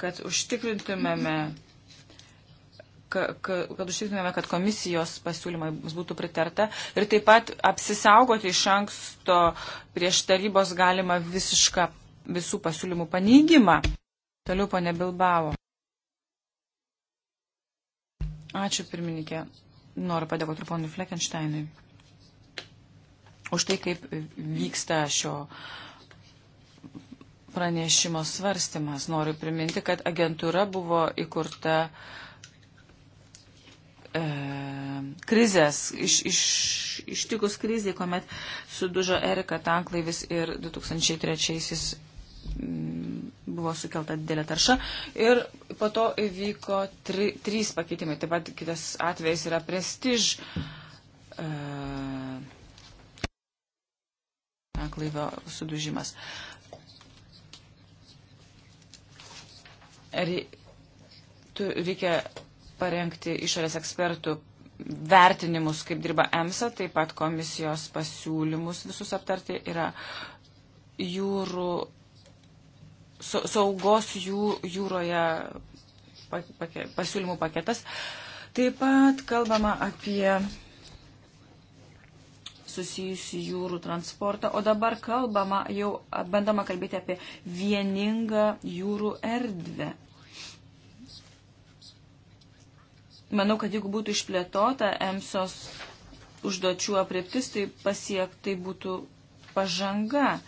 B: kad užtikrintumėme. Mm -hmm kad, kad užtikrintume, kad komisijos pasiūlymai būtų pritarta ir taip pat apsisaugoti iš anksto prieš tarybos galima visišką visų pasiūlymų paneigimą. Toliau ponė Bilbao. Ačiū pirmininkė. Noriu padėkoti ponui Fleckensteinui už tai, kaip vyksta šio pranešimo svarstymas. Noriu priminti, kad agentūra buvo įkurta uh, e, krizės, iš, iš, ištikus krizį, kuomet sudužo Erika tanklaivis ir 2003-aisiais mm, buvo sukelta didelė tarša. Ir po to įvyko tri, trys pakeitimai. Taip pat kitas atvejs yra prestiž. E, klaivio sudužimas. Re, tu, reikia parengti išorės ekspertų vertinimus, kaip dirba EMSA, taip pat komisijos pasiūlymus visus aptarti yra jūrų, saugos jų, jūroje pasiūlymų paketas. Taip pat kalbama apie susijusi jūrų transportą, o dabar kalbama, jau bandoma kalbėti apie vieningą jūrų erdvę. manau, kad jeigu būtų išplėtota EMSOS užduočių apriptis, tai pasiektai būtų pažanga.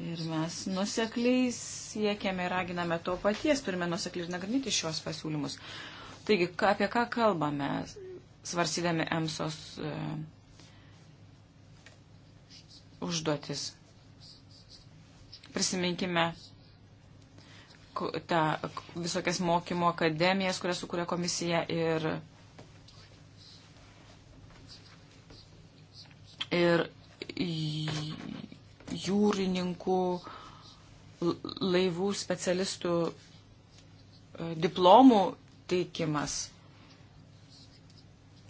B: Ir mes nusekliai siekiame ir raginame to paties, turime nusekliai nagrinėti šios pasiūlymus. Taigi, ką, apie ką kalbame, svarsydami EMSOS e, užduotis. Prisiminkime tą visokias mokymo akademijas, kurias sukūrė komisija ir, ir jūrininkų laivų specialistų e, diplomų teikimas.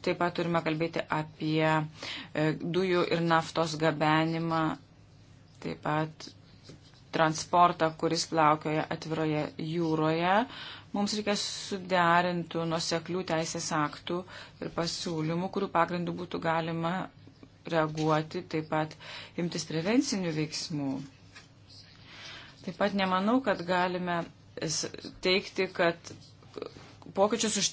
B: Taip pat turime kalbėti apie e, dujų ir naftos gabenimą, taip pat transportą, kuris plaukioja atviroje jūroje, mums reikia suderintų nuseklių teisės aktų ir pasiūlymų, kurių pagrindų būtų galima reaguoti, taip pat imtis prevencinių veiksmų. Taip pat nemanau, kad galime teikti, kad pokyčius už,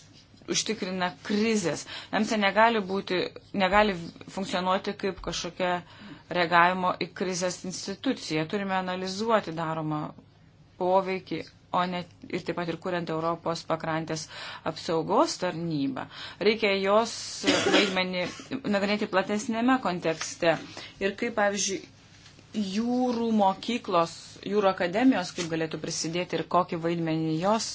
B: užtikrina krizės. EMSA tai negali, būti, negali funkcionuoti kaip kažkokia reagavimo į krizės instituciją. Turime analizuoti daromą poveikį, o ne ir taip pat ir kuriant Europos pakrantės apsaugos tarnybą. Reikia jos vaidmenį nagrinėti platesnėme kontekste. Ir kaip, pavyzdžiui, jūrų mokyklos, jūrų akademijos, kaip galėtų prisidėti ir kokį vaidmenį jos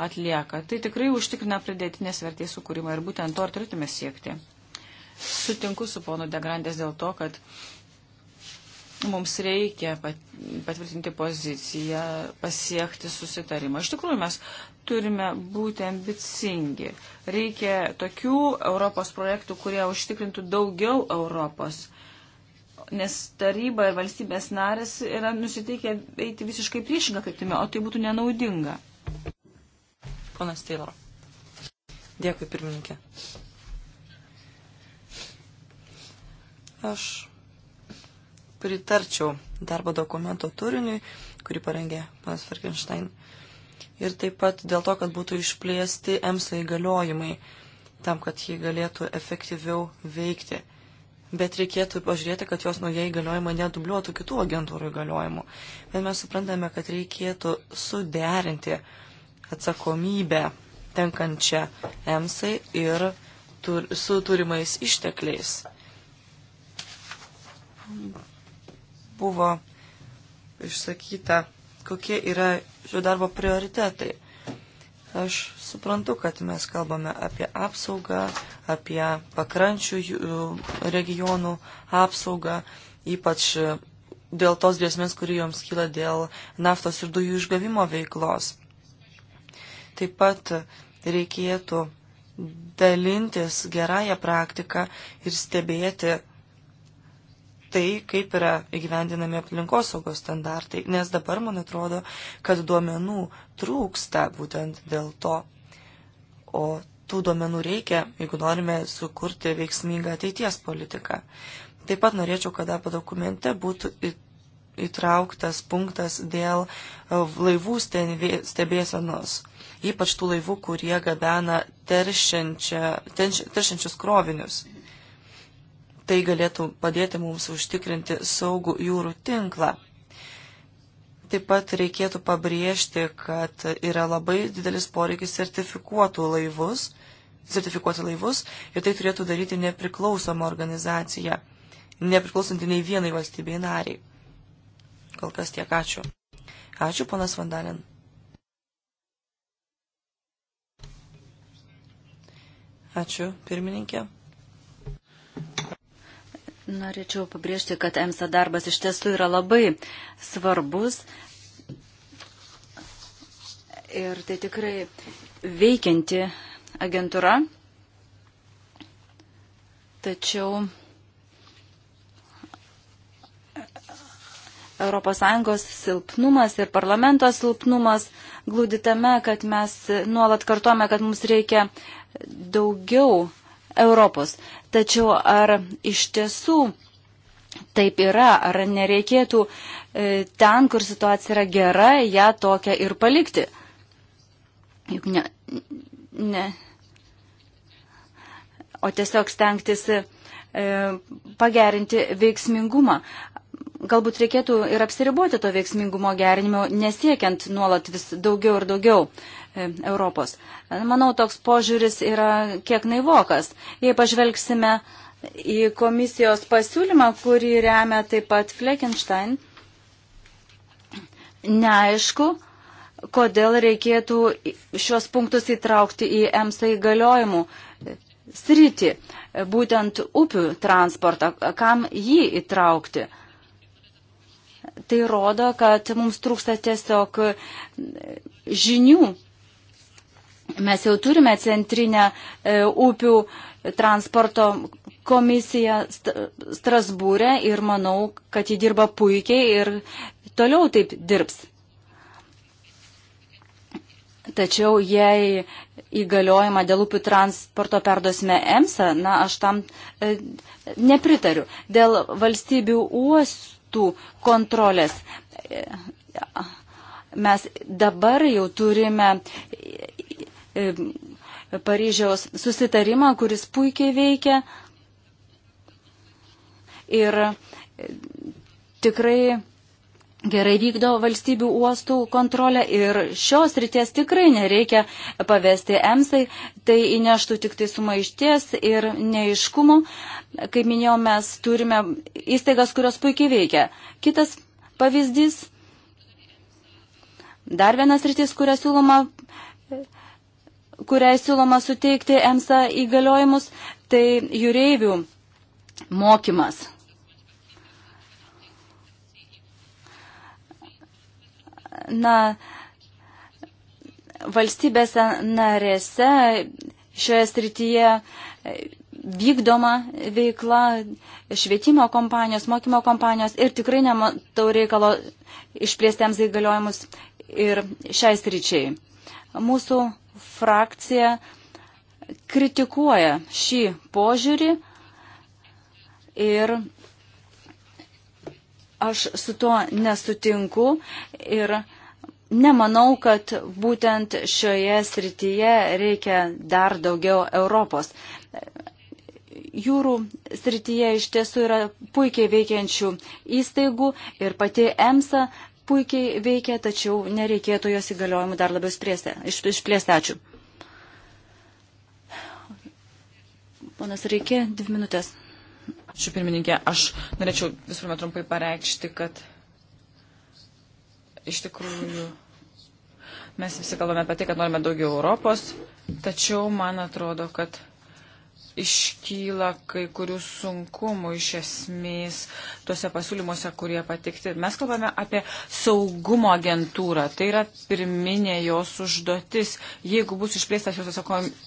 B: atlieka. Tai tikrai užtikrina pridėtinės vertės sukūrimą ir būtent to ir turėtume siekti. Sutinku su ponu Degrandės dėl to, kad mums reikia patvirtinti poziciją, pasiekti susitarimą. Iš tikrųjų, mes turime būti ambicingi. Reikia tokių Europos projektų, kurie užtikrintų daugiau Europos. Nes taryba ir valstybės narės yra nusiteikę eiti visiškai priešingą kryptimį, o tai būtų nenaudinga.
D: Ponas Taylor. Dėkui, pirmininkė. Aš pritarčiau darbo dokumento turiniui, kurį parengė panas Frankenstein. Ir taip pat dėl to, kad būtų išplėsti EMSA įgaliojimai, tam, kad jį galėtų efektyviau veikti. Bet reikėtų pažiūrėti, kad jos naujai įgaliojimai nedubliuotų kitų agentūrų įgaliojimų. Bet mes suprantame, kad reikėtų suderinti atsakomybę tenkančią EMSAI ir tur, su turimais ištekliais buvo išsakyta, kokie yra šio darbo prioritetai. Aš suprantu, kad mes kalbame apie apsaugą, apie pakrančių regionų apsaugą, ypač dėl tos grėsmės, kuri joms kyla dėl naftos ir dujų išgavimo veiklos. Taip pat reikėtų dalintis gerąją praktiką ir stebėti tai, kaip yra įgyvendinami aplinkosaugos standartai, nes dabar man atrodo, kad duomenų trūksta būtent dėl to. O tų duomenų reikia, jeigu norime sukurti veiksmingą ateities politiką. Taip pat norėčiau, kad apie dokumente būtų įtrauktas punktas dėl e, laivų stebėsenos, ypač tų laivų, kurie gabena teršiančius krovinius tai galėtų padėti mums užtikrinti saugų jūrų tinklą. Taip pat reikėtų pabrėžti, kad yra labai didelis poreikis sertifikuotų laivus, sertifikuoti laivus ir tai turėtų daryti nepriklausoma organizacija, nepriklausanti nei vienai valstybei nariai. Kol kas tiek ačiū. Ačiū, ponas Vandalin.
C: Ačiū, pirmininkė. Norėčiau pabrėžti, kad EMSA darbas iš tiesų yra labai svarbus ir tai tikrai veikianti agentūra. Tačiau ES silpnumas ir parlamento silpnumas glūdi tame, kad mes nuolat kartuome, kad mums reikia daugiau Europos. Tačiau ar iš tiesų taip yra, ar nereikėtų e, ten, kur situacija yra gera, ją tokią ir palikti? Juk ne. ne. O tiesiog stengtis e, pagerinti veiksmingumą galbūt reikėtų ir apsiriboti to veiksmingumo gerinimo, nesiekiant nuolat vis daugiau ir daugiau. E, Europos. Manau, toks požiūris yra kiek naivokas. Jei pažvelgsime į komisijos pasiūlymą, kurį remia taip pat Fleckenstein, neaišku, kodėl reikėtų šios punktus įtraukti į EMSA įgaliojimų sritį, būtent upių transportą, kam jį įtraukti. Tai rodo, kad mums trūksta tiesiog žinių Mes jau turime centrinę e, upių transporto komisiją Strasbūrė ir manau, kad ji dirba puikiai ir toliau taip dirbs. Tačiau jei įgaliojimą dėl upių transporto perdosime EMSA, na, aš tam e, nepritariu. Dėl valstybių uostų kontrolės. E, mes dabar jau turime E, Paryžiaus susitarimą, kuris puikiai veikia. Ir e, tikrai gerai vykdo valstybių uostų kontrolę ir šios ryties tikrai nereikia pavesti EMSai, tai įneštų tik tai sumaišties ir neiškumo. Kaip minėjau, mes turime įstaigas, kurios puikiai veikia. Kitas pavyzdys, dar vienas rytis, kurią siūloma kuriai siūloma suteikti EMSA įgaliojimus, tai jūreivių mokymas. Na, valstybėse narėse šioje srityje vykdoma veikla, švietimo kompanijos, mokymo kompanijos ir tikrai nematau reikalo išplėstiems įgaliojimus ir šiai sričiai. Mūsų frakcija kritikuoja šį požiūrį ir aš su tuo nesutinku ir nemanau, kad būtent šioje srityje reikia dar daugiau Europos. Jūrų srityje iš tiesų yra puikiai veikiančių įstaigų ir pati EMSA puikiai veikia, tačiau nereikėtų jos įgaliojimų dar labiau spręsti, iš, išplėsti. Ačiū. Ponas Reikė, dvi minutės. Ačiū pirmininkė. Aš norėčiau visų
B: pirma trumpai pareikšti, kad iš tikrųjų mes visi kalbame apie tai, kad norime daugiau Europos, tačiau man atrodo, kad iškyla kai kurių sunkumų iš esmės tuose pasiūlymuose, kurie patikti. Mes kalbame apie saugumo agentūrą. Tai yra pirminė jos užduotis. Jeigu bus išplėstas jos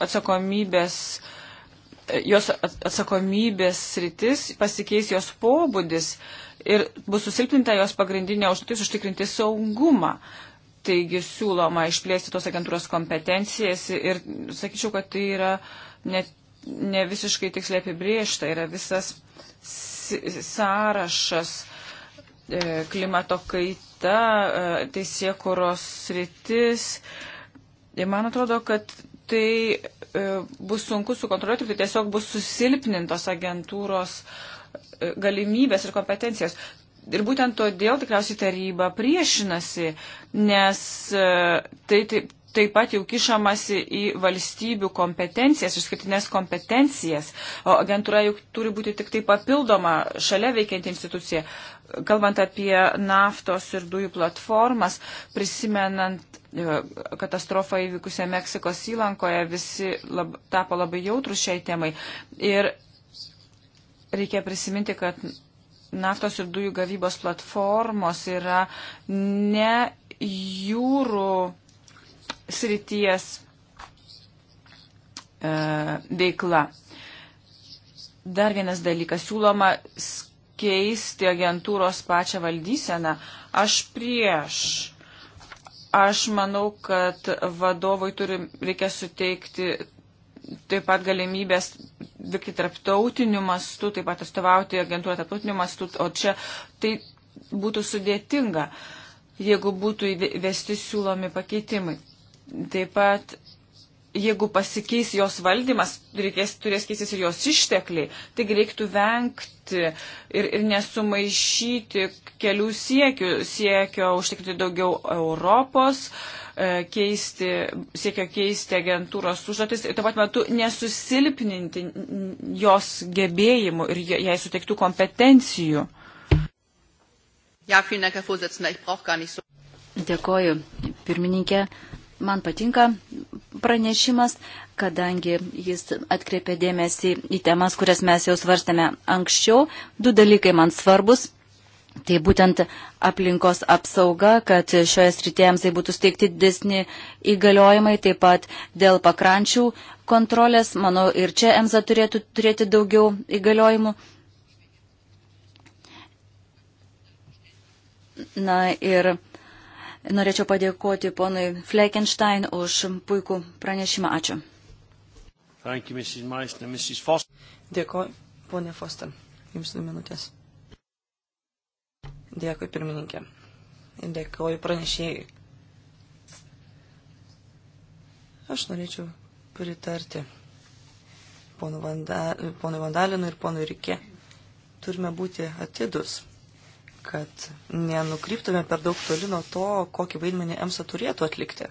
B: atsakomybės, jos atsakomybės sritis, pasikeis jos pobūdis ir bus susilpninta jos pagrindinė užduotis užtikrinti saugumą. Taigi siūloma išplėsti tos agentūros kompetencijas ir sakyčiau, kad tai yra net ne visiškai tiksliai apibriešta, yra visas sąrašas e, klimato kaita, e, teisėkuros sritis. Ir man atrodo, kad tai e, bus sunku sukontroliuoti, tai tiesiog bus susilpnintos agentūros galimybės ir kompetencijos. Ir būtent todėl tikriausiai taryba priešinasi, nes tai, tai taip pat jau kišamasi į valstybių kompetencijas, išskirtinės kompetencijas, o agentūra juk turi būti tik tai papildoma šalia veikianti institucija. Kalbant apie naftos ir dujų platformas, prisimenant e, katastrofą įvykusią Meksikos įlankoje, visi lab, tapo labai jautrus šiai temai. Ir reikia prisiminti, kad naftos ir dujų gavybos platformos yra ne jūrų srities e, veikla. Dar vienas dalykas, siūloma keisti agentūros pačią valdyseną. Aš prieš. Aš manau, kad vadovui turi, reikia suteikti taip pat galimybės veikti tarptautiniu mastu, taip pat atstovauti agentūrą tarptautiniu mastu, o čia tai būtų sudėtinga, jeigu būtų įvesti siūlomi pakeitimai. Taip pat, jeigu pasikeis jos valdymas, reikės, turės keistis ir jos ištekliai, taigi reiktų vengti ir, ir nesumaišyti kelių siekių, siekio užtikrinti daugiau Europos, e, keisti, siekio keisti agentūros užduotis ir taip pat metu nesusilpninti jos gebėjimų ir jai suteiktų kompetencijų.
D: Ja, vielen Dank, Herr Vorsitzender. Ich brauche gar nicht so.
C: Dėkoju, pirmininkė. Man patinka pranešimas, kadangi jis atkreipė dėmesį į temas, kurias mes jau svarstėme anksčiau. Du dalykai man svarbus. Tai būtent aplinkos apsauga, kad šioje srityje jiems tai būtų steigti didesni įgaliojimai, taip pat dėl pakrančių kontrolės, manau, ir čia EMSA turėtų turėti daugiau įgaliojimų. Na ir Norėčiau padėkoti ponui Fleckenstein už puikų pranešimą. Ačiū.
A: Thank you, Mrs. Meissner. Mrs. Foster. Dėkoju, ponė Foster.
C: Jums du minutės.
D: Dėkui, pirmininkė. Dėkoju pranešėjai. Aš norėčiau pritarti ponui Vandalinui ir ponui Rikė. Turime būti atidus kad nenukryptume per daug toli nuo to, kokį vaidmenį EMSA turėtų atlikti.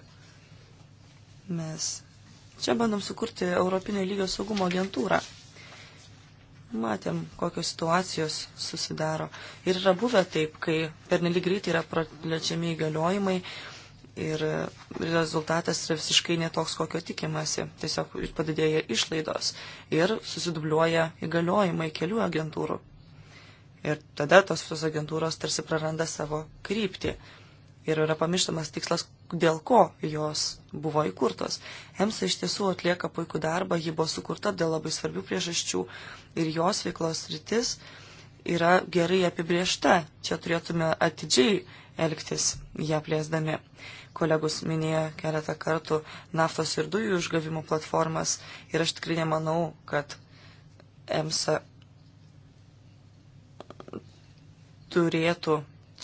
D: Mes čia bandom sukurti Europinio lygio saugumo agentūrą. Matėm, kokios situacijos susidaro. Ir yra buvę taip, kai pernelyg greitai yra pralečiami įgaliojimai ir rezultatas yra visiškai netoks, kokio tikimasi. Tiesiog padidėja išlaidos ir susidubliuoja įgaliojimai kelių agentūrų Ir tada tos visos agentūros tarsi praranda savo kryptį. Ir yra pamirštamas tikslas, dėl ko jos buvo įkurtos. EMSA iš tiesų atlieka puikų darbą, ji buvo sukurta dėl labai svarbių priežasčių ir jos veiklos rytis yra gerai apibriešta. Čia turėtume atidžiai elgtis ją plėsdami. Kolegus minėjo keletą kartų naftos ir dujų išgavimo platformas ir aš tikrai nemanau, kad EMSA turėtų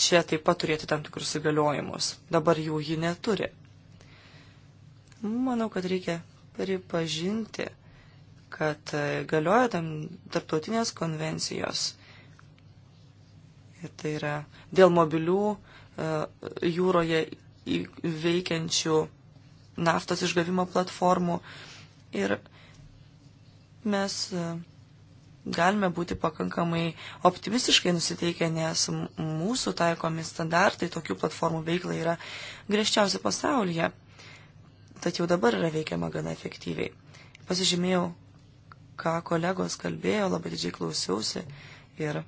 D: čia taip pat turėti tam tikrus įgaliojimus. Dabar jų ji neturi. Manau, kad reikia pripažinti, kad galioja tam tarptautinės konvencijos. Ir tai yra dėl mobilių e, jūroje veikiančių naftos išgavimo platformų. Ir mes e, galime būti pakankamai optimistiškai nusiteikę, nes mūsų taikomi standartai tokių platformų veiklai yra griežčiausi pasaulyje. Tad jau dabar yra veikiama gana efektyviai. Pasižymėjau, ką kolegos kalbėjo, labai didžiai klausiausi ir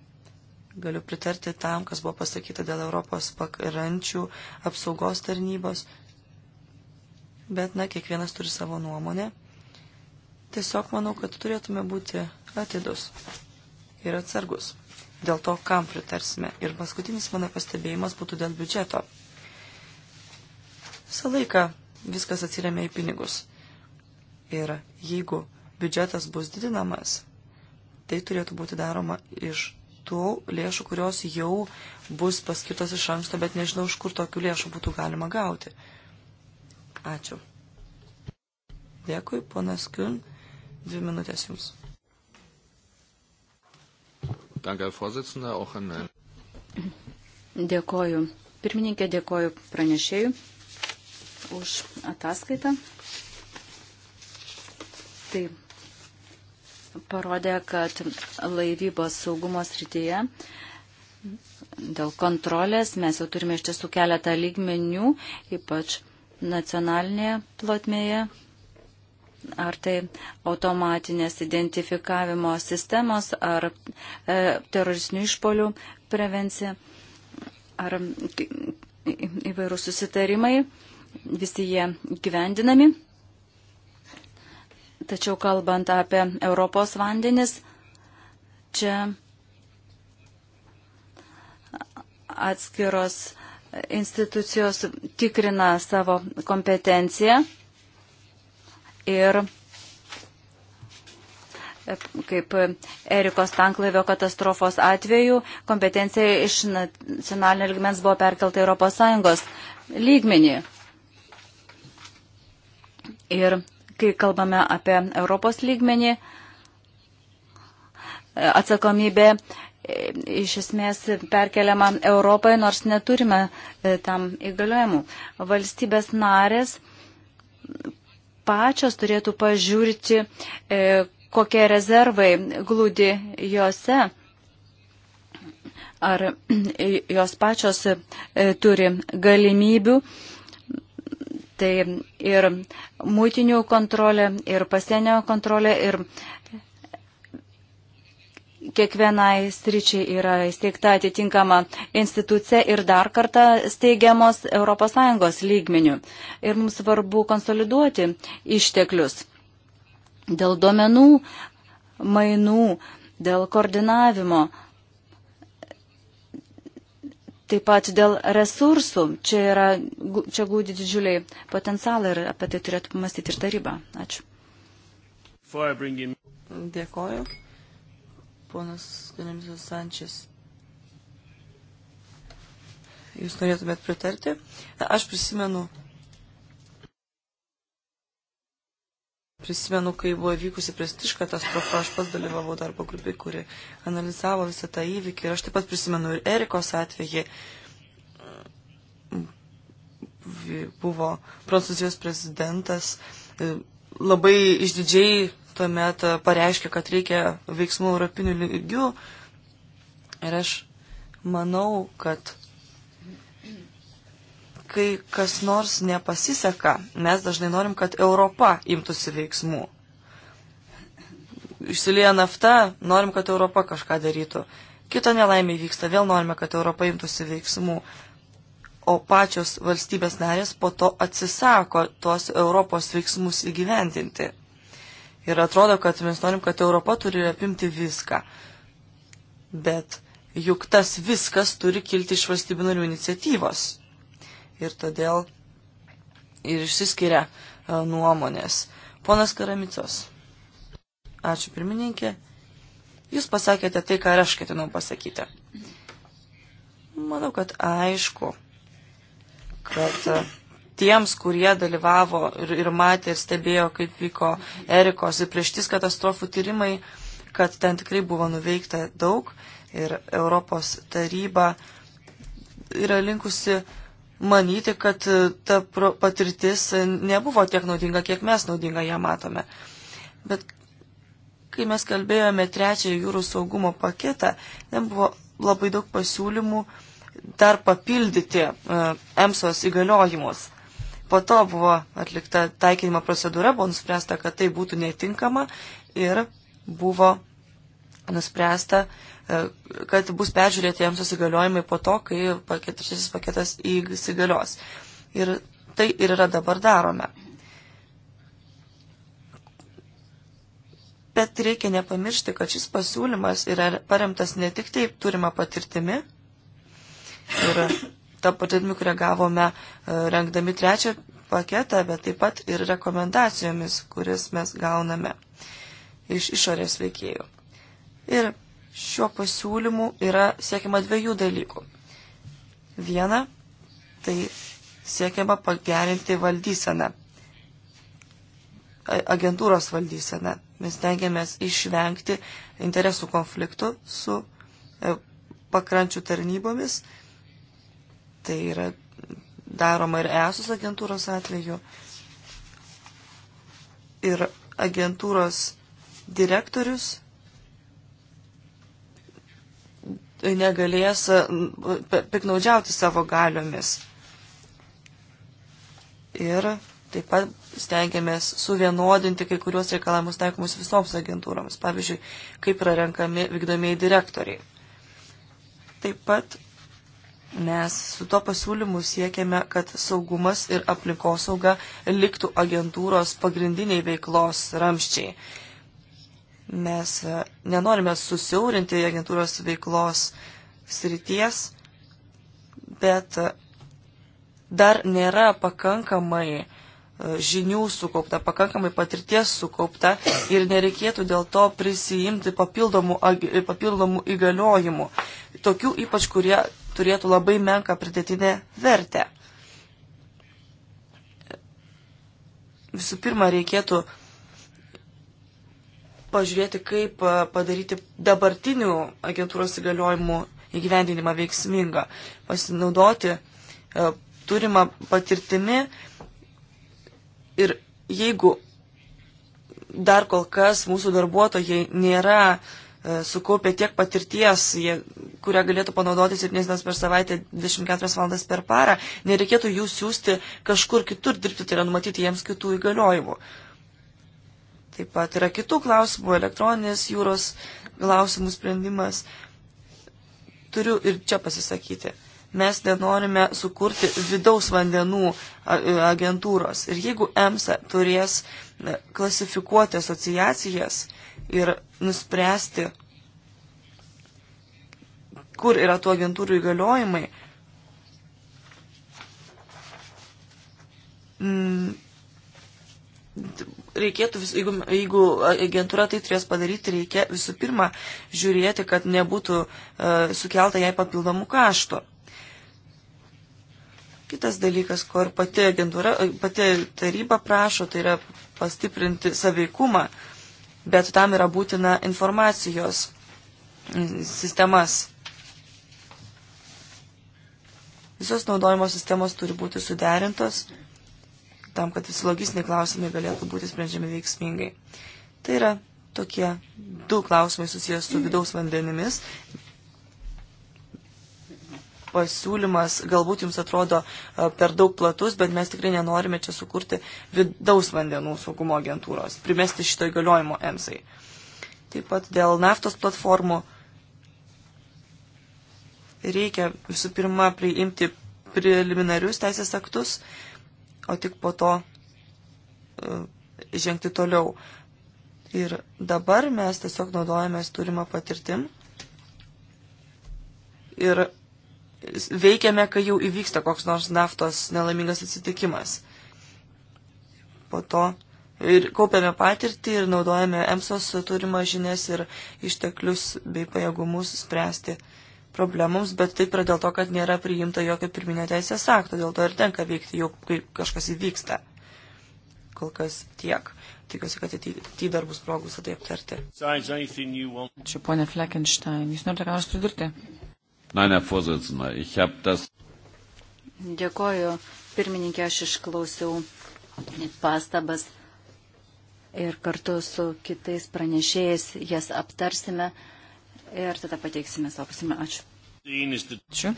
D: galiu pritarti tam, kas buvo pasakyta dėl Europos pakrančių apsaugos tarnybos. Bet, na, kiekvienas turi savo nuomonę Tiesiog manau, kad turėtume būti atidus ir atsargus dėl to, kam pritarsime. Ir paskutinis mano pastebėjimas būtų dėl biudžeto. Visą laiką viskas atsiriamia į pinigus. Ir jeigu biudžetas bus didinamas, tai turėtų būti daroma iš tų lėšų, kurios jau bus paskirtos iš anksto, bet nežinau, iš kur tokių lėšų būtų galima gauti. Ačiū. Dėkui, ponas Kun. Dvi minutės jums. Äh,
C: dėkoju. Pirmininkė, dėkoju pranešėjų už ataskaitą. Tai parodė, kad laivybos saugumo srityje dėl kontrolės mes jau turime iš tiesų keletą lygmenių, ypač nacionalinėje plotmėje ar tai automatinės identifikavimo sistemos, ar e, teroristinių išpolių prevencija, ar įvairių susitarimai, visi jie gyvendinami. Tačiau kalbant apie Europos vandenis, čia atskiros institucijos tikrina savo kompetenciją ir kaip Erikos tanklaivio katastrofos atveju kompetencija iš nacionalinio ligmens buvo perkelta Europos Sąjungos lygmenį. Ir kai kalbame apie Europos lygmenį, atsakomybė iš esmės perkeliama Europai, nors neturime tam įgaliojimų. Valstybės narės pačios turėtų pažiūrėti, e, kokie rezervai glūdi juose. Ar jos pačios e, turi galimybių tai ir mūtinių kontrolė, ir pasienio kontrolė, ir kiekvienai sričiai yra įsteigta atitinkama institucija ir dar kartą steigiamos ES lygmenių. Ir mums svarbu konsoliduoti išteklius dėl duomenų, mainų, dėl koordinavimo, taip pat dėl resursų. Čia, yra, čia gūdi didžiuliai potencialai ir apie tai turėtų pamastyti ir taryba. Ačiū. Dėkoju. Ponas Ganelisas Sančias.
D: Jūs norėtumėt pritarti? Aš prisimenu, Prisimenu, kai buvo vykusi prestiž katastrofa, aš pats dalyvavau darbo grupiai, kuri analizavo visą tą įvykį. Ir aš taip pat prisimenu ir Erikos atvejį. Buvo prancūzijos prezidentas labai išdidžiai tuomet e, pareiškia, kad reikia veiksmų europinių lygių. Ir aš manau, kad kai kas nors nepasiseka, mes dažnai norim, kad Europa imtųsi veiksmų. Išsilieja nafta, norim, kad Europa kažką darytų. Kita nelaimė vyksta, vėl norime, kad Europa imtųsi veiksmų. O pačios valstybės narės po to atsisako tuos Europos veiksmus įgyvendinti. Ir atrodo, kad mes norim, kad Europa turi apimti viską. Bet juk tas viskas turi kilti iš valstybių narių iniciatyvos. Ir todėl ir išsiskiria e, nuomonės. Ponas Karamicos. Ačiū pirmininkė. Jūs pasakėte tai, ką aš ketinau pasakyti. Manau, kad aišku, kad tiems, kurie dalyvavo ir, ir matė ir stebėjo, kaip vyko Erikos ir prieštis katastrofų tyrimai, kad ten tikrai buvo nuveikta daug ir Europos taryba yra linkusi manyti, kad e, ta patirtis nebuvo tiek naudinga, kiek mes naudinga ją matome. Bet kai mes kalbėjome trečiąjį jūrų saugumo paketą, ten buvo labai daug pasiūlymų dar papildyti e, EMSOS įgaliojimus. Po to buvo atlikta taikinimo procedūra, buvo nuspręsta, kad tai būtų netinkama ir buvo nuspręsta, e, kad bus peržiūrėti jiems įsigaliojimai po to, kai šis paketas įsigalios. Ir tai ir yra dabar darome. Bet reikia nepamiršti, kad šis pasiūlymas yra paremtas ne tik taip turima patirtimi ir tą patirtimį, kurią gavome e, rengdami trečią paketą, bet taip pat ir rekomendacijomis, kuris mes gauname iš išorės veikėjų. Ir šiuo pasiūlymu yra siekiama dviejų dalykų. Viena, tai siekiama pagerinti valdyseną, agentūros valdyseną. Mes tengiamės išvengti interesų konfliktų su e, pakrančių tarnybomis Tai yra daroma ir esus agentūros atveju. Ir agentūros direktorius negalės piknaudžiauti savo galiomis. Ir taip pat stengiamės suvienodinti kai kuriuos reikalavimus taikomus visoms agentūroms, pavyzdžiui, kaip yra renkami vykdomieji direktoriai. Taip pat Mes su to pasiūlymu siekiame, kad saugumas ir aplinkosauga liktų agentūros pagrindiniai veiklos ramščiai. Mes e, nenorime susiaurinti agentūros veiklos srities, bet e, dar nėra pakankamai e, žinių sukaupta, pakankamai patirties sukaupta ir nereikėtų dėl to prisijimti papildomų, papildomų įgaliojimų. Tokių ypač, kurie turėtų labai menką pridėtinę vertę. Visų pirma, reikėtų pažiūrėti, kaip padaryti dabartinių agentūros įgaliojimų įgyvendinimą veiksmingą, pasinaudoti turimą patirtimi ir jeigu dar kol kas mūsų darbuotojai nėra uh, E, sukaupę tiek patirties, jie, kurią galėtų panaudoti 7 dienas per savaitę, 24 valandas per parą, nereikėtų jų siūsti kažkur kitur dirbti, tai yra numatyti jiems kitų įgaliojimų. Taip pat yra kitų klausimų, elektroninės jūros klausimų sprendimas. Turiu ir čia pasisakyti. Mes nenorime sukurti vidaus vandenų e, agentūros. Ir jeigu EMSA turės e, klasifikuoti asociacijas ir nuspręsti, kur yra tų agentūrų įgaliojimai. Mm, reikėtų, vis, jeigu, jeigu agentūra tai turės padaryti, reikia visų pirma žiūrėti, kad nebūtų uh, sukelta jai papildomų kaštų. Kitas dalykas, ko ir pati agentūra, pati taryba prašo, tai yra pastiprinti saveikumą uh, bet tam yra būtina informacijos sistemas. Visos naudojimo sistemos turi būti suderintos tam, kad visi logistiniai klausimai galėtų būti sprendžiami veiksmingai. Tai yra tokie du klausimai susijęs su vidaus vandenimis pasiūlymas galbūt jums atrodo e, per daug platus, bet mes tikrai nenorime čia sukurti vidaus vandenų saugumo agentūros, primesti šito įgaliojimo EMSai. Taip pat dėl naftos platformų reikia visų pirma priimti preliminarius teisės aktus, o tik po to e, žengti toliau. Ir dabar mes tiesiog naudojamės turimą patirtim ir veikiame, kai jau įvyksta koks nors naftos nelaimingas atsitikimas. Po to ir kaupiame patirtį ir naudojame EMSOS turimą žinias ir išteklius bei pajėgumus spręsti problemams, bet taip yra dėl to, kad nėra priimta jokio pirminio teisės akto, dėl to ir tenka veikti jau, kai kažkas įvyksta.
B: Kol kas tiek. Tikiuosi, kad ateityje dar bus progų visą tai aptarti.
A: Ačiū,
B: ponė Fleckenstein. Jūs norite ką nors pridurti? Nein, Herr Vorsitzender, ich habe das.
C: Dėkoju, pirmininkė, aš išklausiau pastabas ir kartu su kitais pranešėjais jas aptarsime ir tada pateiksime savo pasimą. Ačiū.
A: Ačiū.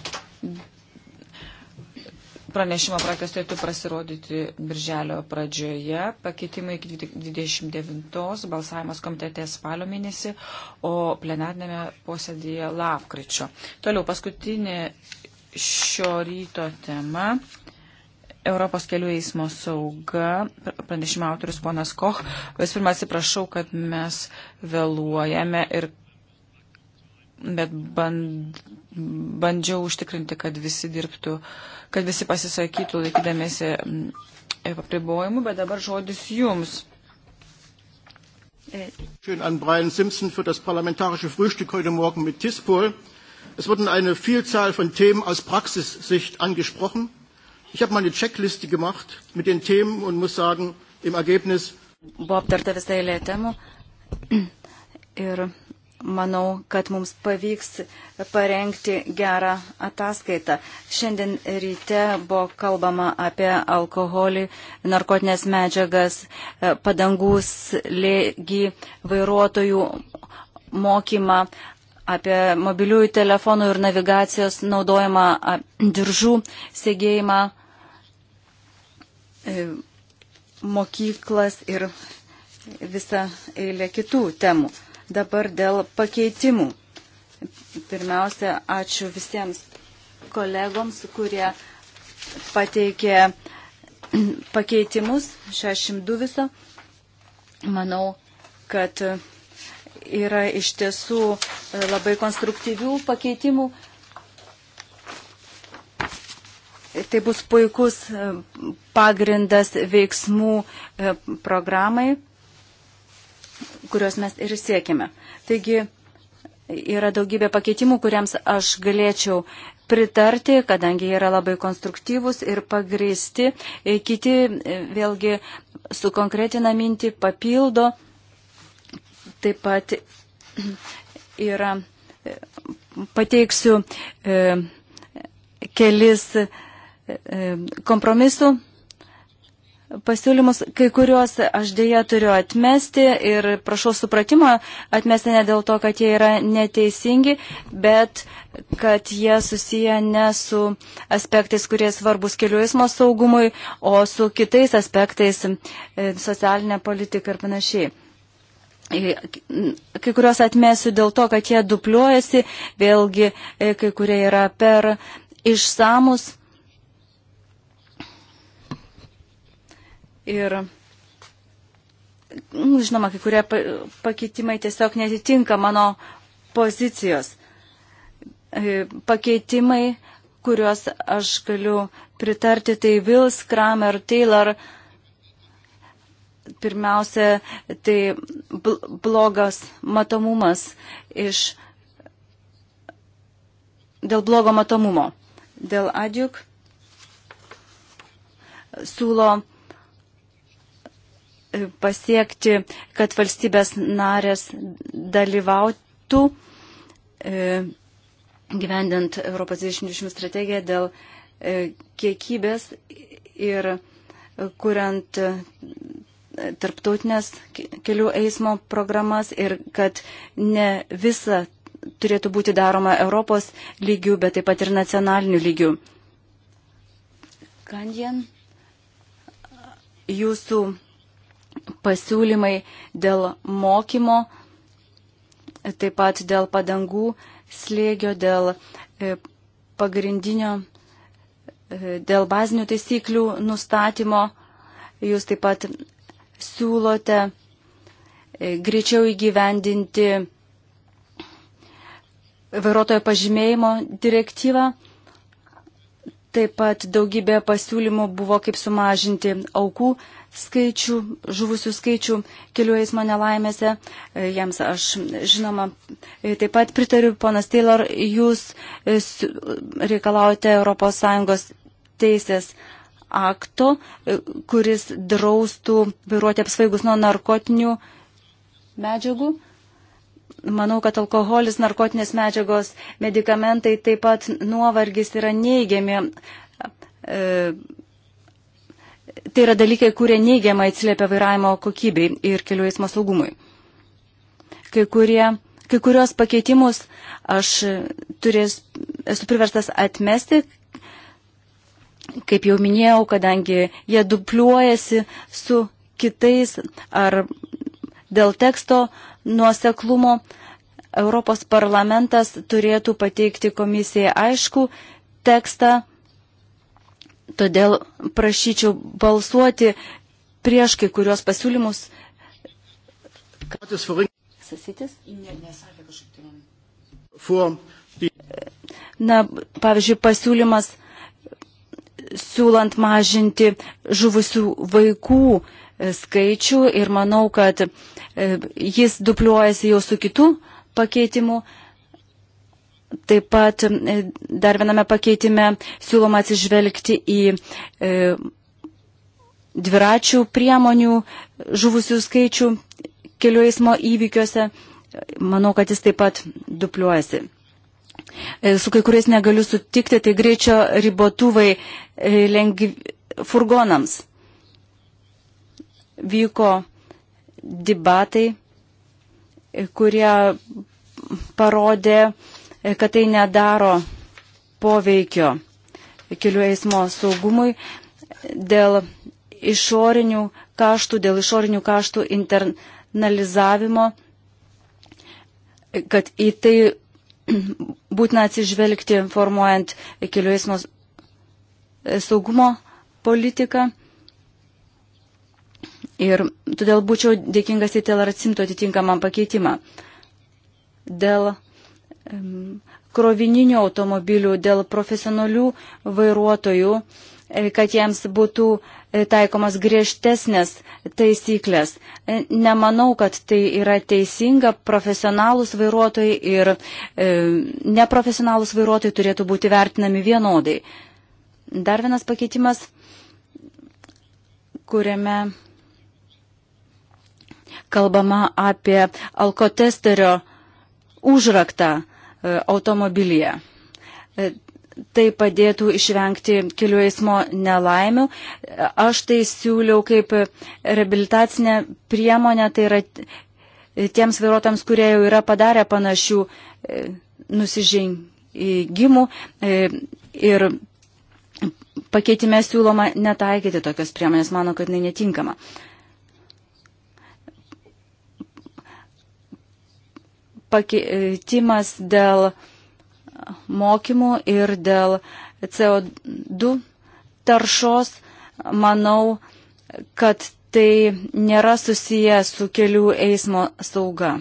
C: Pranešimo projektas turėtų pasirodyti
B: birželio pradžioje, pakeitimai iki 29, balsavimas komitete spalio mėnesį, o plenarnėme posėdėje lapkričio. Toliau paskutinė šio ryto tema. Europos kelių eismo sauga, pranešimo autorius ponas Koch. Vis pirma, atsiprašau, kad mes vėluojame ir bet band, bandžiau užtikrinti, kad visi dirbtų, kad visi pasisakytų laikydamėsi mm, apribojimų, bet dabar žodis jums.
C: Schön an Brian
B: Simpson für das parlamentarische Frühstück heute Morgen mit Tispol. Es wurden eine Vielzahl von
C: Themen aus Praxissicht angesprochen. Ich habe mal eine Checkliste gemacht mit den Themen und muss sagen, im Ergebnis. Buvo aptarta visą eilę temų ir manau, kad mums pavyks parengti gerą ataskaitą. Šiandien ryte buvo kalbama apie alkoholį, narkotinės medžiagas, e, padangų slėgį, vairuotojų mokymą, apie mobiliųjų telefonų ir navigacijos naudojimą, diržų sėgėjimą, e, mokyklas ir visą eilę kitų temų. Dabar dėl pakeitimų. Pirmiausia, ačiū visiems kolegoms, kurie pateikė pakeitimus, 62 viso. Manau, kad yra iš tiesų labai konstruktyvių pakeitimų. Tai bus puikus pagrindas veiksmų e, programai kurios mes ir siekime. Taigi yra daugybė pakeitimų, kuriems aš galėčiau pritarti, kadangi jie yra labai konstruktyvus ir pagristi. E, kiti e, vėlgi sukonkretina mintį, papildo. Taip pat yra e, pateiksiu kelis kompromisų pasiūlymus, kai kuriuos aš dėja turiu atmesti ir prašau supratimo atmesti ne dėl to, kad jie yra neteisingi, bet kad jie susiję ne su aspektais, kurie svarbus kelių eismo saugumui, o su kitais aspektais e, socialinė politika ir panašiai. E, kai kuriuos atmesiu dėl to, kad jie dupliuojasi, vėlgi e, kai kurie yra per išsamus Ir nu, žinoma, kai kurie pakeitimai tiesiog netitinka mano pozicijos. E, pakeitimai, kuriuos aš galiu pritarti, tai Vils, Kramer, Taylor. Pirmiausia, tai blogas matomumas iš dėl blogo matomumo. Dėl adjuk siūlo pasiekti, kad valstybės narės dalyvautų e, gyvendant Europos 2020 strategiją dėl e, kiekybės ir kuriant e, tarptautinės kelių eismo programas ir kad ne visa turėtų būti daroma Europos lygių, bet taip pat ir nacionalinių lygių. Kandien, jūsų pasiūlymai dėl mokymo, taip pat dėl padangų slėgio, dėl e, pagrindinio, e, dėl bazinių taisyklių nustatymo. Jūs taip pat siūlote e, greičiau įgyvendinti vairuotojo pažymėjimo direktyvą. Taip pat daugybė pasiūlymų buvo, kaip sumažinti aukų skaičių, žuvusių skaičių kelių eismo nelaimėse. E, jiems aš, žinoma, e, taip pat pritariu, ponas Taylor, jūs e, reikalaujate ES teisės akto, kuris draustų vairuoti apsvaigus nuo narkotinių medžiagų. Manau, kad alkoholis, narkotinės medžiagos, medikamentai, taip pat nuovargis yra neigiami e, tai yra dalykai, kurie neigiamai atsiliepia vairavimo kokybei ir kelių eismo saugumui. Kai, kurie, kai kurios pakeitimus aš turės, esu priverstas atmesti, kaip jau minėjau, kadangi jie dupliuojasi su kitais ar dėl teksto nuoseklumo. Europos parlamentas turėtų pateikti komisijai aišku tekstą Todėl prašyčiau balsuoti prieš kai kurios pasiūlymus. Sasytis? Ne, nesakė kažkaip. Tai Na, pavyzdžiui, pasiūlymas siūlant mažinti žuvusių vaikų e, skaičių ir manau, kad e, jis dupliuojasi jau su kitų pakeitimu. Taip pat e, dar viename pakeitime siūloma atsižvelgti į e, dviračių priemonių žuvusių skaičių kelių eismo įvykiuose. Manau, kad jis taip pat dupliuojasi. E, su kai kuriais negaliu sutikti, tai greičio ribotuvai e, lengvi furgonams. Vyko debatai, e, kurie parodė, kad tai nedaro poveikio kelių eismo saugumui dėl išorinių kaštų, dėl išorinių kaštų internalizavimo, kad į tai būtina atsižvelgti formuojant kelių eismo saugumo politiką. Ir todėl būčiau dėkingas į Telaracimto atitinkamą pakeitimą. Dėl krovininių automobilių, dėl profesionalių vairuotojų, e, kad jiems būtų e, taikomas griežtesnės taisyklės. E, nemanau, kad tai yra teisinga. Profesionalus vairuotojai ir e, neprofesionalus vairuotojai turėtų būti vertinami vienodai. Dar vienas pakeitimas, kuriame kalbama apie alkotesterio užraktą E, automobilyje. E, tai padėtų išvengti kelių eismo nelaimių. Aš tai siūliau kaip rehabilitacinę priemonę, tai yra tiems vairuotams, kurie jau yra padarę panašių e, nusižengimų ir pakeitime siūloma netaikyti tokios priemonės, mano, kad jinai netinkama. Uh, pakeitimas dėl mokymų ir dėl CO2 taršos, manau, kad tai nėra susiję su kelių eismo sauga.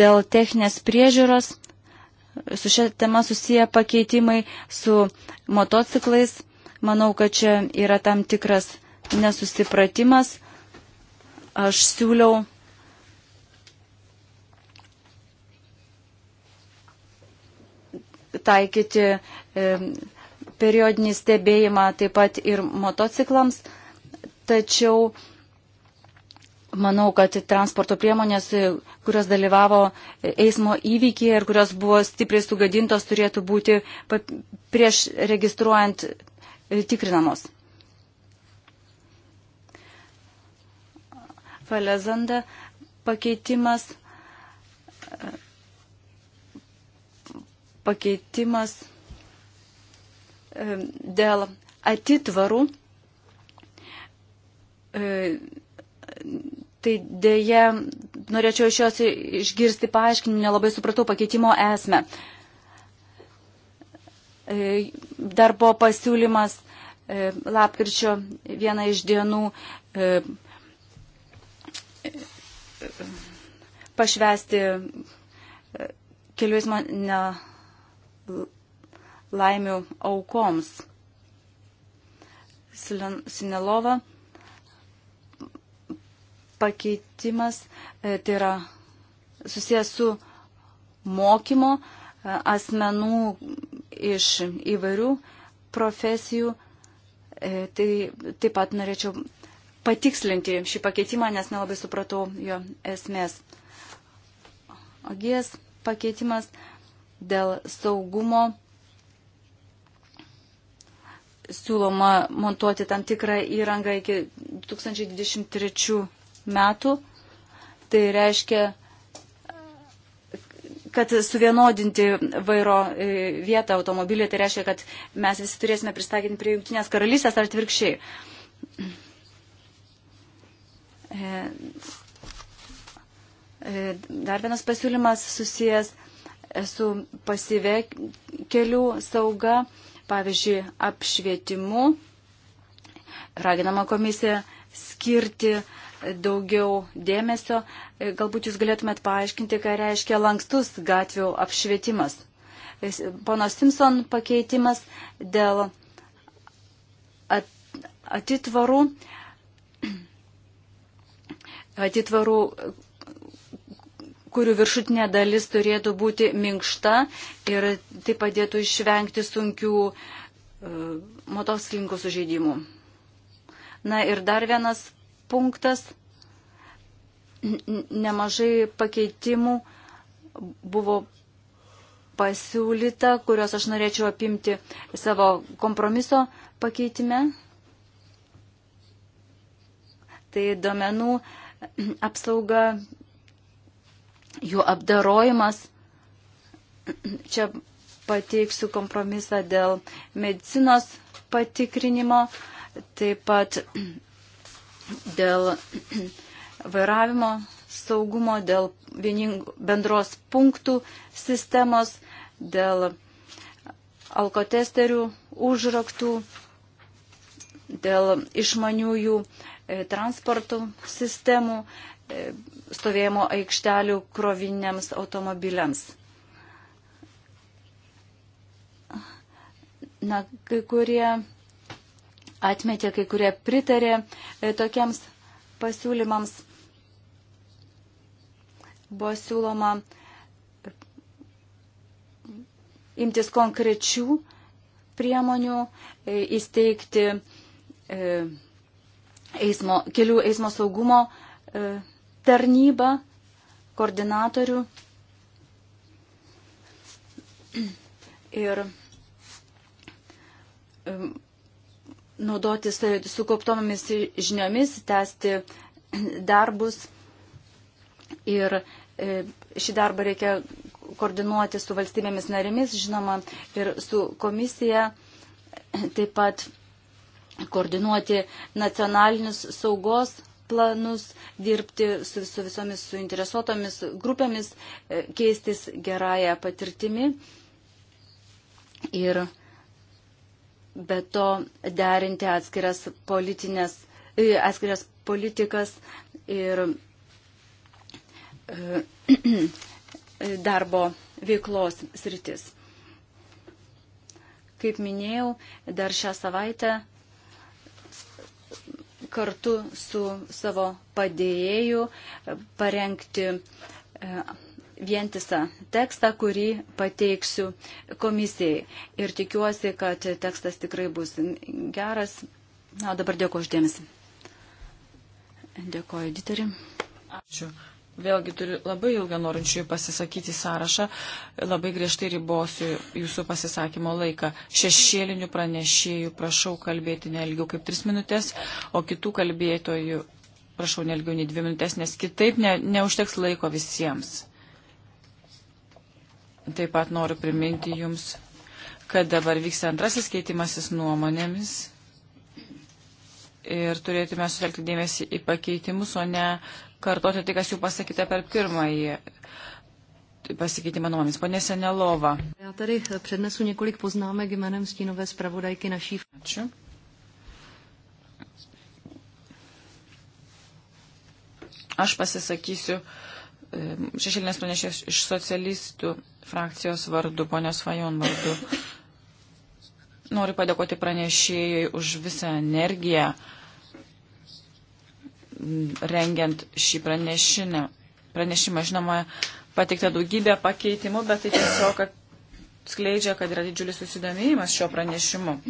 C: Dėl techninės priežiūros su šia tema susiję pakeitimai su motociklais, manau, kad čia yra tam tikras nesusipratimas. Aš siūliau taikyti periodinį stebėjimą taip pat ir motociklams, tačiau manau, kad transporto priemonės, kurios dalyvavo eismo įvykyje ir kurios buvo stipriai sugadintos, turėtų būti prieš registruojant e, tikrinamos. Falezanda pakeitimas, pakeitimas dėl atitvarų. E, tai dėje norėčiau iš jos išgirsti paaiškinimą, nelabai supratau pakeitimo esmę. E, dar buvo pasiūlymas e, lapkričio vieną iš dienų pašvesti e, kelių eismo nelaimių aukoms. Sinelova pakeitimas e, tai yra susijęs su mokymo e, asmenų iš įvairių profesijų. Tai taip pat norėčiau patikslinti šį pakeitimą, nes nelabai supratau jo esmės. Ogijas pakeitimas dėl saugumo siūloma montuoti tam tikrą įrangą iki 2023 metų. Tai reiškia, kad suvienodinti vairo e, vietą automobilį, tai reiškia, kad mes visi turėsime pristaginti prie jungtinės karalystės ar atvirkščiai. E, e, dar vienas pasiūlymas susijęs e, su pasive kelių sauga, pavyzdžiui, apšvietimu. Raginama komisija skirti daugiau dėmesio. Galbūt jūs galėtumėt paaiškinti, ką reiškia lankstus gatvių apšvietimas. Pono Simpson pakeitimas dėl atitvarų. At atitvarų, kurių viršutinė dalis turėtų būti minkšta ir tai padėtų išvengti sunkių e, motociklininkų sužeidimų. Na ir dar vienas punktas. Nemažai pakeitimų buvo pasiūlyta, kuriuos aš norėčiau apimti savo kompromiso pakeitime. Tai domenų apsauga, jų apdarojimas. Čia pateiksiu kompromisą dėl medicinos patikrinimo, taip pat dėl vairavimo saugumo, dėl vieningų bendros punktų sistemos, dėl alkotesterių užraktų, dėl išmaniųjų uh, E, transporto sistemų, e, stovėjimo aikštelių kroviniams automobiliams. Na, kai kurie atmetė, kai kurie pritarė e, tokiems pasiūlymams. Buvo siūloma imtis konkrečių priemonių, įsteigti eismo, kelių eismo saugumo e, tarnybą, koordinatorių. Ir e, naudotis e, sukauptomomis žiniomis, tęsti darbus. Ir e, šį darbą reikia koordinuoti su valstybėmis narėmis, žinoma, ir su komisija. Taip pat koordinuoti nacionalinius saugos planus, dirbti su, su visomis suinteresuotomis grupėmis, e, keistis gerąją patirtimį ir be to derinti atskiras, e, atskiras politikas ir e, darbo veiklos sritis. Kaip minėjau, dar šią savaitę kartu su savo padėjėju parengti e, vientisą tekstą, kurį pateiksiu komisijai. Ir tikiuosi, kad tekstas tikrai bus geras. Na, o dabar dėkuoju uždėmesi. Dėkuoju, Diterį. Ačiū vėlgi turiu
B: labai ilgą norinčiųjų pasisakyti sąrašą, labai griežtai ribosiu jūsų pasisakymo laiką. Šešėlinių pranešėjų prašau kalbėti nelgiau kaip tris minutės, o kitų kalbėtojų prašau nelgiau nei dvi minutės, nes kitaip ne, neužteks laiko visiems. Taip pat noriu priminti jums, kad dabar vyksta antrasis keitimasis nuomonėmis ir turėtume sutelkti dėmesį į pakeitimus, o ne kartoti tai, kas jau pasakyta per pirmąjį pasikeitimą nuomonėmis. Pone Senelova.
C: Ja tady přednesu několik poznámek jménem stínové zpravodajky naší. Ačiū.
B: Aš pasisakysiu šešėlinės pranešės iš socialistų frakcijos vardu, ponios Fajon vardu. Noriu padėkoti pranešėjai už visą energiją, rengiant šį pranešinę. pranešimą. Žinoma, pateikta daugybė pakeitimų, bet tai tiesiog kad skleidžia, kad yra didžiulis susidomėjimas šio pranešimu.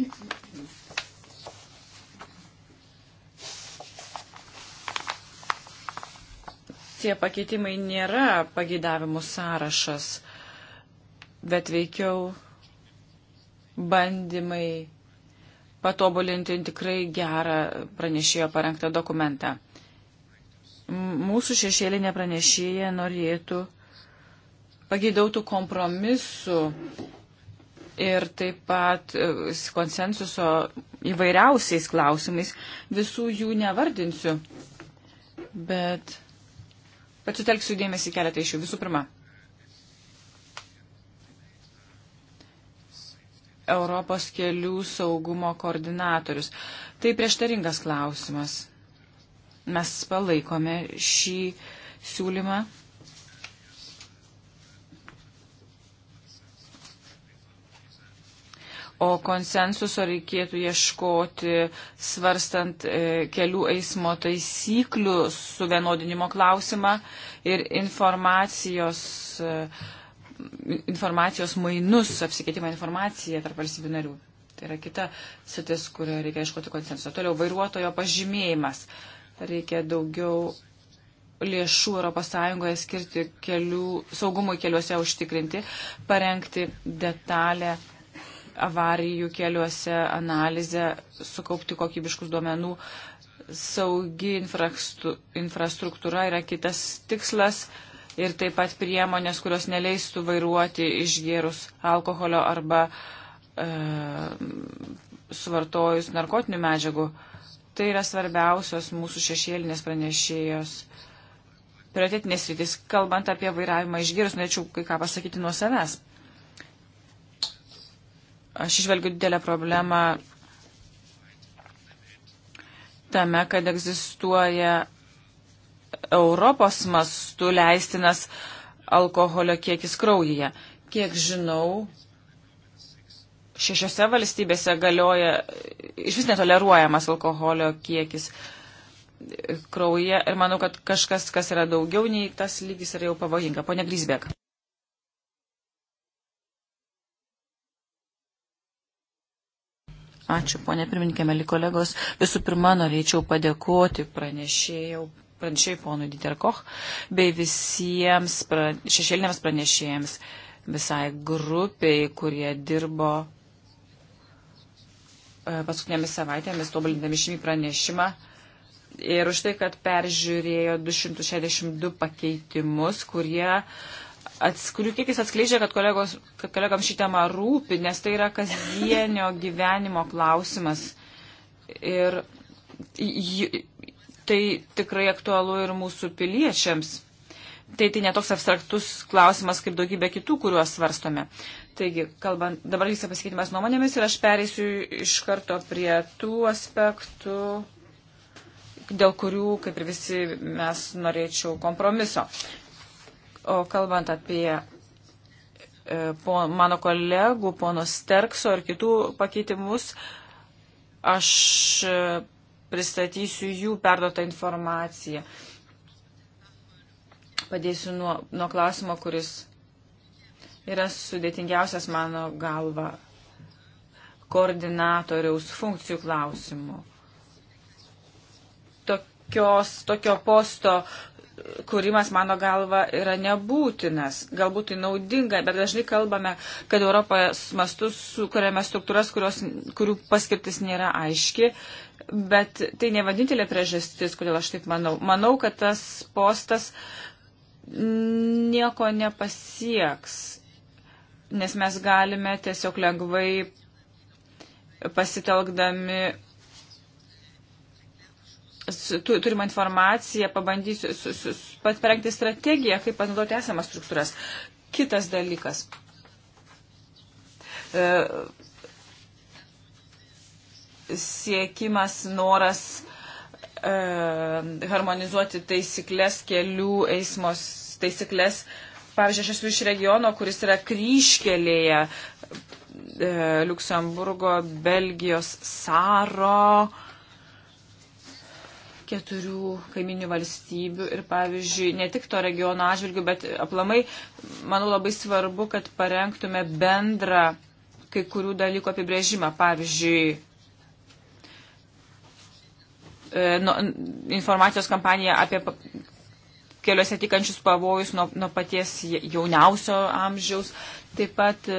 B: Tie pakeitimai nėra pageidavimų sąrašas, bet veikiau bandymai patobulinti tikrai gerą pranešėjo parengtą dokumentą mūsų šešėlinė pranešėja norėtų pageidautų kompromisu ir taip pat e, konsensuso įvairiausiais klausimais. Visų jų nevardinsiu, bet pasitelksiu dėmesį keletą iš jų. Visų pirma, Europos kelių saugumo koordinatorius. Tai prieštaringas klausimas. Mes palaikome šį siūlymą. O konsensuso reikėtų ieškoti svarstant e, kelių eismo taisyklių suvienodinimo klausimą ir informacijos e, informacijos mainus, apsikeitimą informaciją tarp valstybių narių. Tai yra kita sitis, kurioje reikia iškoti konsensuso. Toliau vairuotojo pažymėjimas. Uh, reikia daugiau lėšų ES skirti kelių, saugumui keliuose užtikrinti, parengti detalę avarijų keliuose analizę, sukaupti kokybiškus duomenų. Saugi infrastruktūra yra kitas tikslas ir taip pat priemonės, kurios neleistų vairuoti išgėrus alkoholio arba e, suvartojus narkotinių medžiagų. E, Tai yra svarbiausios mūsų šešėlinės pranešėjos prioritetinės rytis. Kalbant apie vairavimą išgirus, norėčiau kai ką pasakyti nuo savęs. Aš išvelgiu didelę problemą tame, kad egzistuoja Europos mastu leistinas alkoholio kiekis kraujyje. Kiek žinau, šešiose valstybėse galioja iš vis netoleruojamas alkoholio kiekis krauje ir manau, kad kažkas, kas yra daugiau nei tas lygis, yra jau pavojinga. Pone Grisbek. Ačiū, ponė pirmininkė, meli kolegos. Visų pirma, norėčiau padėkoti pranešėjau pranešėjai ponui Diterkoch, bei visiems pra, šešėliniams pranešėjams visai grupiai, kurie dirbo E, paskutinėmis savaitėmis tobulindami šį pranešimą ir už tai, kad peržiūrėjo 262 pakeitimus, kurie ats, kurių kiekis atskleidžia, kad, kolegos, kad kolegams šį temą rūpi, nes tai yra kasdienio gyvenimo klausimas. Ir tai tikrai aktualu ir mūsų piliečiams tai tai netoks abstraktus klausimas kaip daugybė kitų, kuriuos svarstome. Taigi, kalbant, dabar vyksta pasikeitimas nuomonėmis ir aš pereisiu iš karto prie tų aspektų, dėl kurių, kaip ir visi, mes norėčiau kompromiso. O kalbant apie e, po, mano kolegų, pono Sterkso ir kitų pakeitimus, aš e, pristatysiu jų perdotą informaciją. E, Padėsiu nuo, nuo klausimo, kuris yra sudėtingiausias mano galva koordinatoriaus funkcijų klausimų. Tokios, tokio posto kūrimas, mano galva, yra nebūtinas. Galbūt tai naudinga, bet dažnai kalbame, kad Europos mastus sukūrėme struktūras, kurios, kurių paskirtis nėra aiški, bet tai ne vienintelė priežastis, kodėl aš taip manau. Manau, kad tas postas nieko nepasieks, nes mes galime tiesiog lengvai pasitelkdami turimą informaciją, pabandysiu su, su, pat parengti strategiją, kaip panaudoti esamas struktūras. Kitas dalykas. E, siekimas, noras E, harmonizuoti taisyklės kelių eismos taisyklės. Pavyzdžiui, aš esu iš regiono, kuris yra kryškelėje e, Luksemburgo, Belgijos, Saro, keturių kaiminių valstybių ir, pavyzdžiui, ne tik to regiono atžvilgių, bet aplamai, manau, labai svarbu, kad parengtume bendrą kai kurių dalykų apibrėžimą. Pavyzdžiui, E, nu, informacijos kampaniją apie keliuose tikančius pavojus nuo, nuo paties jauniausio amžiaus, taip pat e,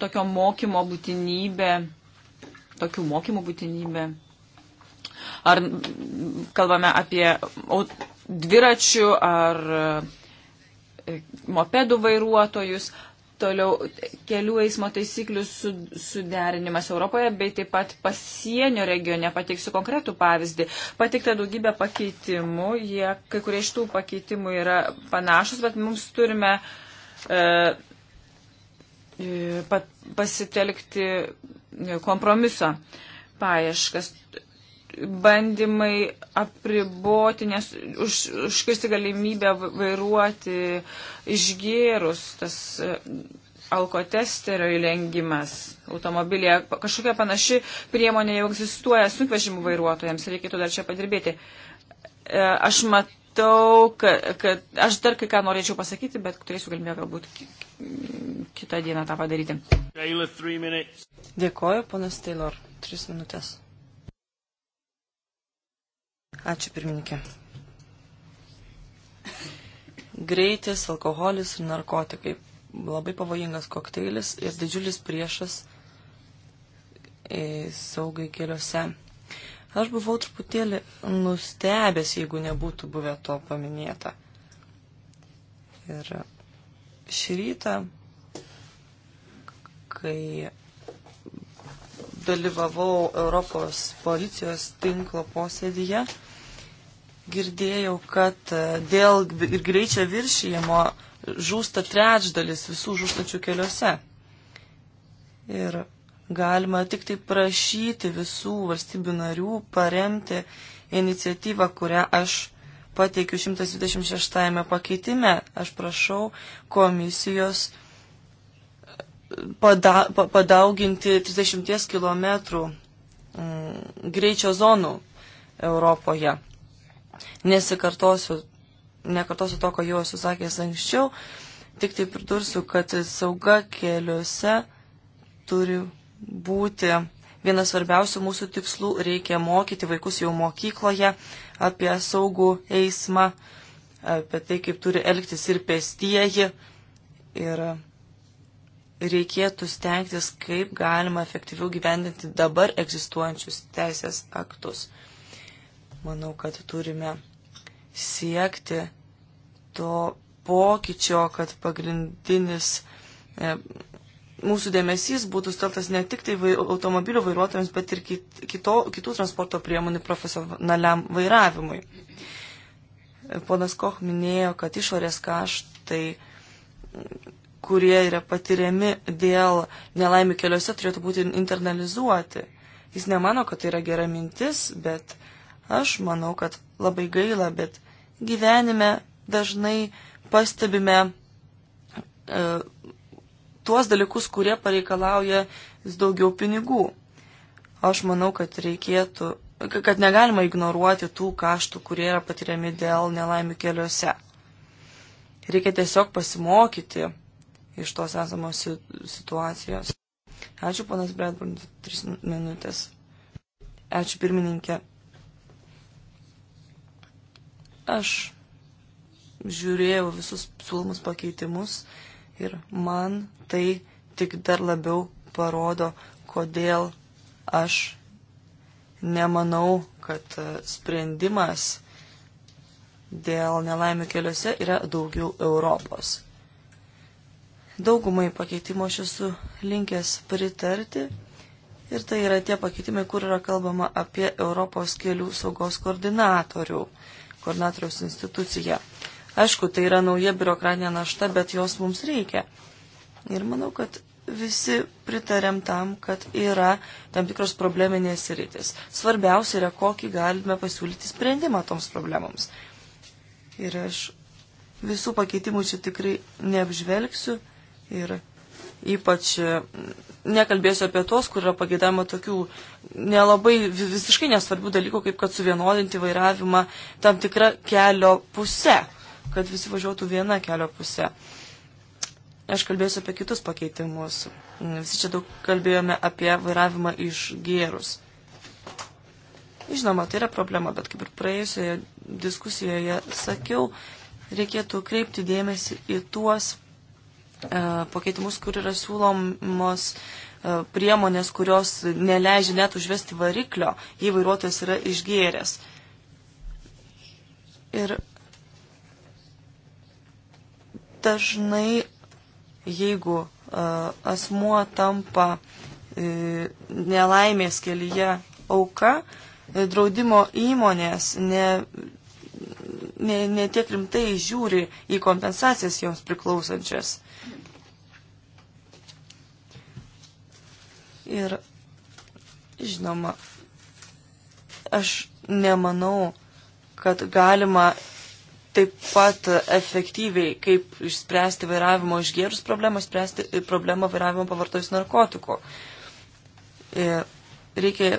B: tokio mokymo būtinybė, tokių mokymų būtinybė. Ar kalbame apie dviračių ar e, mopedų vairuotojus, Toliau kelių eismo taisyklių suderinimas Europoje, bei taip pat pasienio regione. Pateiksiu konkretų pavyzdį. Pateikta daugybė pakeitimų. Jie, kai kurie iš tų pakeitimų yra panašus, bet mums turime e, e pat, pasitelkti kompromiso paieškas bandymai apriboti, nes už, užkirsti galimybę vairuoti išgėrus tas e, alkotesterio įlengimas automobilėje. Kažkokia panaši priemonė jau egzistuoja sunkvežimų vairuotojams, reikėtų dar čia padirbėti. E, aš matau, kad, kad aš dar kai ką norėčiau pasakyti, bet turėsiu galimybę galbūt kitą dieną tą padaryti.
A: Taylor,
B: Dėkoju, ponas Taylor. Tris
D: minutės. Ačiū pirmininkė. Greitis, alkoholis ir narkotikai. Labai pavojingas kokteilis ir didžiulis priešas e, saugai keliuose. Aš buvau truputėlį nustebęs, jeigu nebūtų buvę to paminėta. Ir šį rytą, kai dalyvavau Europos policijos tinklo posėdyje, girdėjau, kad e, dėl greičio viršijimo žūsta trečdalis visų žūstančių keliuose. Ir galima tik tai prašyti visų valstybių narių paremti iniciatyvą, kurią aš pateikiu 126 pakeitime. Aš prašau komisijos e, pada, padauginti 30 km mm, greičio zonų Europoje nesikartosiu, nekartosiu to, ko jau esu sakęs anksčiau, tik tai pridursiu, kad sauga keliuose turi būti vienas svarbiausių mūsų tikslų, reikia mokyti vaikus jau mokykloje apie saugų eismą, apie tai, kaip turi elgtis ir pestieji. Ir reikėtų stengtis, kaip galima efektyviau gyvendinti dabar egzistuojančius teisės aktus. Manau, kad turime siekti to pokyčio, kad pagrindinis e, mūsų dėmesys būtų steltas ne tik tai vai, automobilių vairuotojams, bet ir kito, kitų transporto priemonių profesionaliam vairavimui. E, ponas Koch minėjo, kad išorės kaštai, kurie yra patiriami dėl nelaimių keliuose, turėtų būti internalizuoti. Jis nemano, kad tai yra gera mintis, bet Aš manau, kad labai gaila, bet gyvenime dažnai pastebime e, tuos dalykus, kurie pareikalauja vis daugiau pinigų. Aš manau, kad reikėtų, kad negalima ignoruoti tų kaštų, kurie yra patiriami dėl nelaimių keliuose. Reikia tiesiog pasimokyti iš tos esamos situacijos. Ačiū, ponas Bradburn, tris minutės. Ačiū, pirmininkė. Aš žiūrėjau visus siūlomus pakeitimus ir man tai tik dar labiau parodo, kodėl aš nemanau, kad e, sprendimas dėl nelaimių keliuose yra daugiau Europos. Daugumai pakeitimo aš esu linkęs pritarti ir tai yra tie pakeitimai, kur yra kalbama apie Europos kelių saugos koordinatorių. Uh, koordinatoriaus instituciją. Aišku, tai yra nauja biurokratinė našta, bet jos mums reikia. Ir manau, kad visi pritarėm tam, kad yra tam tikros probleminės rytis. Svarbiausia yra, kokį galime pasiūlyti sprendimą toms problemams. Ir aš visų pakeitimų čia tikrai neapžvelgsiu ir Ypač e, nekalbėsiu apie tos, kur yra pagėdama tokių nelabai visiškai nesvarbių dalykų, kaip kad suvienodinti vairavimą tam tikrą kelio pusę, kad visi važiuotų viena kelio pusė. Aš kalbėsiu apie kitus pakeitimus. Visi čia daug kalbėjome apie vairavimą iš gerus. Žinoma, tai yra problema, bet kaip ir praėjusioje diskusijoje sakiau, reikėtų kreipti dėmesį į tuos E, pakeitimus, kur yra siūlomos e, priemonės, kurios neleidžia net užvesti variklio, jei vairuotojas yra išgėręs. Ir dažnai, jeigu e, asmuo tampa nelaimės kelyje auka, draudimo įmonės ne, ne, ne tiek rimtai žiūri į kompensacijas joms priklausančias. Ir žinoma, aš nemanau, kad galima taip pat efektyviai, kaip išspręsti vairavimo išgėrus problemą, spręsti e, problemą vairavimo pavartojus narkotikų. E, reikia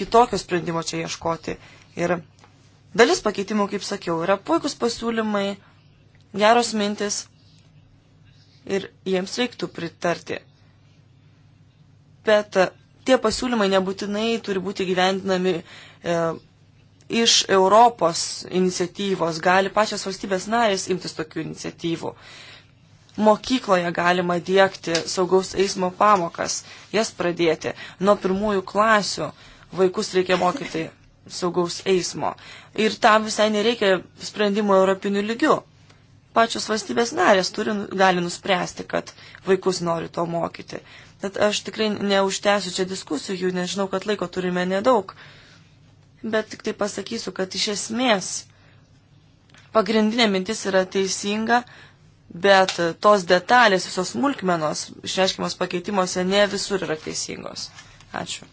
D: kitokio sprendimo čia ieškoti. Ir dalis pakeitimų, kaip sakiau, yra puikus pasiūlymai, geros mintis ir jiems reiktų pritarti bet e, tie pasiūlymai nebūtinai turi būti gyventinami e, iš Europos iniciatyvos, gali pačios valstybės narės imtis tokių iniciatyvų. Mokykloje galima dėkti saugaus eismo pamokas, jas pradėti. Nuo pirmųjų klasių vaikus reikia mokyti saugaus eismo. Ir tam visai nereikia sprendimų europinių lygių. Pačios valstybės narės turi, gali nuspręsti, kad vaikus nori to mokyti. Tad aš tikrai neužtęsiu čia diskusijų, nes žinau, kad laiko turime nedaug. Bet tik tai pasakysiu, kad iš esmės pagrindinė mintis yra teisinga, bet tos detalės, visos smulkmenos išreiškimas pakeitimuose ne visur yra teisingos. Ačiū.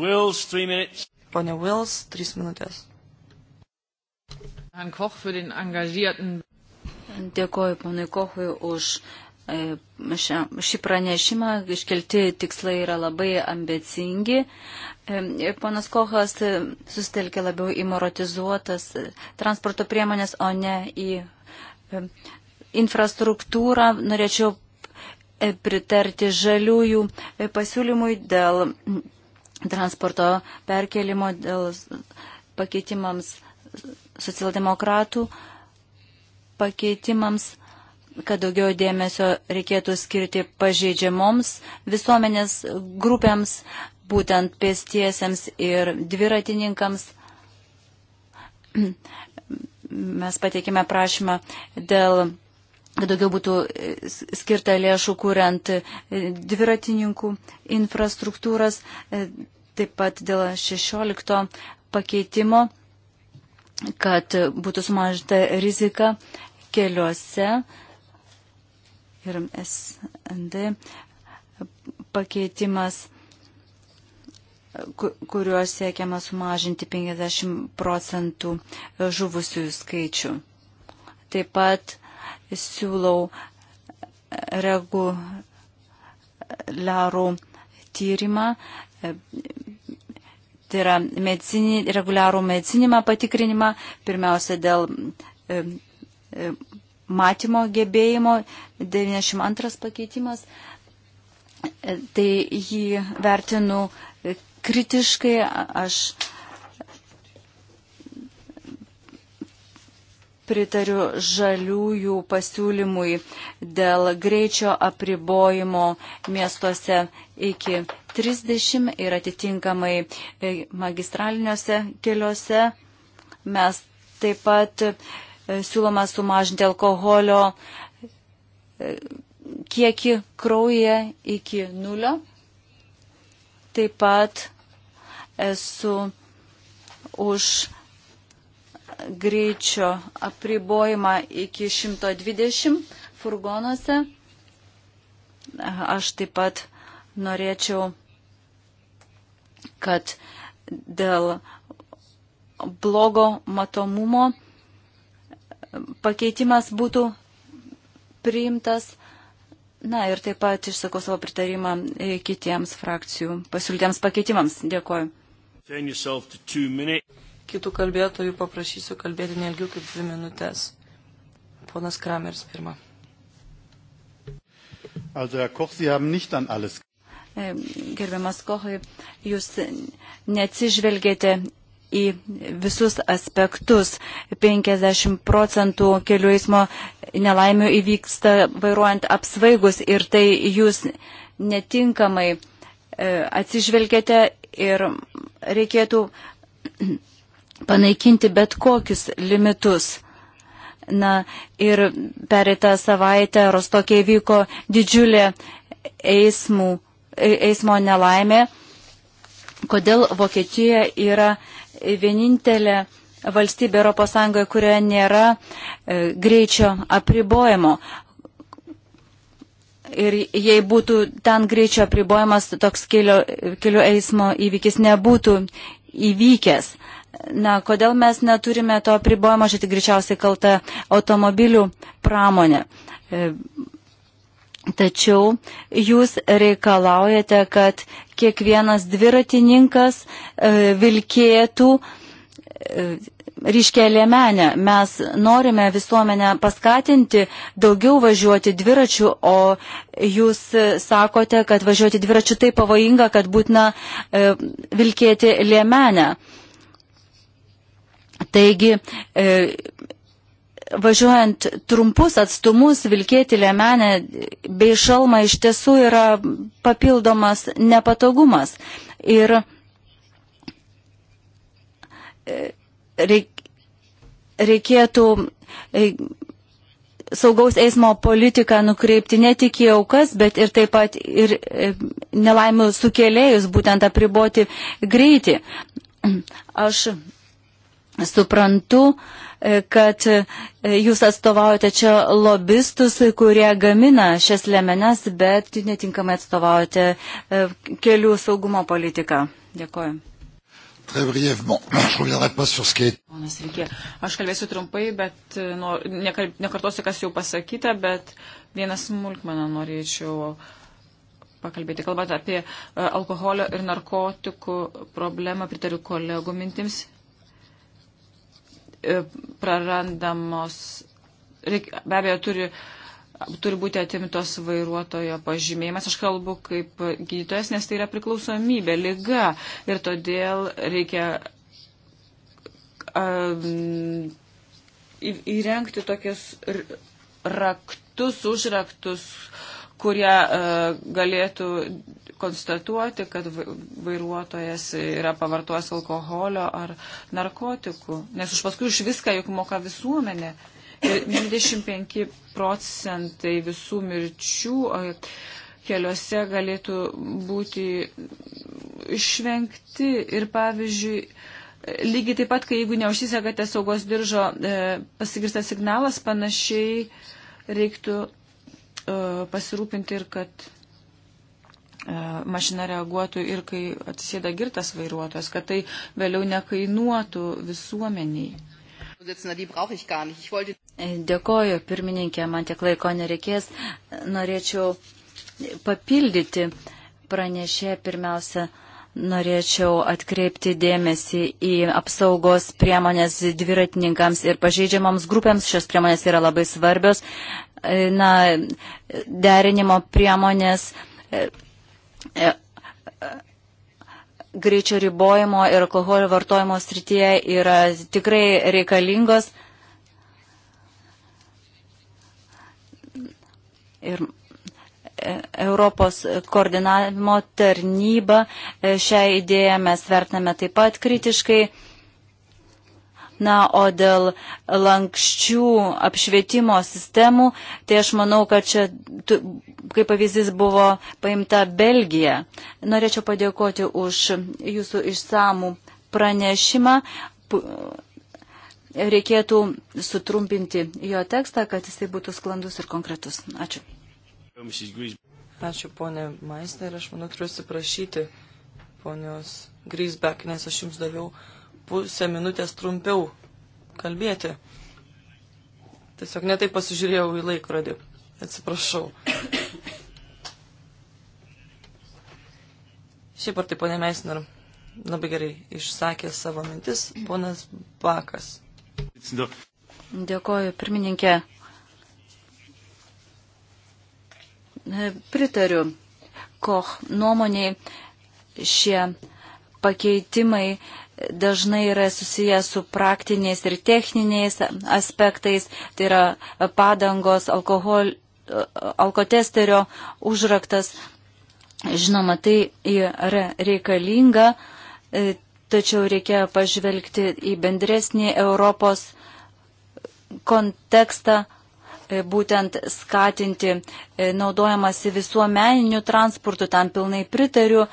A: Wills,
C: Pone Wills, trys minutės. Dėkoju ponui Kochui už E, šį pranešimą, iškelti tikslai yra labai ambicingi. E, ponas Kohas sustelkė labiau į morotizuotas transporto priemonės, o ne į e, infrastruktūrą. Norėčiau pritarti žaliųjų pasiūlymui dėl transporto perkelimo, dėl pakeitimams socialdemokratų pakeitimams kad daugiau dėmesio reikėtų skirti pažeidžiamoms visuomenės grupėms, būtent pėstiesiems ir dviratininkams. Mes pateikime prašymą dėl, kad daugiau būtų skirta lėšų kuriant dviratininkų infrastruktūras, taip pat dėl 16 pakeitimo, kad būtų sumažinta rizika keliuose ir SND pakeitimas kuriuos siekiama sumažinti 50 procentų žuvusiųjų skaičių. Taip pat siūlau reguliarų tyrimą, tai yra medicinį, reguliarų medicinimą patikrinimą, pirmiausia dėl e, e, matymo gebėjimo, 92 pakeitimas, tai jį vertinu kritiškai, aš pritariu žaliųjų pasiūlymui dėl greičio apribojimo miestuose iki 30 ir atitinkamai e, magistraliniuose keliuose. Mes taip pat E, siūloma sumažinti alkoholio e, kiekį kraujyje iki nulio. Taip pat esu už greičio apribojimą iki 120 furgonuose. Aš taip pat norėčiau, kad dėl blogo matomumo pakeitimas būtų priimtas. Na ir taip pat išsakau savo pritarimą e, kitiems frakcijų pasiūlytiems pakeitimams. Dėkoju. Kitų kalbėtojų paprašysiu kalbėti nelgiau kaip dvi minutės.
D: Ponas Kramers pirmą.
B: Also, Herr Koch, Sie haben nicht an alles.
C: E, gerbiamas Kohai, jūs neatsižvelgėte į visus aspektus. 50 procentų kelių eismo nelaimių įvyksta vairuojant apsvaigus ir tai jūs netinkamai e, atsižvelgėte ir reikėtų panaikinti bet kokius limitus. Na ir pereitą savaitę Rostokiai vyko didžiulė eismų, e, eismo nelaimė kodėl Vokietija yra vienintelė valstybė ES, kurioje nėra e, greičio apribojimo. Ir jei būtų ten greičio apribojimas, toks kelių, kelių eismo įvykis nebūtų įvykęs. Na, kodėl mes neturime to apribojimo, šitai greičiausiai kalta automobilių pramonė. E, Tačiau jūs reikalaujate, kad kiekvienas dviratininkas e, vilkėtų e, ryškia lėmenė. Mes norime visuomenę paskatinti daugiau važiuoti dviračių, o jūs sakote, kad važiuoti dviračių tai pavojinga, kad būtina e, vilkėti lėmenę. Taigi, e, važiuojant trumpus atstumus vilkėti lėmenę bei šalmą iš tiesų yra papildomas nepatogumas. Ir e, reikėtų e, saugaus eismo politiką nukreipti ne tik į aukas, bet ir taip pat ir e, nelaimių sukėlėjus, būtent apriboti greitį. Aš suprantu, e, kad e, jūs atstovaujate čia lobistus, kurie gamina šias lemenes, bet netinkamai atstovaujate e, kelių saugumo politiką. Dėkuoju. Aš kalbėsiu trumpai, bet
B: nu, nekartosiu, kas jau pasakyta, bet vieną smulkmeną norėčiau pakalbėti. Kalbate apie alkoholio ir narkotikų problemą, pritariu kolegų mintims, E, prarandamos, be abejo, turi, turi būti atimtos vairuotojo pažymėjimas. Aš kalbu kaip gydytojas, nes tai yra priklausomybė, lyga ir todėl reikia um, įrengti tokius raktus, užraktus, uh, kurie uh, galėtų konstatuoti, kad vairuotojas yra pavartojęs alkoholio ar narkotikų. Nes už paskui už viską juk moka visuomenė. Ir 25 procentai visų mirčių keliuose galėtų būti išvengti. Ir pavyzdžiui, lygiai taip pat, kai jeigu neužsisegate saugos diržo, e, pasigirsta signalas, panašiai reiktų E, pasirūpinti ir kad e, mašina reaguotų ir kai atsisėda girtas vairuotojas,
C: kad tai vėliau nekainuotų visuomeniai. Dėkoju, pirmininkė, man tiek laiko nereikės. Norėčiau papildyti pranešė pirmiausia Norėčiau atkreipti dėmesį į apsaugos priemonės dviratininkams ir pažeidžiamoms grupėms. Šios priemonės yra labai svarbios. E, na, derinimo priemonės e, e, greičio ribojimo ir alkoholio vartojimo srityje yra tikrai reikalingos. Ir Europos koordinavimo tarnyba. E, šią idėją mes vertiname taip pat kritiškai. Na, o dėl lankščių apšvietimo sistemų, tai aš manau, kad čia, tu, kaip pavyzdys, buvo paimta Belgija. Norėčiau padėkoti už jūsų išsamų pranešimą. Reikėtų sutrumpinti jo tekstą, kad jisai būtų sklandus ir konkretus. Ačiū.
A: Ačiū
D: ponė Maisner, aš manau turiu atsiprašyti ponios Grisbek, nes aš jums daviau pusę minutės trumpiau kalbėti. Tiesiog netai pasižiūrėjau į laikrodį. Atsiprašau. Šiaip ar tai ponė Meisner labai gerai išsakė savo mintis, ponas Bakas. Dėkoju,
C: pirmininkė. pritariu Koch nuomoniai šie pakeitimai dažnai yra susijęs su praktiniais ir techniniais aspektais, tai yra padangos, alkohol, alkotesterio užraktas. Žinoma, tai yra reikalinga, tačiau reikia pažvelgti į bendresnį Europos kontekstą E, būtent skatinti e, naudojamasi visuomeniniu transportu, tam pilnai pritariu.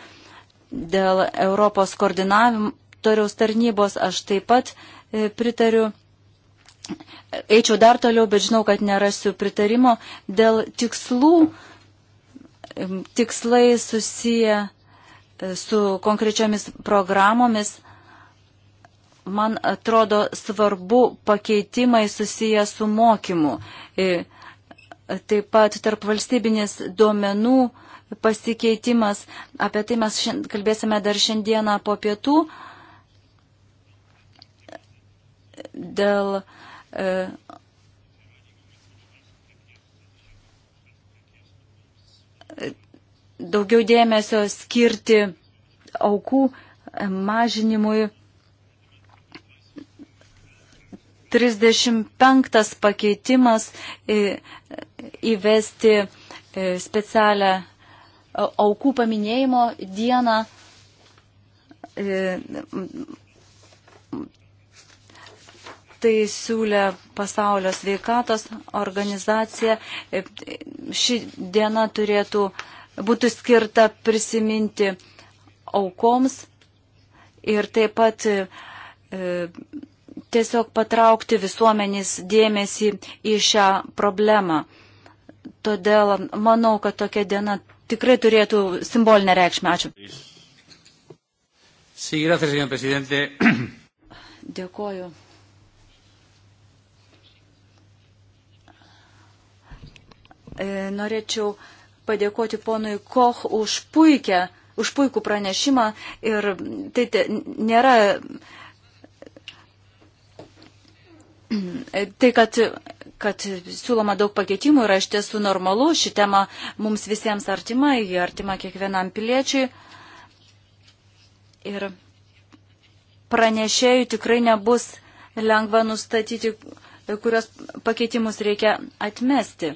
C: Dėl Europos koordinatoriaus tarnybos aš taip pat e, pritariu. Eičiau dar toliau, bet žinau, kad nerasiu pritarimo. Dėl tikslų, tikslai susiję su konkrečiomis programomis man atrodo svarbu pakeitimai susiję su mokymu. E, taip pat tarp valstybinės duomenų pasikeitimas, apie tai mes šiandien, kalbėsime dar šiandieną po pietų, dėl e, daugiau dėmesio skirti aukų mažinimui 35 pakeitimas e, įvesti e, specialią e, aukų paminėjimo dieną. Tai siūlė pasaulio sveikatos organizacija. Ši diena turėtų būti skirta prisiminti aukoms ir taip pat tiesiog patraukti visuomenės dėmesį į šią problemą. Todėl manau, kad tokia diena tikrai turėtų simbolinę reikšmę. Ačiū. Dėkuoju. E, norėčiau padėkoti ponui Koch už puikę, už puikų pranešimą ir tai nėra Tai, kad, kad siūloma daug pakeitimų yra iš tiesų normalu, ši tema mums visiems artima, ji artima kiekvienam piliečiui. Ir pranešėjų tikrai nebus lengva nustatyti, kurios pakeitimus reikia atmesti.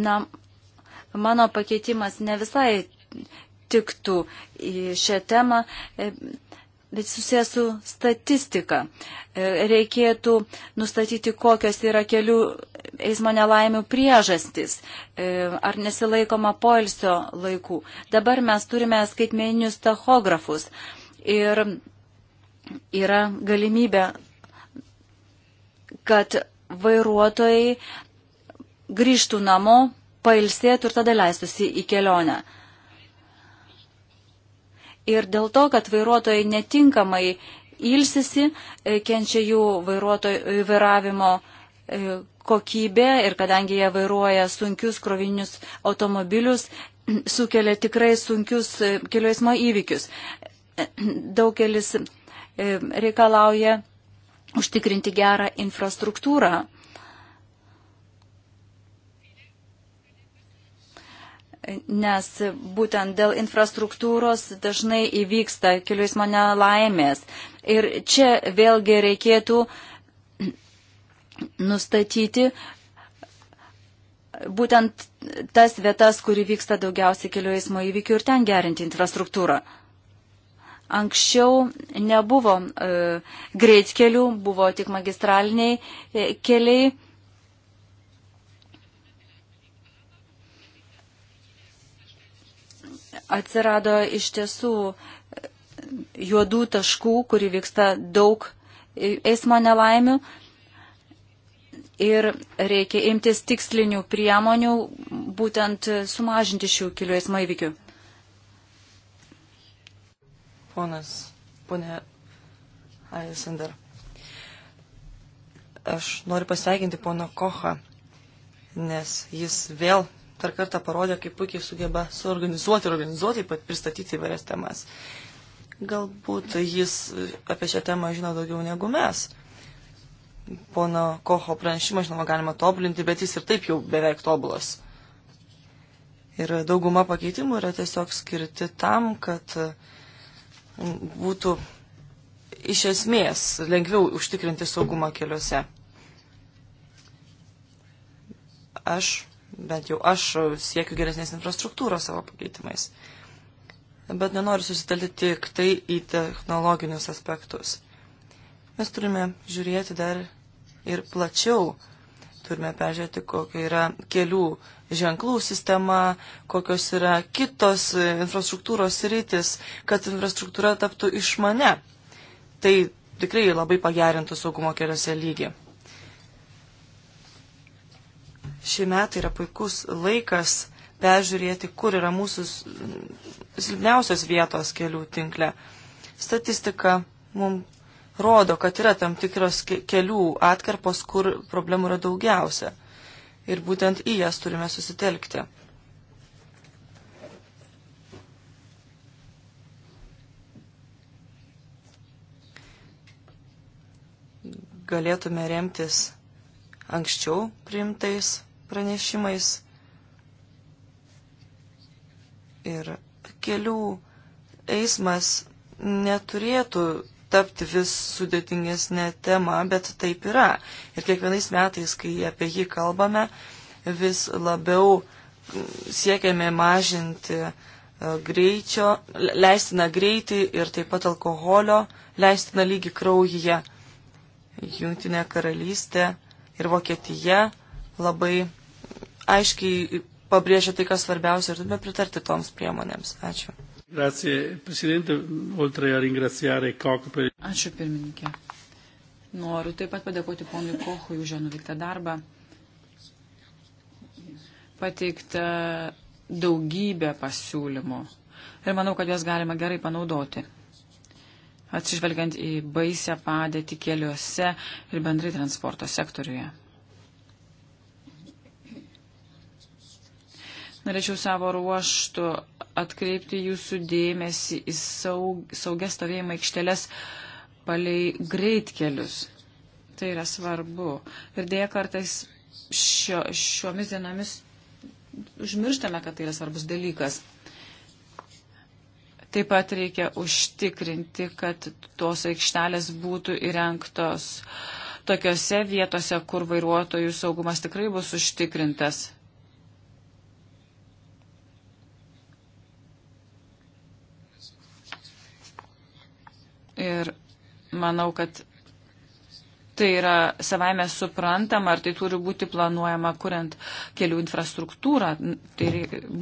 C: Na, mano pakeitimas ne visai tiktų į šią temą. E, bet susijęs su statistika. E, reikėtų nustatyti, kokios yra kelių eismo nelaimių priežastis, e, ar nesilaikoma poilsio laikų. Dabar mes turime skaitmeninius tachografus ir yra galimybė, kad vairuotojai grįžtų namo, pailsėtų ir tada leistųsi į kelionę ir dėl to, kad vairuotojai netinkamai ilsisi, e, kenčia jų e, vairavimo e, kokybė ir kadangi jie vairuoja sunkius krovinius automobilius, sukelia tikrai sunkius kelių eismo įvykius. Daugelis reikalauja užtikrinti gerą infrastruktūrą nes būtent dėl infrastruktūros dažnai įvyksta kelių eismo nelaimės. Ir čia vėlgi reikėtų nustatyti būtent tas vietas, kur įvyksta daugiausiai kelių eismo įvykių ir ten gerinti infrastruktūrą. Anksčiau nebuvo e, greitkelių, buvo tik magistraliniai e, keliai. E, atsirado iš tiesų e, juodų taškų, kuri vyksta daug e, eismo nelaimių. Ir reikia imtis tikslinių priemonių, būtent sumažinti šių kelių eismo įvykių. Ponas, ponė
D: Aisander. Aš noriu pasveikinti pono Kochą, nes jis vėl dar kartą parodė, kaip puikiai sugeba suorganizuoti ir organizuoti, pat pristatyti įvairias temas. Galbūt jis apie šią temą žino daugiau negu mes. Pono Koho pranešimą, žinoma, galima tobulinti, bet jis ir taip jau beveik tobulas. Ir dauguma pakeitimų yra tiesiog skirti tam, kad būtų iš esmės lengviau užtikrinti saugumą keliuose. Aš bent jau aš siekiu geresnės infrastruktūros savo pakeitimais. Bet nenoriu susitelti tik tai į technologinius aspektus. Mes turime žiūrėti dar ir plačiau. Turime peržiūrėti, kokia yra kelių ženklų sistema, kokios yra kitos infrastruktūros rytis, kad infrastruktūra taptų išmane. Tai tikrai labai pagerintų saugumo keliuose lygį. Šie metai yra puikus laikas peržiūrėti, kur yra mūsų silpniausios vietos kelių tinkle. Statistika mums rodo, kad yra tam tikros kelių atkarpos, kur problemų yra daugiausia. Ir būtent į jas turime susitelkti. Galėtume remtis anksčiau primtais pranešimais ir kelių eismas neturėtų tapti vis sudėtingesnė tema, bet taip yra. Ir kiekvienais metais, kai apie jį kalbame, vis labiau siekiame mažinti e, greičio, leistiną greitį ir taip pat alkoholio, leistiną lygį kraujyje. Jungtinė karalystė ir Vokietija labai aiškiai pabrėžia tai, kas svarbiausia ir turime pritarti toms priemonėms. Ačiū.
A: Grazie, Presidente, oltre a ringraziare Koch per... Ačiū pirmininkė.
B: Noriu taip pat padėkoti ponui Kochui už jo nuveiktą darbą. Pateikta daugybė pasiūlymų ir manau, kad juos galima gerai panaudoti. Atsižvelgiant į baisę padėtį keliuose ir bendrai transporto sektoriuje. Norėčiau savo ruoštų atkreipti jūsų dėmesį į saug, saugias stovėjimo aikšteles palei greitkelius. Tai yra svarbu. Ir dėja kartais šio, šiomis dienomis užmirštame, kad tai yra svarbus dalykas. Taip pat reikia užtikrinti, kad tos aikštelės būtų įrengtos tokiose vietose, kur vairuotojų saugumas tikrai bus užtikrintas. Ir manau, kad tai yra savaime suprantama, ar tai turi būti planuojama, kuriant kelių infrastruktūrą, tai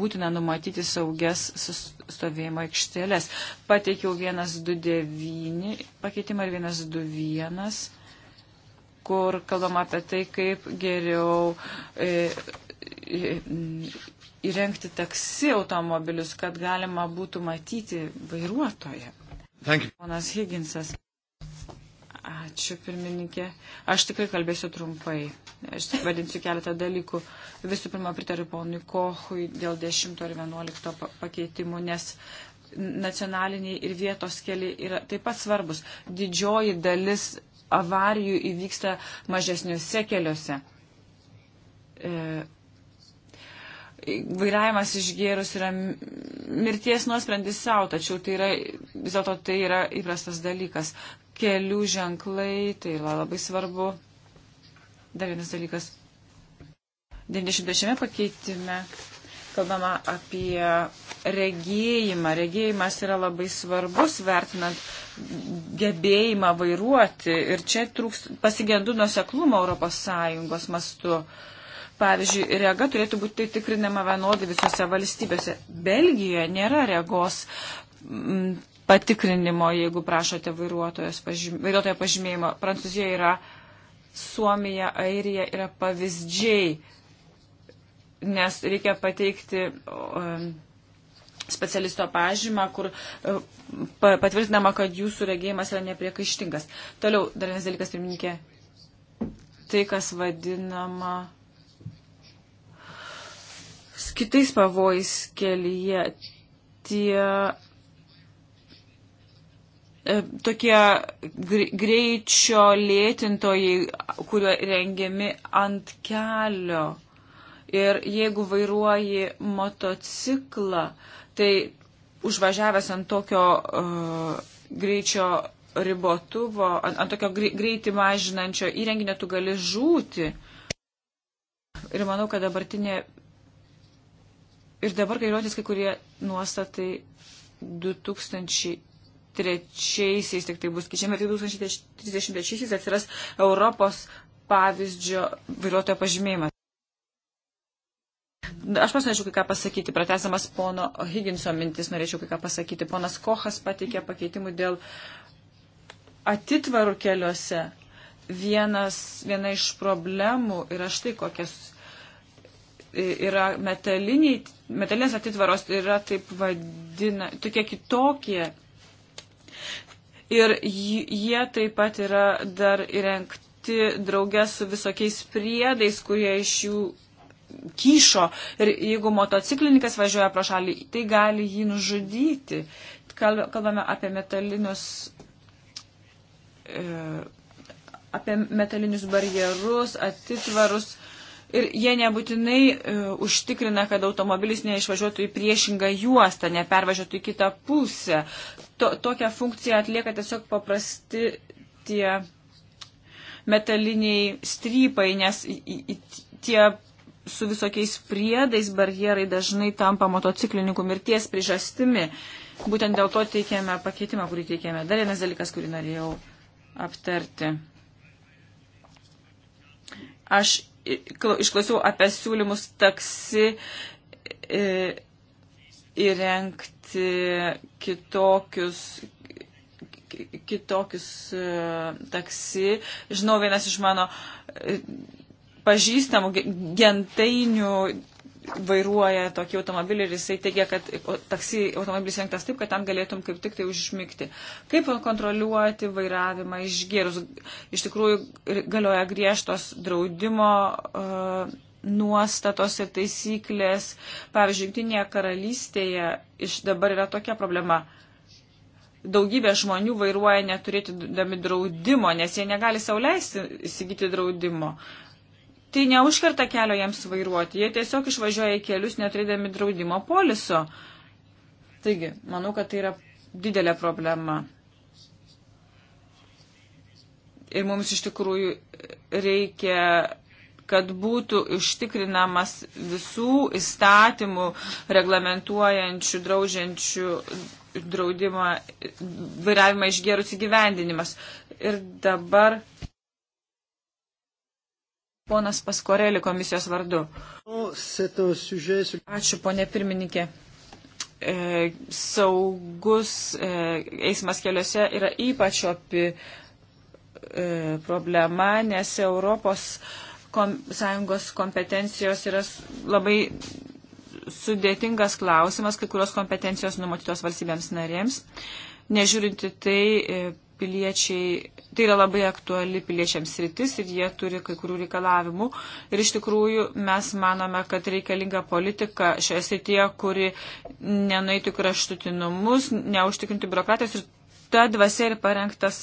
B: būtina numatyti saugias stovėjimo aikštelės. Pateikiau 129 pakeitimą ir 121, kur kalbama apie tai, kaip geriau. E, e, Įrengti taksi automobilius, kad galima būtų matyti vairuotoje. Ponas Higginsas. Ačiū, pirmininkė. Aš tikrai kalbėsiu trumpai. Aš vadinsiu keletą dalykų. Visų pirma, pritariu ponui Kohui dėl 10 ir 11 pakeitimų, nes nacionaliniai ir vietos keliai yra taip pat svarbus. Didžioji dalis avarijų įvyksta mažesniuose keliuose. E, vairavimas išgėrus yra mirties nuosprendis savo, tačiau tai yra, vis dėlto tai yra įprastas dalykas. Kelių ženklai, tai yra labai svarbu. Dar vienas dalykas. 90 pakeitime kalbama apie regėjimą. Regėjimas yra labai svarbus, vertinant gebėjimą vairuoti. Ir čia trūks, pasigendu nuseklumo Europos Sąjungos mastu. Uh, Pavyzdžiui, rega turėtų būti tikrinama vienodai visose valstybėse. Belgijoje nėra regos mm, patikrinimo, jeigu prašote pažymė, vairuotojo pažymėjimo. Prancūzijoje yra Suomija, Airija yra pavyzdžiai, nes reikia pateikti specialisto pažymą, kur e, patvirtinama, kad jūsų regėjimas yra nepriekaištingas. Toliau, dar vienas dalykas, pirmininkė, tai, kas vadinama kitais pavojais kelyje. Tie e, tokie greičio lėtintojai, kurio rengiami ant kelio. Ir jeigu vairuoji motociklą, tai užvažiavęs ant tokio uh, greičio ribotuvo, ant, ant tokio greitį mažinančio įrenginio, tu gali žūti. Ir manau, kad dabartinė ir dabar galiotis kai kurie nuostatai 2003-aisiais tik tai bus keičiami, tai 2033-aisiais atsiras Europos pavyzdžio vairuotojo pažymėjimas. Aš pats norėčiau kai ką pasakyti, pratesamas pono Higginso mintis, norėčiau kai ką pasakyti. Ponas Kochas pateikė pakeitimų dėl atitvarų keliuose. Vienas, viena iš problemų yra štai kokias yra metaliniai, metalinės atitvaros yra taip vadina, tokie kitokie. Ir jie taip pat yra dar įrengti draugės su visokiais priedais, kurie iš jų kyšo. Ir jeigu motociklininkas važiuoja pro šalį, tai gali jį nužudyti. Kalbame apie metalinius. E, apie metalinius barjerus, atitvarus, ir jie nebūtinai uh, užtikrina, kad automobilis neišvažiuotų į priešingą juostą, nepervažiuotų į kitą pusę. To, tokią funkciją atlieka tiesiog paprasti tie metaliniai strypai, nes tie su visokiais priedais barjerai dažnai tampa motociklininkų mirties priežastimi. Būtent dėl to teikėme pakeitimą, kurį teikėme. Dar vienas dalykas, kurį norėjau aptarti. Aš išklausiau apie siūlymus taksi e, įrengti kitokius kitokius e, taksi. Žinau, vienas iš mano e, pažįstamų gentainių vairuoja tokį automobilį ir jisai teigia, kad taksi automobilis rengtas taip, kad ten galėtum kaip tik tai užmygti. Kaip kontroliuoti vairavimą išgėrus? Iš tikrųjų galioja griežtos draudimo uh, nuostatos ir taisyklės. Pavyzdžiui, Junktinėje karalystėje iš dabar yra tokia problema. Daugybė žmonių vairuoja neturėti draudimo, nes jie negali sauliaisti įsigyti draudimo. Uh, tai neužkerta kelio jiems vairuoti. Jie tiesiog išvažiuoja į kelius neturėdami draudimo poliso. Taigi, manau, kad tai yra didelė problema. Ir mums iš tikrųjų reikia kad būtų užtikrinamas visų įstatymų reglamentuojančių, draudžiančių draudimą vairavimą išgerus įgyvendinimas. Ir dabar Ponas Paskorelį komisijos vardu. Ačiū, ponė pirmininkė. E, saugus e, eismas keliuose yra ypač opi e, problema, nes Europos kom, Sąjungos kompetencijos yra labai sudėtingas klausimas, kai kurios kompetencijos numatytos valstybėms narėms. Nežiūrinti tai. E, piliečiai, tai yra labai aktuali piliečiams rytis ir jie turi kai kurių reikalavimų. Ir iš tikrųjų mes manome, kad reikalinga politika šioje srityje, kuri nenaitų kraštutinumus, neužtikrintų biurokratijos ir ta dvasia ir parengtas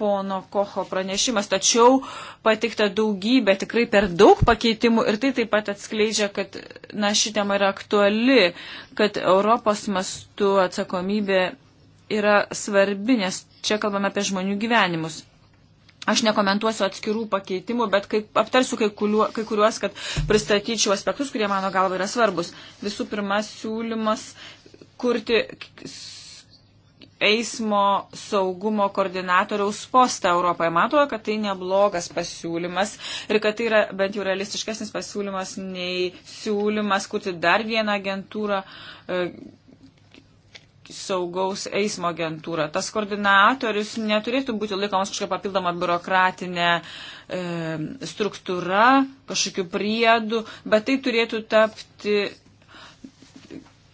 B: pono Kocho pranešimas, tačiau patikta daugybė, tikrai per daug pakeitimų ir tai taip pat atskleidžia, kad na, ši tema yra aktuali, kad Europos mastu atsakomybė yra svarbi, nes čia kalbame apie žmonių gyvenimus. Aš nekomentuosiu atskirų pakeitimų, bet kaip, aptarsiu kai, kuliuo, kai kuriuos, kad pristatyčiau aspektus, kurie mano galva yra svarbus. Visų pirma, siūlymas kurti eismo saugumo koordinatoriaus postą Europoje. Matau, kad tai neblogas pasiūlymas ir kad tai yra bent jau realistiškesnis pasiūlymas nei siūlymas kurti dar vieną agentūrą e, saugaus eismo agentūra. Tas koordinatorius neturėtų būti laikomas kažkokia papildoma biurokratinė e, struktūra, kažkokiu priedu, bet tai turėtų tapti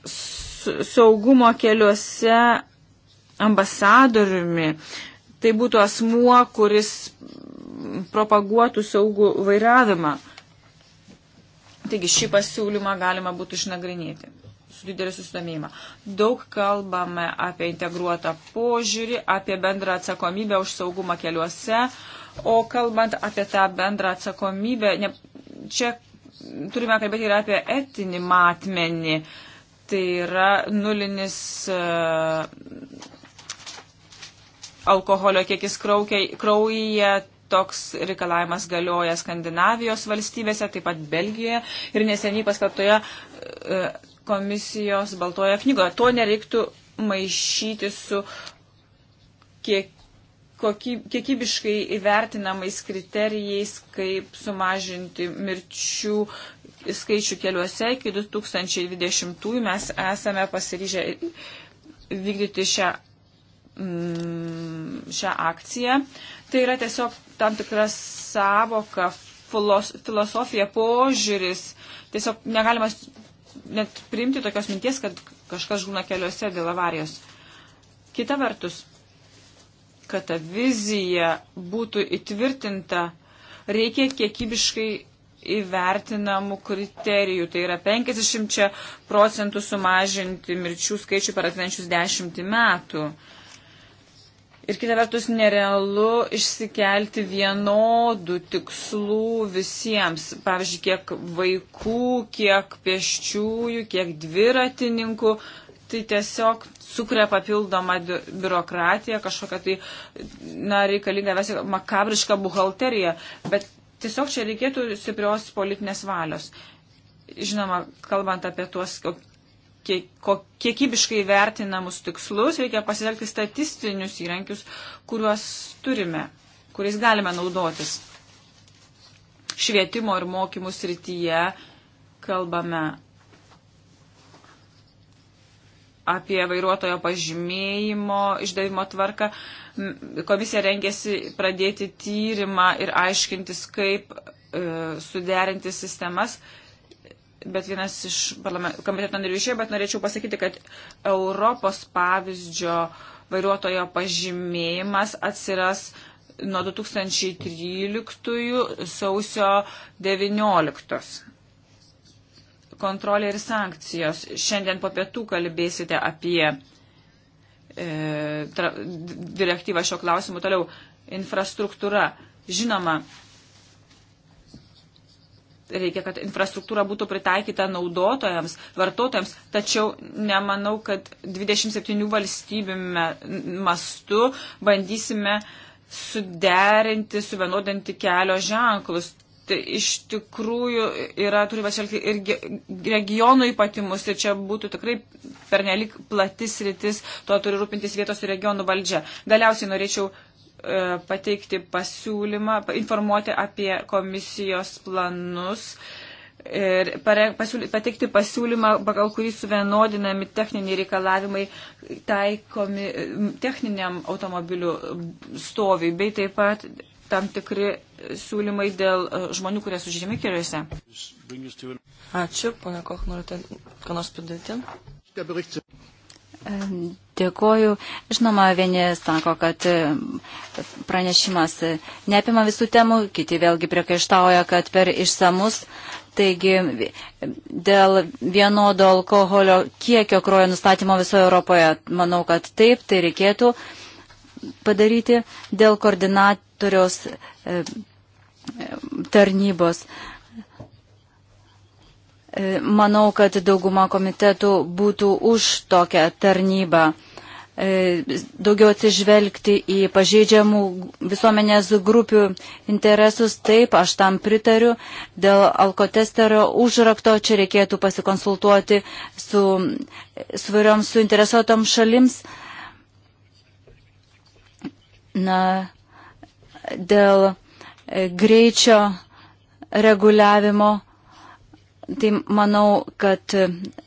B: saugumo keliuose ambasadoriumi. Tai būtų asmuo, kuris propaguotų saugų vairavimą. Taigi šį pasiūlymą galima būtų išnagrinėti su didelį susidomėjimą. Daug kalbame apie integruotą požiūrį, apie bendrą atsakomybę už saugumą keliuose, o kalbant apie tą bendrą atsakomybę, ne, čia turime kalbėti ir apie etinį matmenį. Tai yra nulinis. Uh, alkoholio kiekis kraujyje, toks reikalavimas galioja Skandinavijos valstybėse, taip pat Belgijoje ir neseniai paskelbtoje e, komisijos baltoje knygoje. To nereiktų maišyti su kiek, koky, kiekybiškai įvertinamais kriterijais, kaip sumažinti mirčių skaičių keliuose iki 2020 mes esame pasiryžę vykdyti šią, mm, šią akciją. Tai yra tiesiog tam tikra savoka, filos, filosofija, požiūris. Tiesiog negalima net priimti tokios minties, kad kažkas žūna keliuose dėl avarijos. Kita vertus, kad ta vizija būtų įtvirtinta, reikia kiekybiškai įvertinamų kriterijų. Tai yra 50 procentų sumažinti mirčių skaičių per atvenčius 10 metų. Uh, Ir kita vertus nerealu išsikelti vienodų tikslų visiems. Pavyzdžiui, kiek vaikų, kiek pėsčiųjų, kiek dviratininkų. Tai tiesiog sukuria papildomą biurokratiją, kažkokią tai, na, reikalingą, vesi, makabrišką buhalteriją. Bet tiesiog čia reikėtų stiprios politinės valios. Žinoma, kalbant apie tuos kiekybiškai vertinamus tikslus, reikia pasitelkti statistinius įrankius, kuriuos turime, kuriais galime naudotis. Švietimo ir mokymų srityje kalbame apie vairuotojo pažymėjimo išdavimo tvarką. Komisija rengėsi pradėti tyrimą ir aiškintis, kaip e, suderinti sistemas bet vienas iš komiteto narių išėjo, bet norėčiau pasakyti, kad Europos pavyzdžio vairuotojo pažymėjimas atsiras nuo 2013 sausio 19. Kontrolė ir sankcijos. Šiandien po pietų kalbėsite apie e, direktyvą šio klausimu. Toliau, infrastruktūra. Žinoma, reikia, kad infrastruktūra būtų pritaikyta naudotojams, vartotojams, tačiau nemanau, kad 27 valstybių mastu bandysime suderinti, suvienodinti kelio ženklus. Tai iš tikrųjų yra, turime šelgti ir regionų ypatimus, ir čia būtų tikrai pernelik platis rytis, tuo turi rūpintis vietos ir regionų valdžia. Galiausiai norėčiau uh, E, pateikti pasiūlymą, informuoti apie komisijos planus ir pateikti pasiūlymą, pagal kurį suvienodinami techniniai reikalavimai taikomi techniniam automobilių stoviui, bei taip pat tam tikri siūlymai dėl e, žmonių, kurie sužymi keliuose.
D: Ačiū, ponia Koch, norite ką nors pridėti?
C: Dėkoju. Žinoma, vieni sako, kad e, pranešimas e, neapima visų temų, kiti vėlgi priekaištauja, kad per išsamus. Taigi, dėl vienodo alkoholio kiekio krojo nustatymo visoje Europoje, manau, kad taip, tai reikėtų padaryti dėl koordinatoriaus e, tarnybos. E, E, manau, kad dauguma komitetų būtų už tokią tarnybą e, daugiau atsižvelgti į pažeidžiamų visuomenės grupių interesus. Taip, aš tam pritariu. Dėl alkotesterio užrakto čia reikėtų pasikonsultuoti su svariom suinteresuotom šalims. Na, dėl e, greičio reguliavimo Tai manau, kad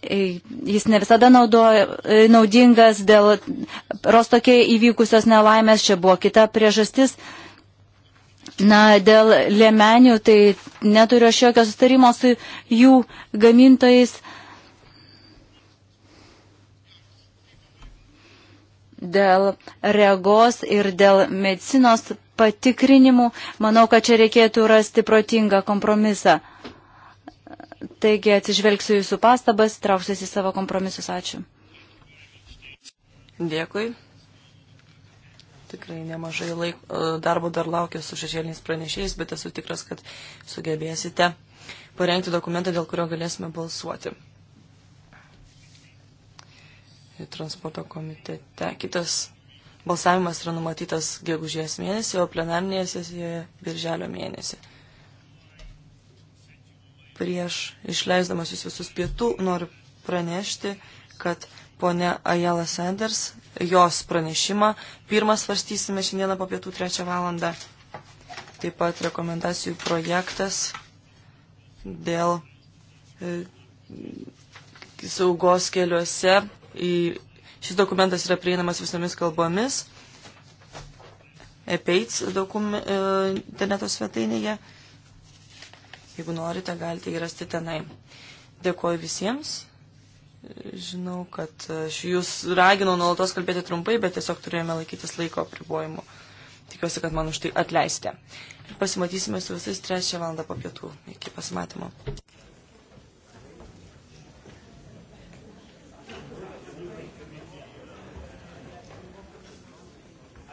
C: e, jis ne visada naudoja, e, naudingas dėl rostokiai įvykusios nelaimės, čia buvo kita priežastis. Na, dėl lėmenių, tai neturiu aš jokio sustarimo su jų gamintojais. Dėl regos ir dėl medicinos patikrinimų, manau, kad čia reikėtų rasti protingą kompromisą. Uh, Taigi atsižvelgsiu jūsų pastabas, trauksiuosi savo kompromisus. Ačiū.
D: Dėkui. Tikrai nemažai laik, e, darbo dar laukia su šešėliniais pranešėjais, bet esu tikras, kad sugebėsite parengti dokumentą, dėl kurio galėsime balsuoti. Transporto komitete. Kitas balsavimas yra numatytas gegužės mėnesį, o plenarnėje sesijoje birželio mėnesį. Prieš išleisdamas jūs visus pietų noriu pranešti, kad ponia Ajala Sanders, jos pranešimą pirmą svarstysime šiandieną po pietų trečią valandą. Taip pat rekomendacijų projektas dėl e, saugos keliuose. Į, šis dokumentas yra prieinamas visomis kalbomis. EPEITS e, interneto svetainėje. Jeigu norite, galite įrasti tenai. Dėkuoju visiems. Žinau, kad jūs raginau nuolatos kalbėti trumpai, bet tiesiog turėjome laikytis laiko apribojimų. Tikiuosi, kad man už tai atleisite. Ir pasimatysime su visais trečią valandą po pietų. Iki pasimatymo.